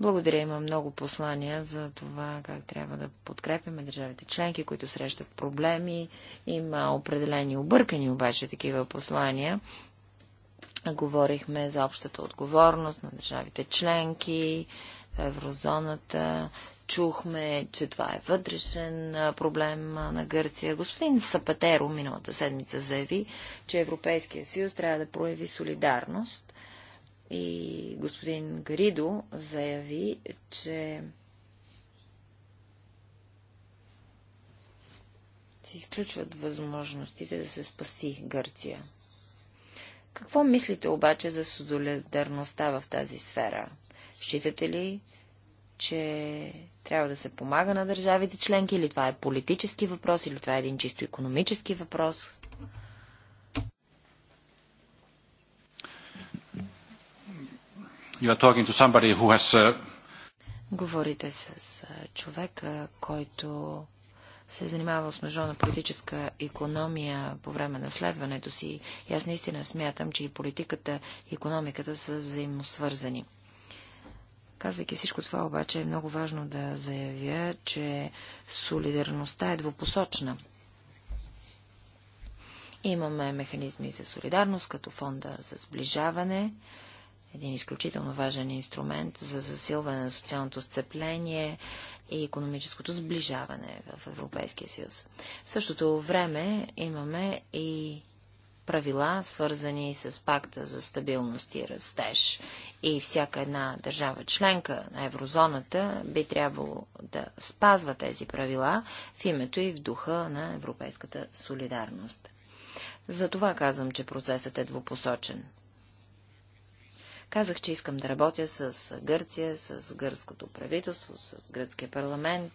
благодаря. Има много послания за това как трябва да подкрепяме държавите членки, които срещат проблеми. Има определени объркани обаче такива послания. Говорихме за общата отговорност на държавите членки, еврозоната, Чухме, че това е вътрешен проблем на Гърция. Господин Сапатеро миналата седмица заяви, че Европейския съюз трябва да прояви солидарност. И господин Гаридо заяви, че се изключват възможностите да се спаси Гърция. Какво мислите обаче за солидарността в тази сфера? Считате ли, че трябва да се помага на държавите членки, или това е политически въпрос, или това е един чисто економически въпрос. You are talking to somebody who has, uh... Говорите с човек, който се е занимавал с международна политическа економия по време на следването си. И аз наистина смятам, че и политиката и економиката са взаимосвързани. Казвайки всичко това, обаче е много важно да заявя, че солидарността е двупосочна. Имаме механизми за солидарност, като фонда за сближаване, един изключително важен инструмент за засилване на социалното сцепление и економическото сближаване в Европейския съюз. В същото време имаме и правила, свързани с пакта за стабилност и растеж. И всяка една държава членка на еврозоната би трябвало да спазва тези правила в името и в духа на европейската солидарност. Затова казвам, че процесът е двупосочен. Казах, че искам да работя с Гърция, с гръцкото правителство, с гръцкия парламент,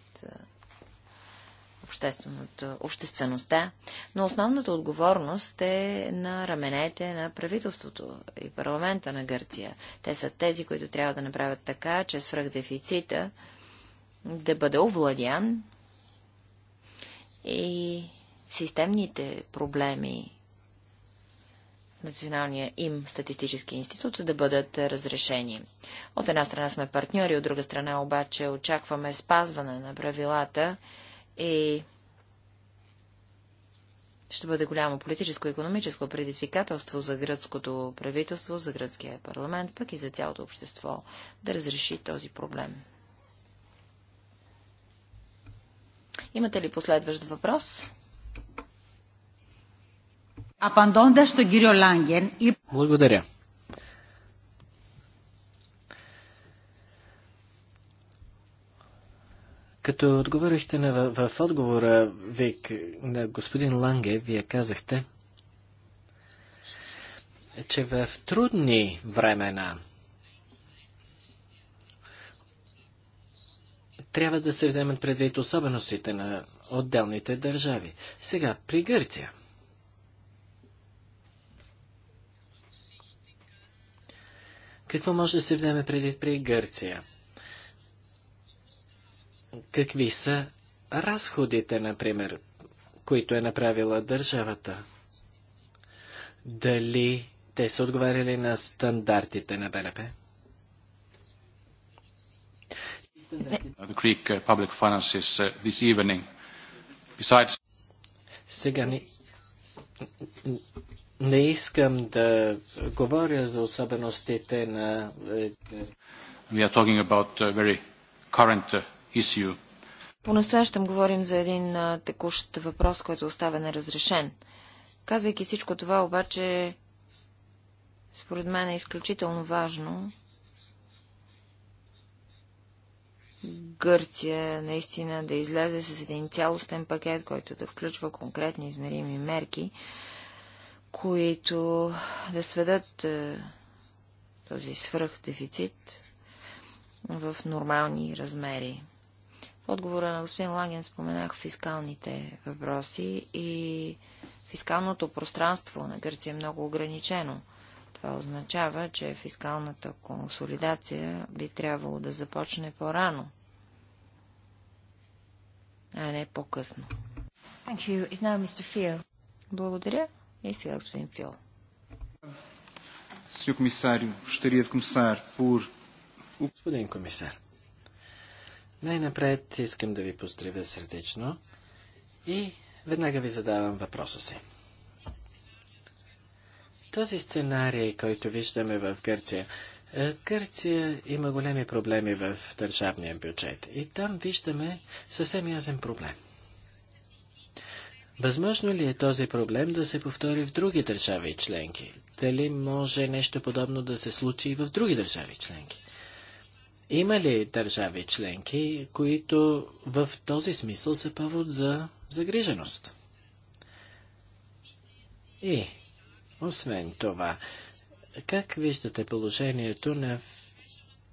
обществеността, но основната отговорност е на раменете на правителството и парламента на Гърция. Те са тези, които трябва да направят така, че свръхдефицита да бъде овладян и системните проблеми Националния им статистически институт да бъдат разрешени. От една страна сме партньори, от друга страна обаче очакваме спазване на правилата е ще бъде голямо политическо и економическо предизвикателство за гръцкото правителство, за гръцкия парламент, пък и за цялото общество да разреши този проблем. Имате ли последващ въпрос? Благодаря. Като отговорихте на, в, в отговора Вик, на господин Ланге, вие казахте, че в трудни времена трябва да се вземат предвид особеностите на отделните държави. Сега при Гърция. Какво може да се вземе предвид при Гърция? какви са разходите, например, които е направила държавата. Дали те са отговаряли на стандартите на БНП? Uh, uh, Сега не, не искам да говоря за особеностите на... Е, We are talking about uh, very current issue. По-настоящем говорим за един текущ въпрос, който е остава неразрешен. Казвайки всичко това, обаче, според мен е изключително важно Гърция наистина да излезе с един цялостен пакет, който да включва конкретни измерими мерки, които да сведат този този свръхдефицит в нормални размери отговора на господин Лаген споменах фискалните въпроси и фискалното пространство на Гърция е много ограничено. Това означава, че фискалната консолидация би трябвало да започне по-рано, а не по-късно. Благодаря. И сега господин Фил. Господин комисар, най-напред искам да ви поздравя сърдечно и веднага ви задавам въпроса си. Този сценарий, който виждаме в Гърция, е, Гърция има големи проблеми в държавния бюджет и там виждаме съвсем ясен проблем. Възможно ли е този проблем да се повтори в други държави членки? Дали може нещо подобно да се случи и в други държави членки? Има ли държави членки, които в този смисъл са повод за загриженост? И, освен това, как виждате положението на,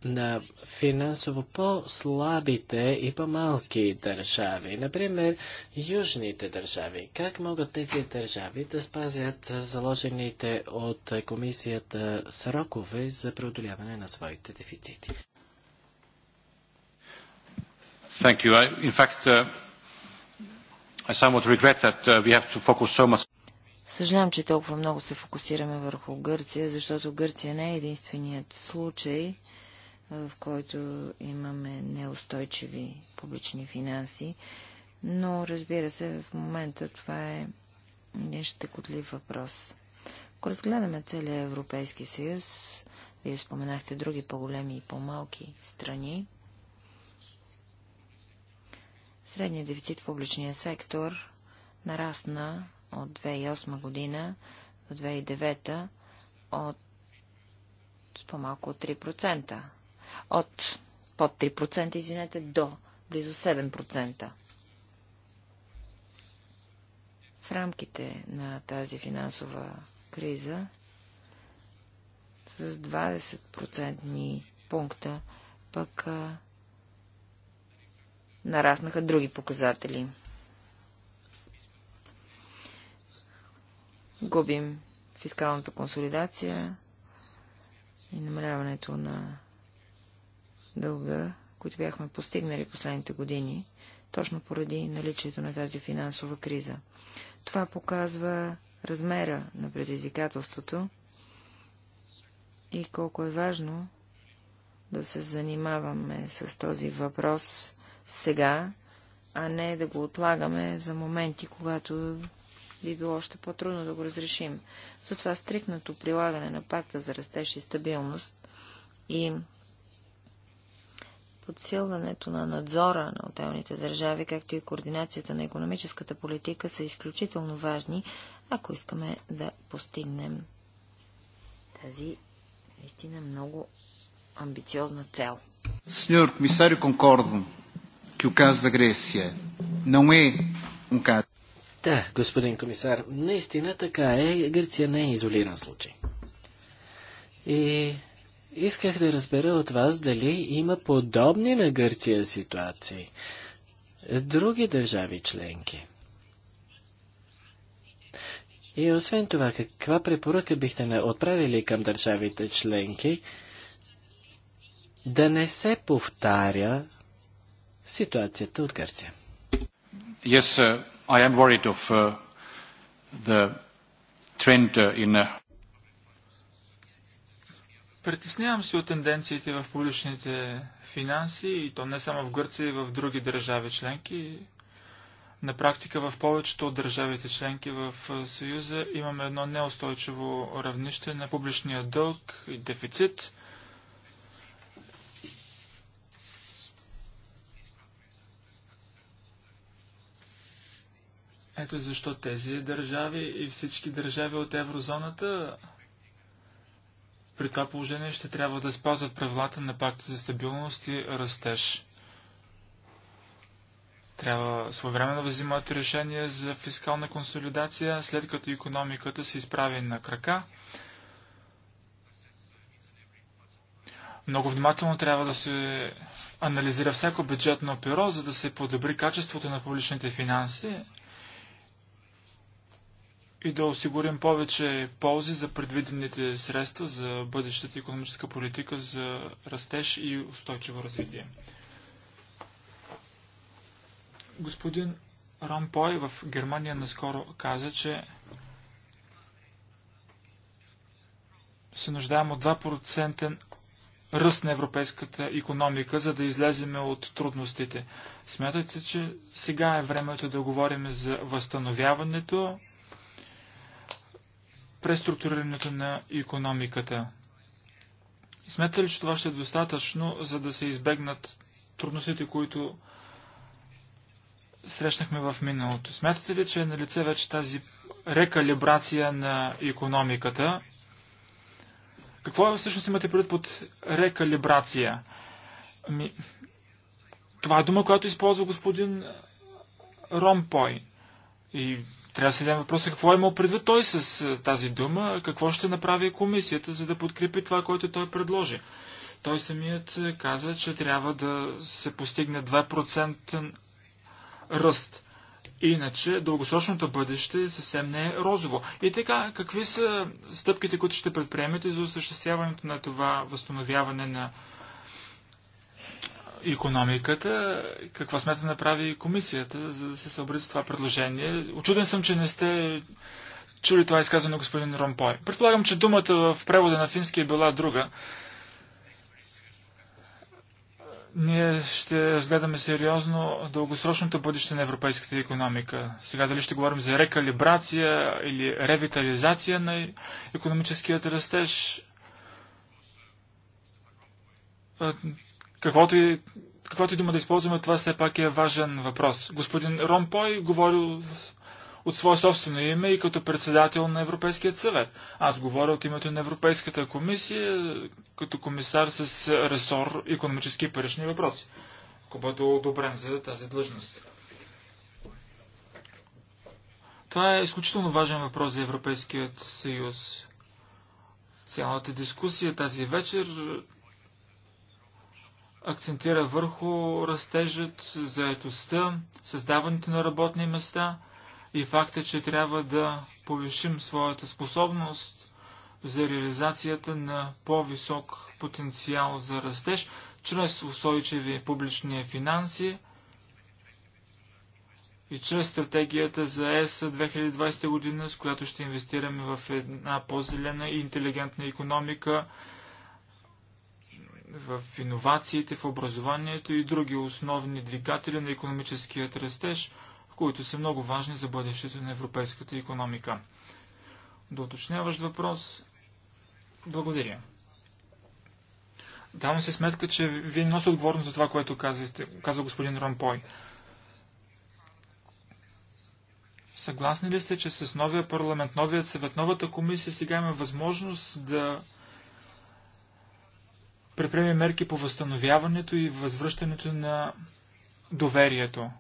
на финансово по-слабите и по-малки държави? Например, южните държави. Как могат тези държави да спазят заложените от комисията срокове за преодоляване на своите дефицити? Thank you. I, in fact, uh, I somewhat regret that uh, we have to focus so much. Съжалявам, че толкова много се фокусираме върху Гърция, защото Гърция не е единственият случай, в който имаме неустойчиви публични финанси. Но, разбира се, в момента това е един щекотлив въпрос. Ако разгледаме целия Европейски съюз, вие споменахте други по-големи и по-малки страни, Средният дефицит в публичния сектор нарасна от 2008 година до 2009 от по-малко от 3%. От под 3%, извинете, до близо 7%. В рамките на тази финансова криза с 20% пункта пък нараснаха други показатели. Губим фискалната консолидация и намаляването на дълга, които бяхме постигнали последните години, точно поради наличието на тази финансова криза. Това показва размера на предизвикателството и колко е важно да се занимаваме с този въпрос сега, а не да го отлагаме за моменти, когато би било още по-трудно да го разрешим. Затова стрикнато прилагане на пакта за растеж и стабилност и подсилването на надзора на отделните държави, както и координацията на економическата политика са изключително важни, ако искаме да постигнем тази наистина много амбициозна цел. Сеньор комисарио, конкордно que o caso da Grécia não é um caso. Да, господин комисар, наистина така е. Гърция не е изолиран случай. И исках да разбера от вас дали има подобни на Гърция ситуации. Други държави членки. И освен това, каква препоръка бихте отправили към държавите членки да не се повтаря ситуацията от Гърция. Yes, I am worried of uh, the trend uh, in uh, Притеснявам се от тенденциите в публичните финанси и то не само в Гърция, и в други държави членки. На практика в повечето от държавите членки в Съюза имаме едно неустойчиво равнище на публичния дълг и дефицит. Ето защо тези държави и всички държави от еврозоната при това положение ще трябва да спазват правилата на пакта за стабилност и растеж. Трябва своевременно да взимат решение за фискална консолидация, след като економиката се изправи на крака. Много внимателно трябва да се анализира всяко бюджетно перо, за да се подобри качеството на публичните финанси, и да осигурим повече ползи за предвидените средства за бъдещата економическа политика за растеж и устойчиво развитие. Господин Рампой в Германия наскоро каза, че се нуждаем от 2% ръст на европейската економика, за да излезем от трудностите. Смятате, че сега е времето да говорим за възстановяването преструктурирането на економиката. И смятате ли, че това ще е достатъчно, за да се избегнат трудностите, които срещнахме в миналото? Смятате ли, че е на лице вече тази рекалибрация на економиката? Какво е, всъщност имате пред под рекалибрация? Ами, това е дума, която използва господин Ромпой. И трябва да се дадем въпроса какво е имал предвид той с е, тази дума, какво ще направи комисията, за да подкрепи това, което той предложи. Той самият е, каза, че трябва да се постигне 2% ръст. Иначе дългосрочното бъдеще съвсем не е розово. И така, какви са стъпките, които ще предприемете за осъществяването на това възстановяване на економиката, каква смета направи комисията, за да се съобрази с това предложение. Очуден съм, че не сте чули това изказване на господин Ромпой. Предполагам, че думата в превода на фински е била друга. Ние ще разгледаме сериозно дългосрочното бъдеще на европейската економика. Сега дали ще говорим за рекалибрация или ревитализация на економическият растеж, Каквото и, каквото и дума да използваме, това все пак е важен въпрос. Господин Ромпой говорил от свое собствено име и като председател на Европейският съвет. Аз говоря от името на Европейската комисия, като комисар с ресор економически и парични въпроси, ако бъде одобрен за тази длъжност. Това е изключително важен въпрос за Европейският съюз. Цялата дискусия тази вечер акцентира върху растежът, заетостта, създаването на работни места и факта, че трябва да повишим своята способност за реализацията на по-висок потенциал за растеж чрез устойчиви публични финанси и чрез стратегията за ЕС 2020 година, с която ще инвестираме в една по-зелена и интелигентна економика, в иновациите, в образованието и други основни двигатели на економическият растеж, които са много важни за бъдещето на европейската економика. До уточняващ въпрос. Благодаря. Давам се сметка, че вие носи отговорност за това, което казахте, каза господин Рампой. Съгласни ли сте, че с новия парламент, новият съвет, новата комисия сега има възможност да предприеме мерки по възстановяването и възвръщането на доверието.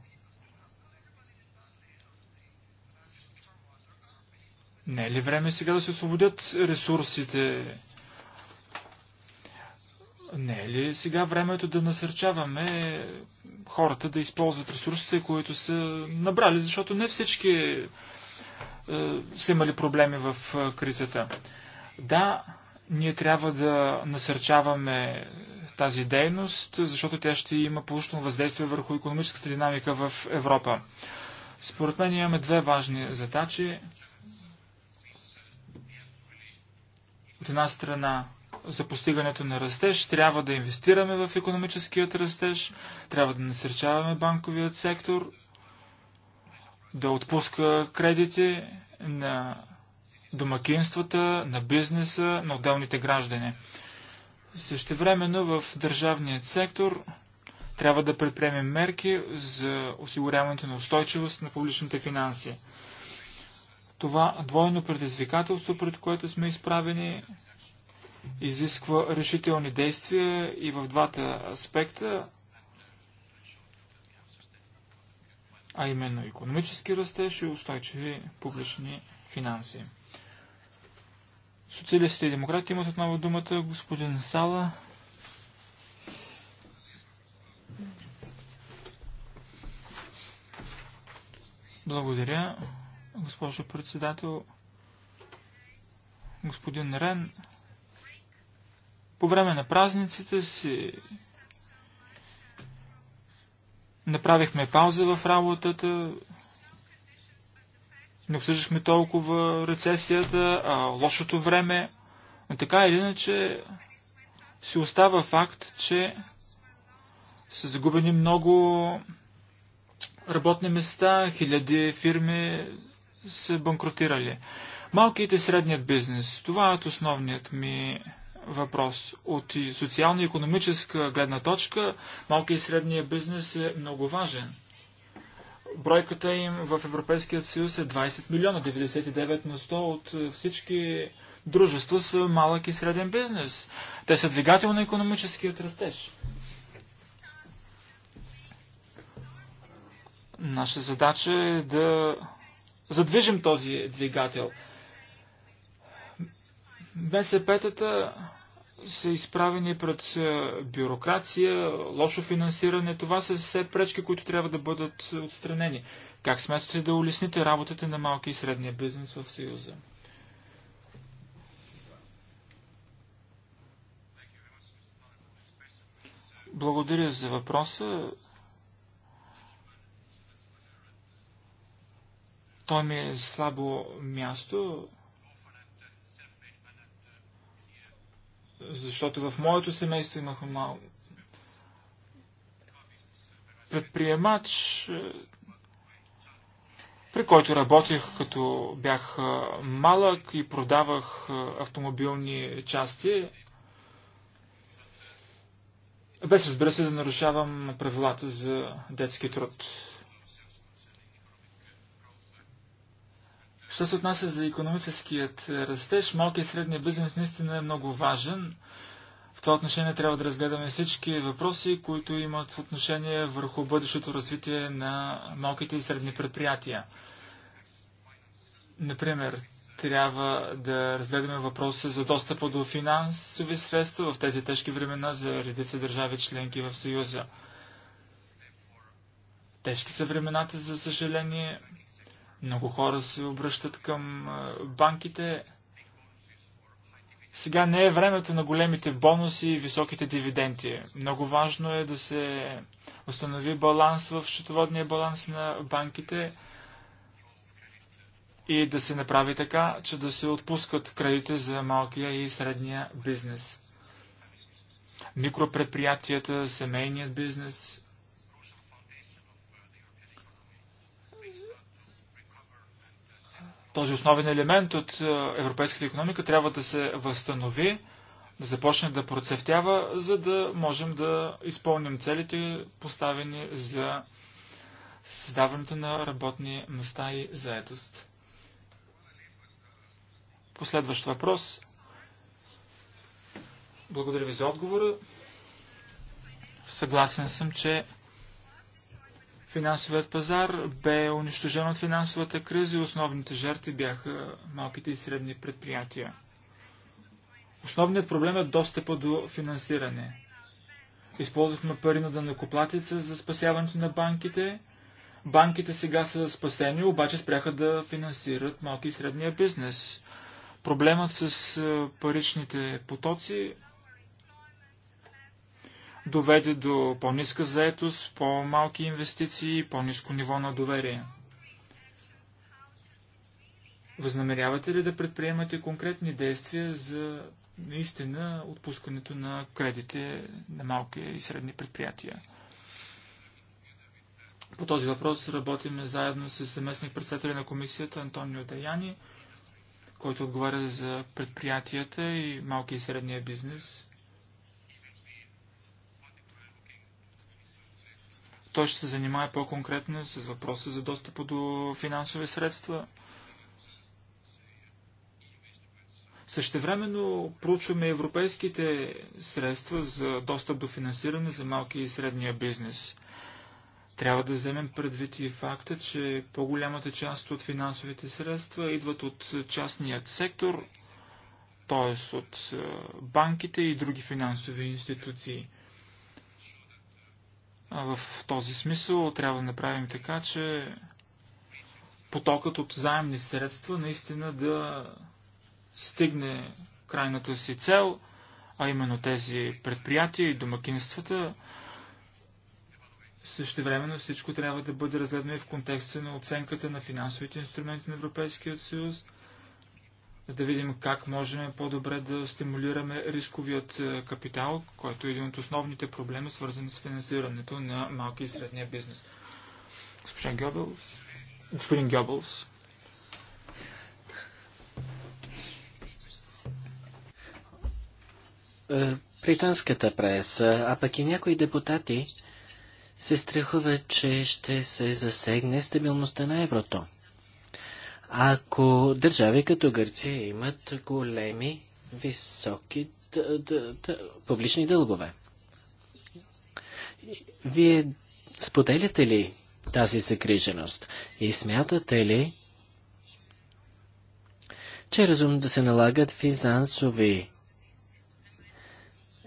Не е ли време сега да се освободят ресурсите? Не е ли сега времето да насърчаваме хората да използват ресурсите, които са набрали, защото не всички е, са имали проблеми в е, кризата. Да, ние трябва да насърчаваме тази дейност, защото тя ще има положително въздействие върху економическата динамика в Европа. Според мен имаме две важни задачи. От една страна, за постигането на растеж трябва да инвестираме в економическият растеж, трябва да насърчаваме банковият сектор, да отпуска кредити на домакинствата, на бизнеса, на отделните граждани. Същевременно в държавният сектор трябва да предприемем мерки за осигуряването на устойчивост на публичните финанси. Това двойно предизвикателство, пред което сме изправени, изисква решителни действия и в двата аспекта, а именно економически растеж и устойчиви публични финанси. Социалистите и демократи имат отново думата господин Сала. Благодаря, госпожо председател. Господин Рен, по време на празниците си направихме пауза в работата, не обсъждахме толкова рецесията, а лошото време. Но така или иначе си остава факт, че са загубени много работни места, хиляди фирми са банкротирали. Малкият и средният бизнес. Това е основният ми въпрос. От социално-економическа гледна точка, малкият и средният бизнес е много важен бройката им в Европейския съюз е 20 милиона, 99 на 100 от всички дружества са малък и среден бизнес. Те са двигател на економическият растеж. Наша задача е да задвижим този двигател. бсп тата са изправени пред е, бюрокрация, лошо финансиране. Това са все пречки, които трябва да бъдат отстранени. Как смятате да улесните работата на малки и средния бизнес в Съюза? Благодаря за въпроса. Той ми е слабо място. Защото в моето семейство имахме малко предприемач, е, при който работех като бях е, малък и продавах е, автомобилни части. Без разбира се да нарушавам правилата за детски труд. Що се отнася за економическият е, растеж, малкият и средният бизнес наистина е много важен. В това отношение трябва да разгледаме всички въпроси, които имат отношение върху бъдещото развитие на малките и средни предприятия. Например, трябва да разгледаме въпроса за достъпа до финансови средства в тези тежки времена за редица държави членки в Съюза. Тежки са времената, за съжаление. Много хора се обръщат към банките. Сега не е времето на големите бонуси и високите дивиденти. Много важно е да се установи баланс в счетоводния баланс на банките и да се направи така, че да се отпускат кредити за малкия и средния бизнес. Микропредприятията, семейният бизнес, този основен елемент от е, европейската економика трябва да се възстанови, да започне да процъфтява, за да можем да изпълним целите поставени за създаването на работни места и заедост. Последващ въпрос. Благодаря ви за отговора. Съгласен съм, че финансовият пазар бе унищожен от финансовата криза и основните жертви бяха малките и средни предприятия. Основният проблем е достъпа до финансиране. Използвахме пари на дънакоплатица за спасяването на банките. Банките сега са спасени, обаче спряха да финансират малки и средния бизнес. Проблемът с е, паричните потоци доведе до по-ниска заетост, по-малки инвестиции и по-ниско ниво на доверие. Възнамерявате ли да предприемате конкретни действия за наистина отпускането на кредите на малки и средни предприятия? По този въпрос работим заедно с съместник председателя на комисията Антонио Даяни, който отговаря за предприятията и малки и средния бизнес Той ще се занимае по-конкретно с въпроса за достъпа до финансови средства. Същевременно проучваме европейските средства за достъп до финансиране за малки и средния бизнес. Трябва да вземем предвид и факта, че по-голямата част от финансовите средства идват от частният сектор, т.е. от е, банките и други финансови институции – в този смисъл трябва да направим така, че потокът от заемни средства наистина да стигне крайната си цел, а именно тези предприятия и домакинствата. времено всичко трябва да бъде разгледано и в контекста на оценката на финансовите инструменти на Европейския съюз – за да видим как можем по-добре да стимулираме рисковият е, капитал, който е един от основните проблеми, свързани с финансирането на малки и средния бизнес. Господин Гебелс. Господин е, Гебелс. Британската преса, а пък и някои депутати се страхуват, че ще се засегне стабилността на еврото ако държави като Гърция имат големи, високи публични дългове. Вие споделяте ли тази загриженост и смятате ли, че е разумно да се налагат финансови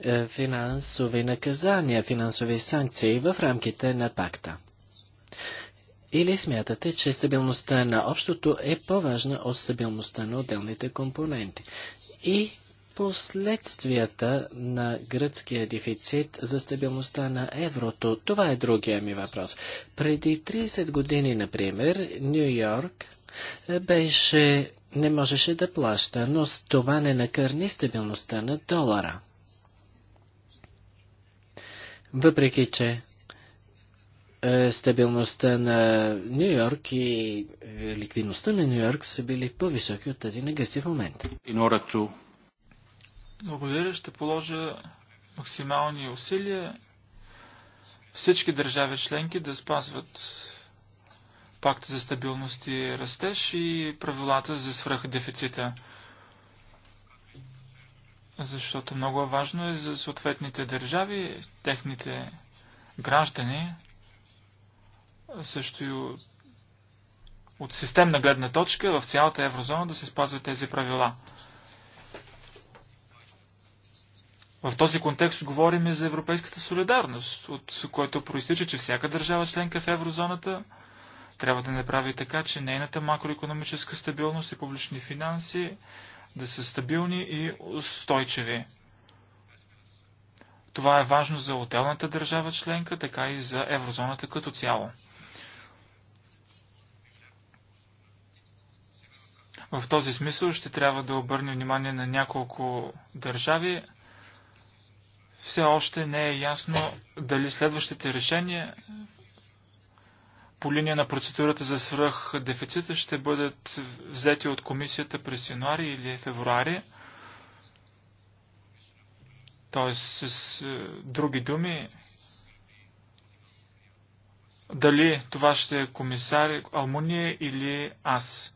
е, финансови наказания, финансови санкции в рамките на пакта. Или смятате, че стабилността на общото е по-важна от стабилността на отделните компоненти? И последствията на гръцкия дефицит за стабилността на еврото? Това е другия ми въпрос. Преди 30 години, например, Нью Йорк е, беше, не можеше да плаща, но с това не накърни стабилността на долара. Въпреки, че е, стабилността на Нью Йорк и е, ликвидността на Нью Йорк са били по-високи от тези на в момента. Благодаря, ще положа максимални усилия всички държави членки да спазват пакта за стабилност и растеж и правилата за свръхдефицита. Защото много важно е за съответните държави, техните граждани също и от, от системна гледна точка в цялата еврозона да се спазват тези правила. В този контекст говорим и за европейската солидарност, от което проистича, че всяка държава членка в еврозоната трябва да направи така, че нейната макроекономическа стабилност и публични финанси да са стабилни и устойчиви. Това е важно за отделната държава членка, така и за еврозоната като цяло. В този смисъл ще трябва да обърне внимание на няколко държави. Все още не е ясно дали следващите решения по линия на процедурата за свръх дефицита ще бъдат взети от комисията през януари или февруари. Тоест, с е, други думи, дали това ще е комисар Алмуния или аз.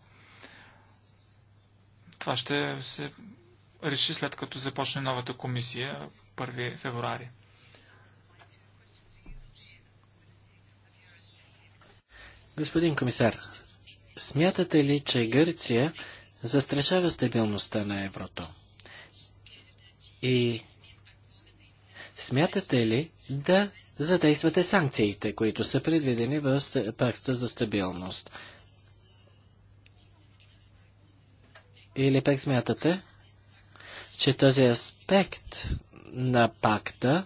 Това ще се реши след като започне новата комисия 1 февруари. Господин комисар, смятате ли, че Гърция застрашава стабилността на еврото? И смятате ли да задействате санкциите, които са предвидени в пакта за стабилност? Или пък смятате, че този аспект на пакта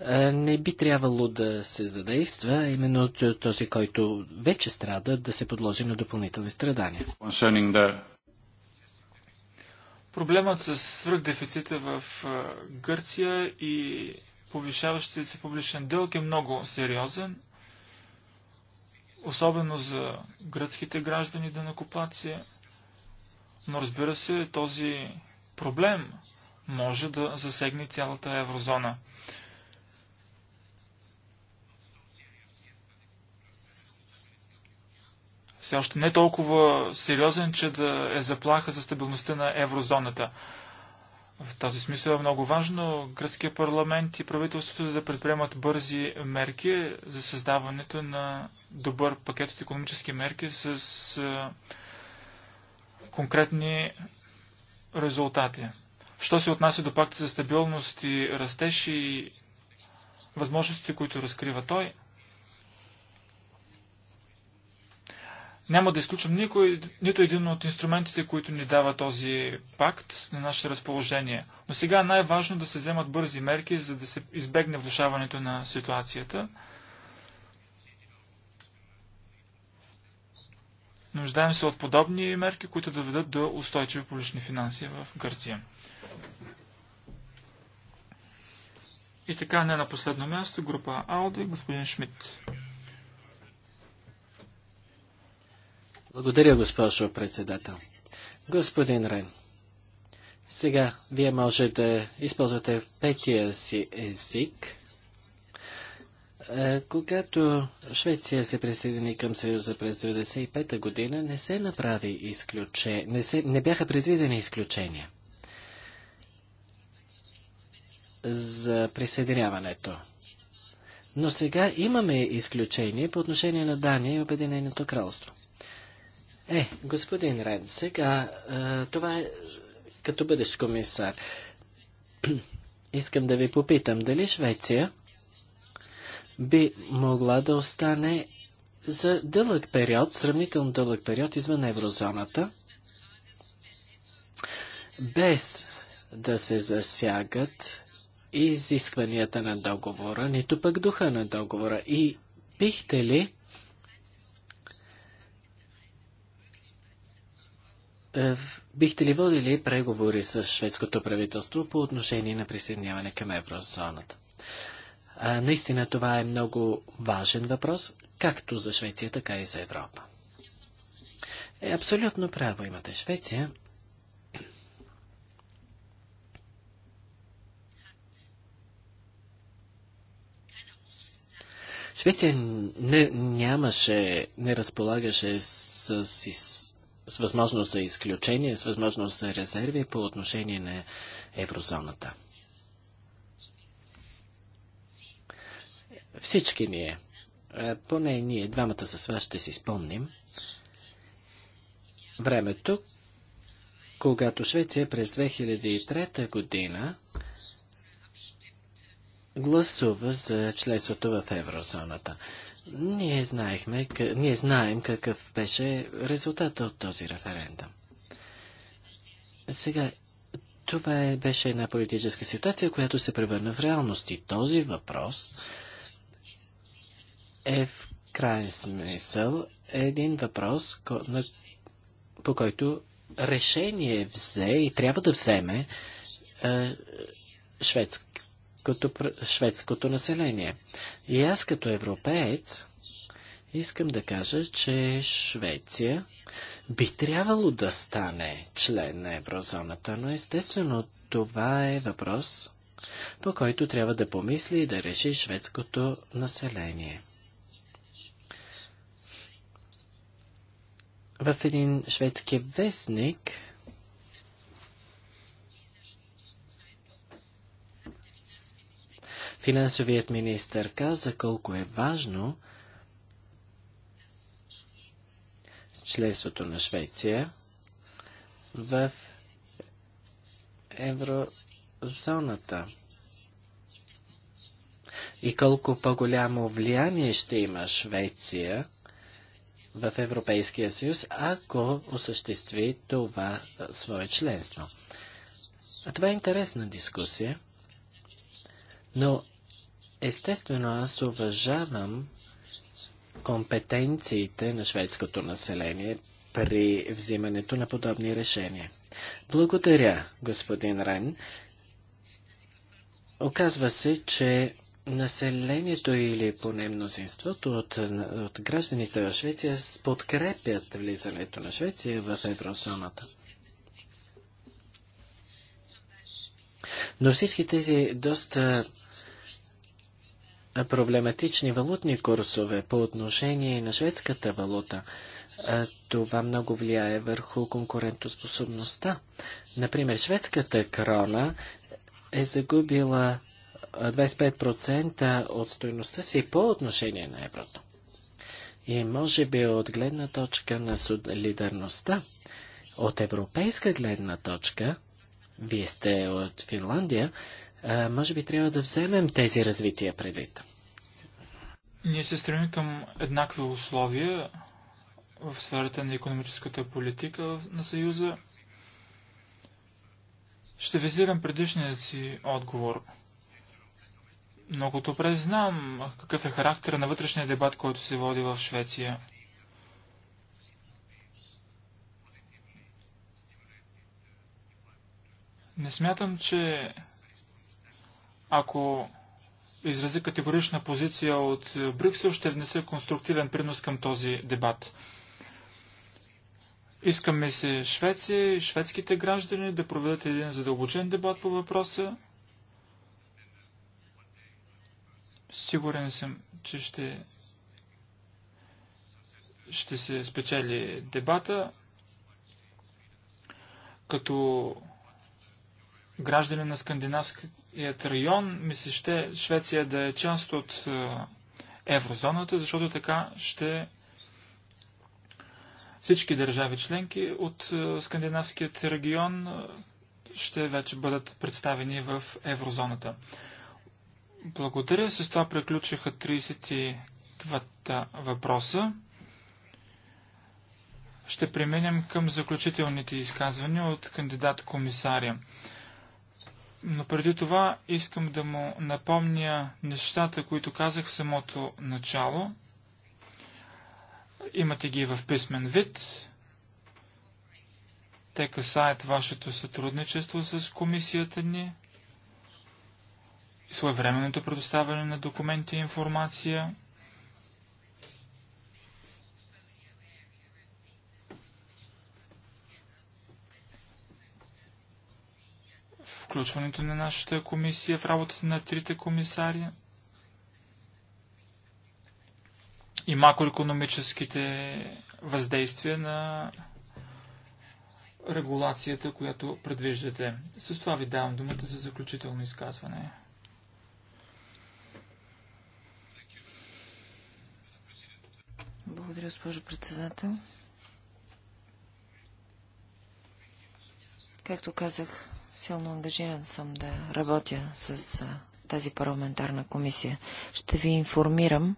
е, не би трябвало да се задейства, именно този, който вече страда, да се подложи на допълнителни страдания. Проблемът с свръхдефицита в Гърция и повишаващият се публичен дълг е много сериозен, особено за гръцките граждани да накопаци. Но разбира се, този проблем може да засегне цялата еврозона. Все още не толкова сериозен, че да е заплаха за стабилността на еврозоната. В този смисъл е много важно гръцкия парламент и правителството да предприемат бързи мерки за създаването на добър пакет от економически мерки с конкретни резултати. Що се отнася до пакта за стабилност и растеж и възможностите, които разкрива той, няма да изключвам никой, нито един от инструментите, които ни дава този пакт на наше разположение. Но сега е най-важно да се вземат бързи мерки, за да се избегне влушаването на ситуацията – Нуждаем се от подобни мерки, които да доведат до устойчиви публични финанси в Гърция. И така, не на последно място, група Ауди, господин Шмидт. Благодаря, госпожо председател. Господин Рен, сега вие може да използвате петия си език – е, когато Швеция се присъедини към Съюза през 1995 година, не се направи изключение, не, се, не бяха предвидени изключения за присъединяването. Но сега имаме изключение по отношение на Дания и Обединеното кралство. Е, господин Рен, сега а, е, това е като бъдещ комисар. (clears throat) Искам да ви попитам, дали Швеция би могла да остане за дълъг период, сравнително дълъг период извън еврозоната, без да се засягат изискванията на договора, нито пък духа на договора. И бихте ли е, бихте ли водили преговори с шведското правителство по отношение на присъединяване към еврозоната? А, наистина това е много важен въпрос, както за Швеция, така и за Европа. Е, абсолютно право имате. Швеция Швеция не, нямаше, не разполагаше с, с, с възможност за изключение, с възможност за резерви по отношение на еврозоната. Всички ние, е, поне ние, двамата с вас ще си спомним, времето, когато Швеция през 2003 година гласува за членството в еврозоната. Ние, знаехме, къ... ние знаем какъв беше резултат от този референдум. Сега, това е, беше една политическа ситуация, която се превърна в реалност и този въпрос е в крайен смисъл един въпрос, по който решение взе и трябва да вземе е, шведското, шведското население. И аз като европеец искам да кажа, че Швеция би трябвало да стане член на еврозоната, но естествено това е въпрос, по който трябва да помисли и да реши шведското население. в един шведски вестник финансовият министр каза колко е важно членството на Швеция в еврозоната. И колко по-голямо влияние ще има Швеция – в Европейския съюз, ако осъществи това свое членство. А това е интересна дискусия, но естествено аз уважавам компетенциите на шведското население при взимането на подобни решения. Благодаря, господин Рен. Оказва се, че Населението или поне мнозинството от, от гражданите в Швеция подкрепят влизането на Швеция в еврозоната. Но всички тези доста проблематични валутни курсове по отношение на шведската валута, това много влияе върху конкурентоспособността. Например, шведската крона е загубила 25% от стоеността си по отношение на еврото. И може би от гледна точка на солидарността, от европейска гледна точка, вие сте от Финландия, може би трябва да вземем тези развития предвид. Ние се стремим към еднакви условия в сферата на економическата политика на Съюза. Ще визирам предишният си отговор – много добре знам какъв е характер на вътрешния дебат, който се води в Швеция. Не смятам, че ако изрази категорична позиция от Брюксел, ще внесе конструктивен принос към този дебат. Искаме се Швеция и шведските граждани да проведат един задълбочен дебат по въпроса, Сигурен съм, че ще, ще се спечели дебата. Като граждани на скандинавският район, ми се ще Швеция да е част от еврозоната, защото така ще всички държави членки от скандинавският регион ще вече бъдат представени в еврозоната. Благодаря. С това приключиха 32-та въпроса. Ще преминем към заключителните изказвания от кандидат-комисаря. Но преди това искам да му напомня нещата, които казах в самото начало. Имате ги в писмен вид. Те касаят вашето сътрудничество с комисията ни своевременното предоставяне на документи и информация, включването на нашата комисия в работата на трите комисари и макроекономическите въздействия на регулацията, която предвиждате. С това ви давам думата за заключително изказване. Благодаря, госпожо председател. Както казах, силно ангажиран съм да работя с тази парламентарна комисия. Ще ви информирам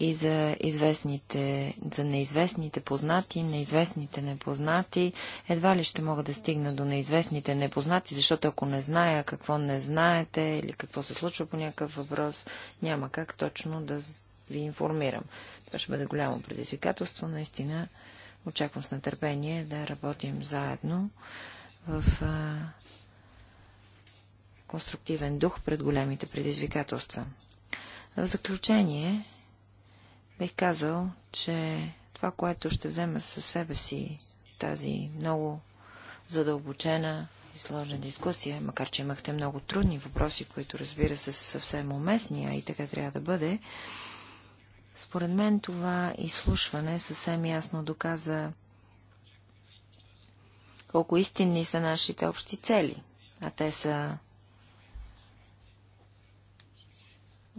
и за, известните, за неизвестните познати, неизвестните непознати. Едва ли ще мога да стигна до неизвестните непознати, защото ако не зная какво не знаете или какво се случва по някакъв въпрос, няма как точно да ви информирам. Това ще бъде голямо предизвикателство. Наистина очаквам с нетърпение да работим заедно в а, конструктивен дух пред големите предизвикателства. В заключение, Бих казал, че това, което ще вземе със себе си тази много задълбочена и сложна дискусия, макар че имахте много трудни въпроси, които разбира се са съвсем уместни, а и така трябва да бъде, според мен това изслушване съвсем ясно доказа колко истинни са нашите общи цели, а те са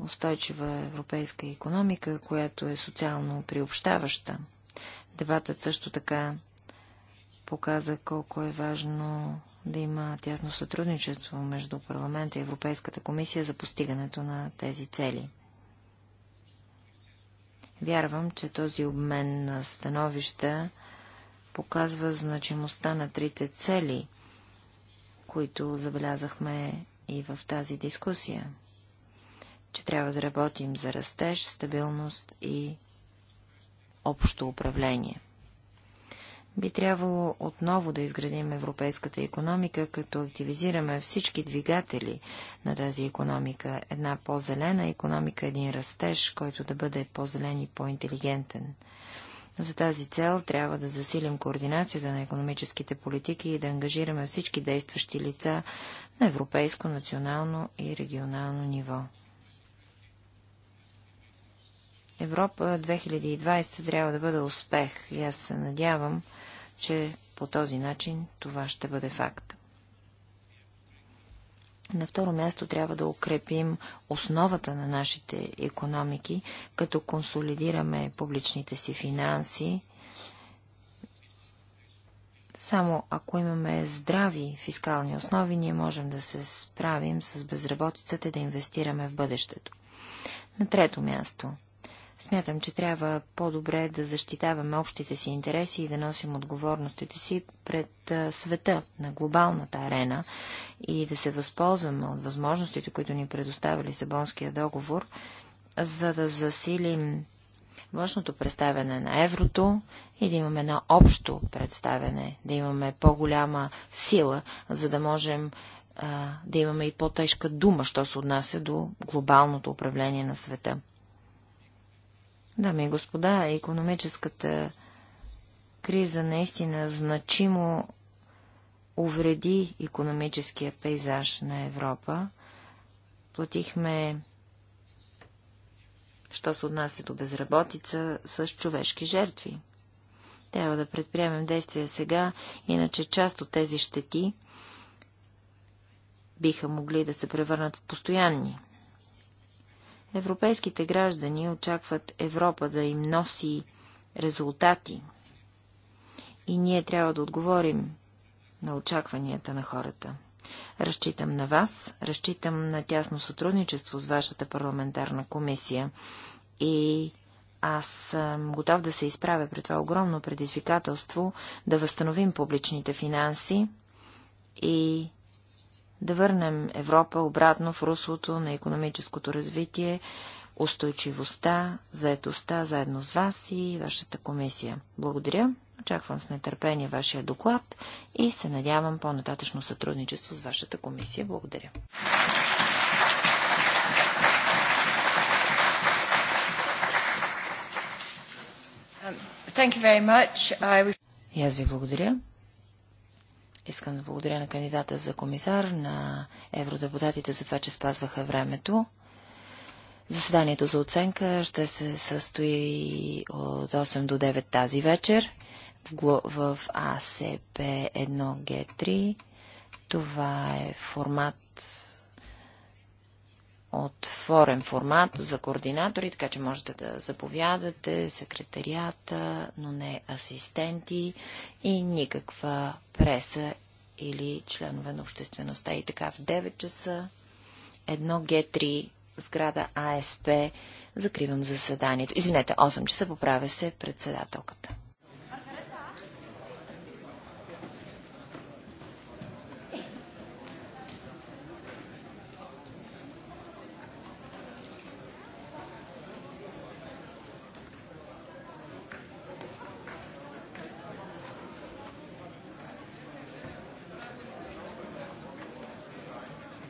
устойчива европейска економика, която е социално приобщаваща. Дебатът също така показа колко е важно да има тясно сътрудничество между парламента и Европейската комисия за постигането на тези цели. Вярвам, че този обмен на становища показва значимостта на трите цели, които забелязахме и в тази дискусия че трябва да работим за растеж, стабилност и общо управление. Би трябвало отново да изградим европейската економика, като активизираме всички двигатели на тази економика. Една по-зелена економика, един растеж, който да бъде по-зелен и по-интелигентен. За тази цел трябва да засилим координацията на економическите политики и да ангажираме всички действащи лица на европейско, национално и регионално ниво. Европа 2020 трябва да бъде успех и аз се надявам, че по този начин това ще бъде факт. На второ място трябва да укрепим основата на нашите економики, като консолидираме публичните си финанси. Само ако имаме здрави фискални основи, ние можем да се справим с безработицата и да инвестираме в бъдещето. На трето място – Смятам, че трябва по-добре да защитаваме общите си интереси и да носим отговорностите си пред света на глобалната арена и да се възползваме от възможностите, които ни предоставя Лисабонския договор, за да засилим външното представяне на еврото и да имаме едно общо представяне, да имаме по-голяма сила, за да можем а, да имаме и по-тежка дума, що се отнася до глобалното управление на света. Дами и господа, економическата криза наистина значимо увреди економическия пейзаж на Европа. Платихме, що се отнася до безработица, с човешки жертви. Трябва да предприемем действия сега, иначе част от тези щети биха могли да се превърнат в постоянни. Европейските граждани очакват Европа да им носи резултати. И ние трябва да отговорим на очакванията на хората. Разчитам на вас, разчитам на тясно сътрудничество с вашата парламентарна комисия и аз съм готов да се изправя пред това огромно предизвикателство да възстановим публичните финанси и да върнем Европа обратно в руслото на економическото развитие, устойчивостта, заетостта, заедно с вас и вашата комисия. Благодаря. Очаквам с нетърпение вашия доклад и се надявам по-нататъчно сътрудничество с вашата комисия. Благодаря. I... И аз ви благодаря. Искам да благодаря на кандидата за комисар, на евродепутатите за това, че спазваха времето. Заседанието за оценка ще се състои от 8 до 9 тази вечер в АСП 1G3. Това е формат отворен формат за координатори, така че можете да заповядате, секретарията, но не асистенти и никаква преса или членове на обществеността. И така в 9 часа 1 г 3 сграда АСП закривам заседанието. Извинете, 8 часа поправя се председателката.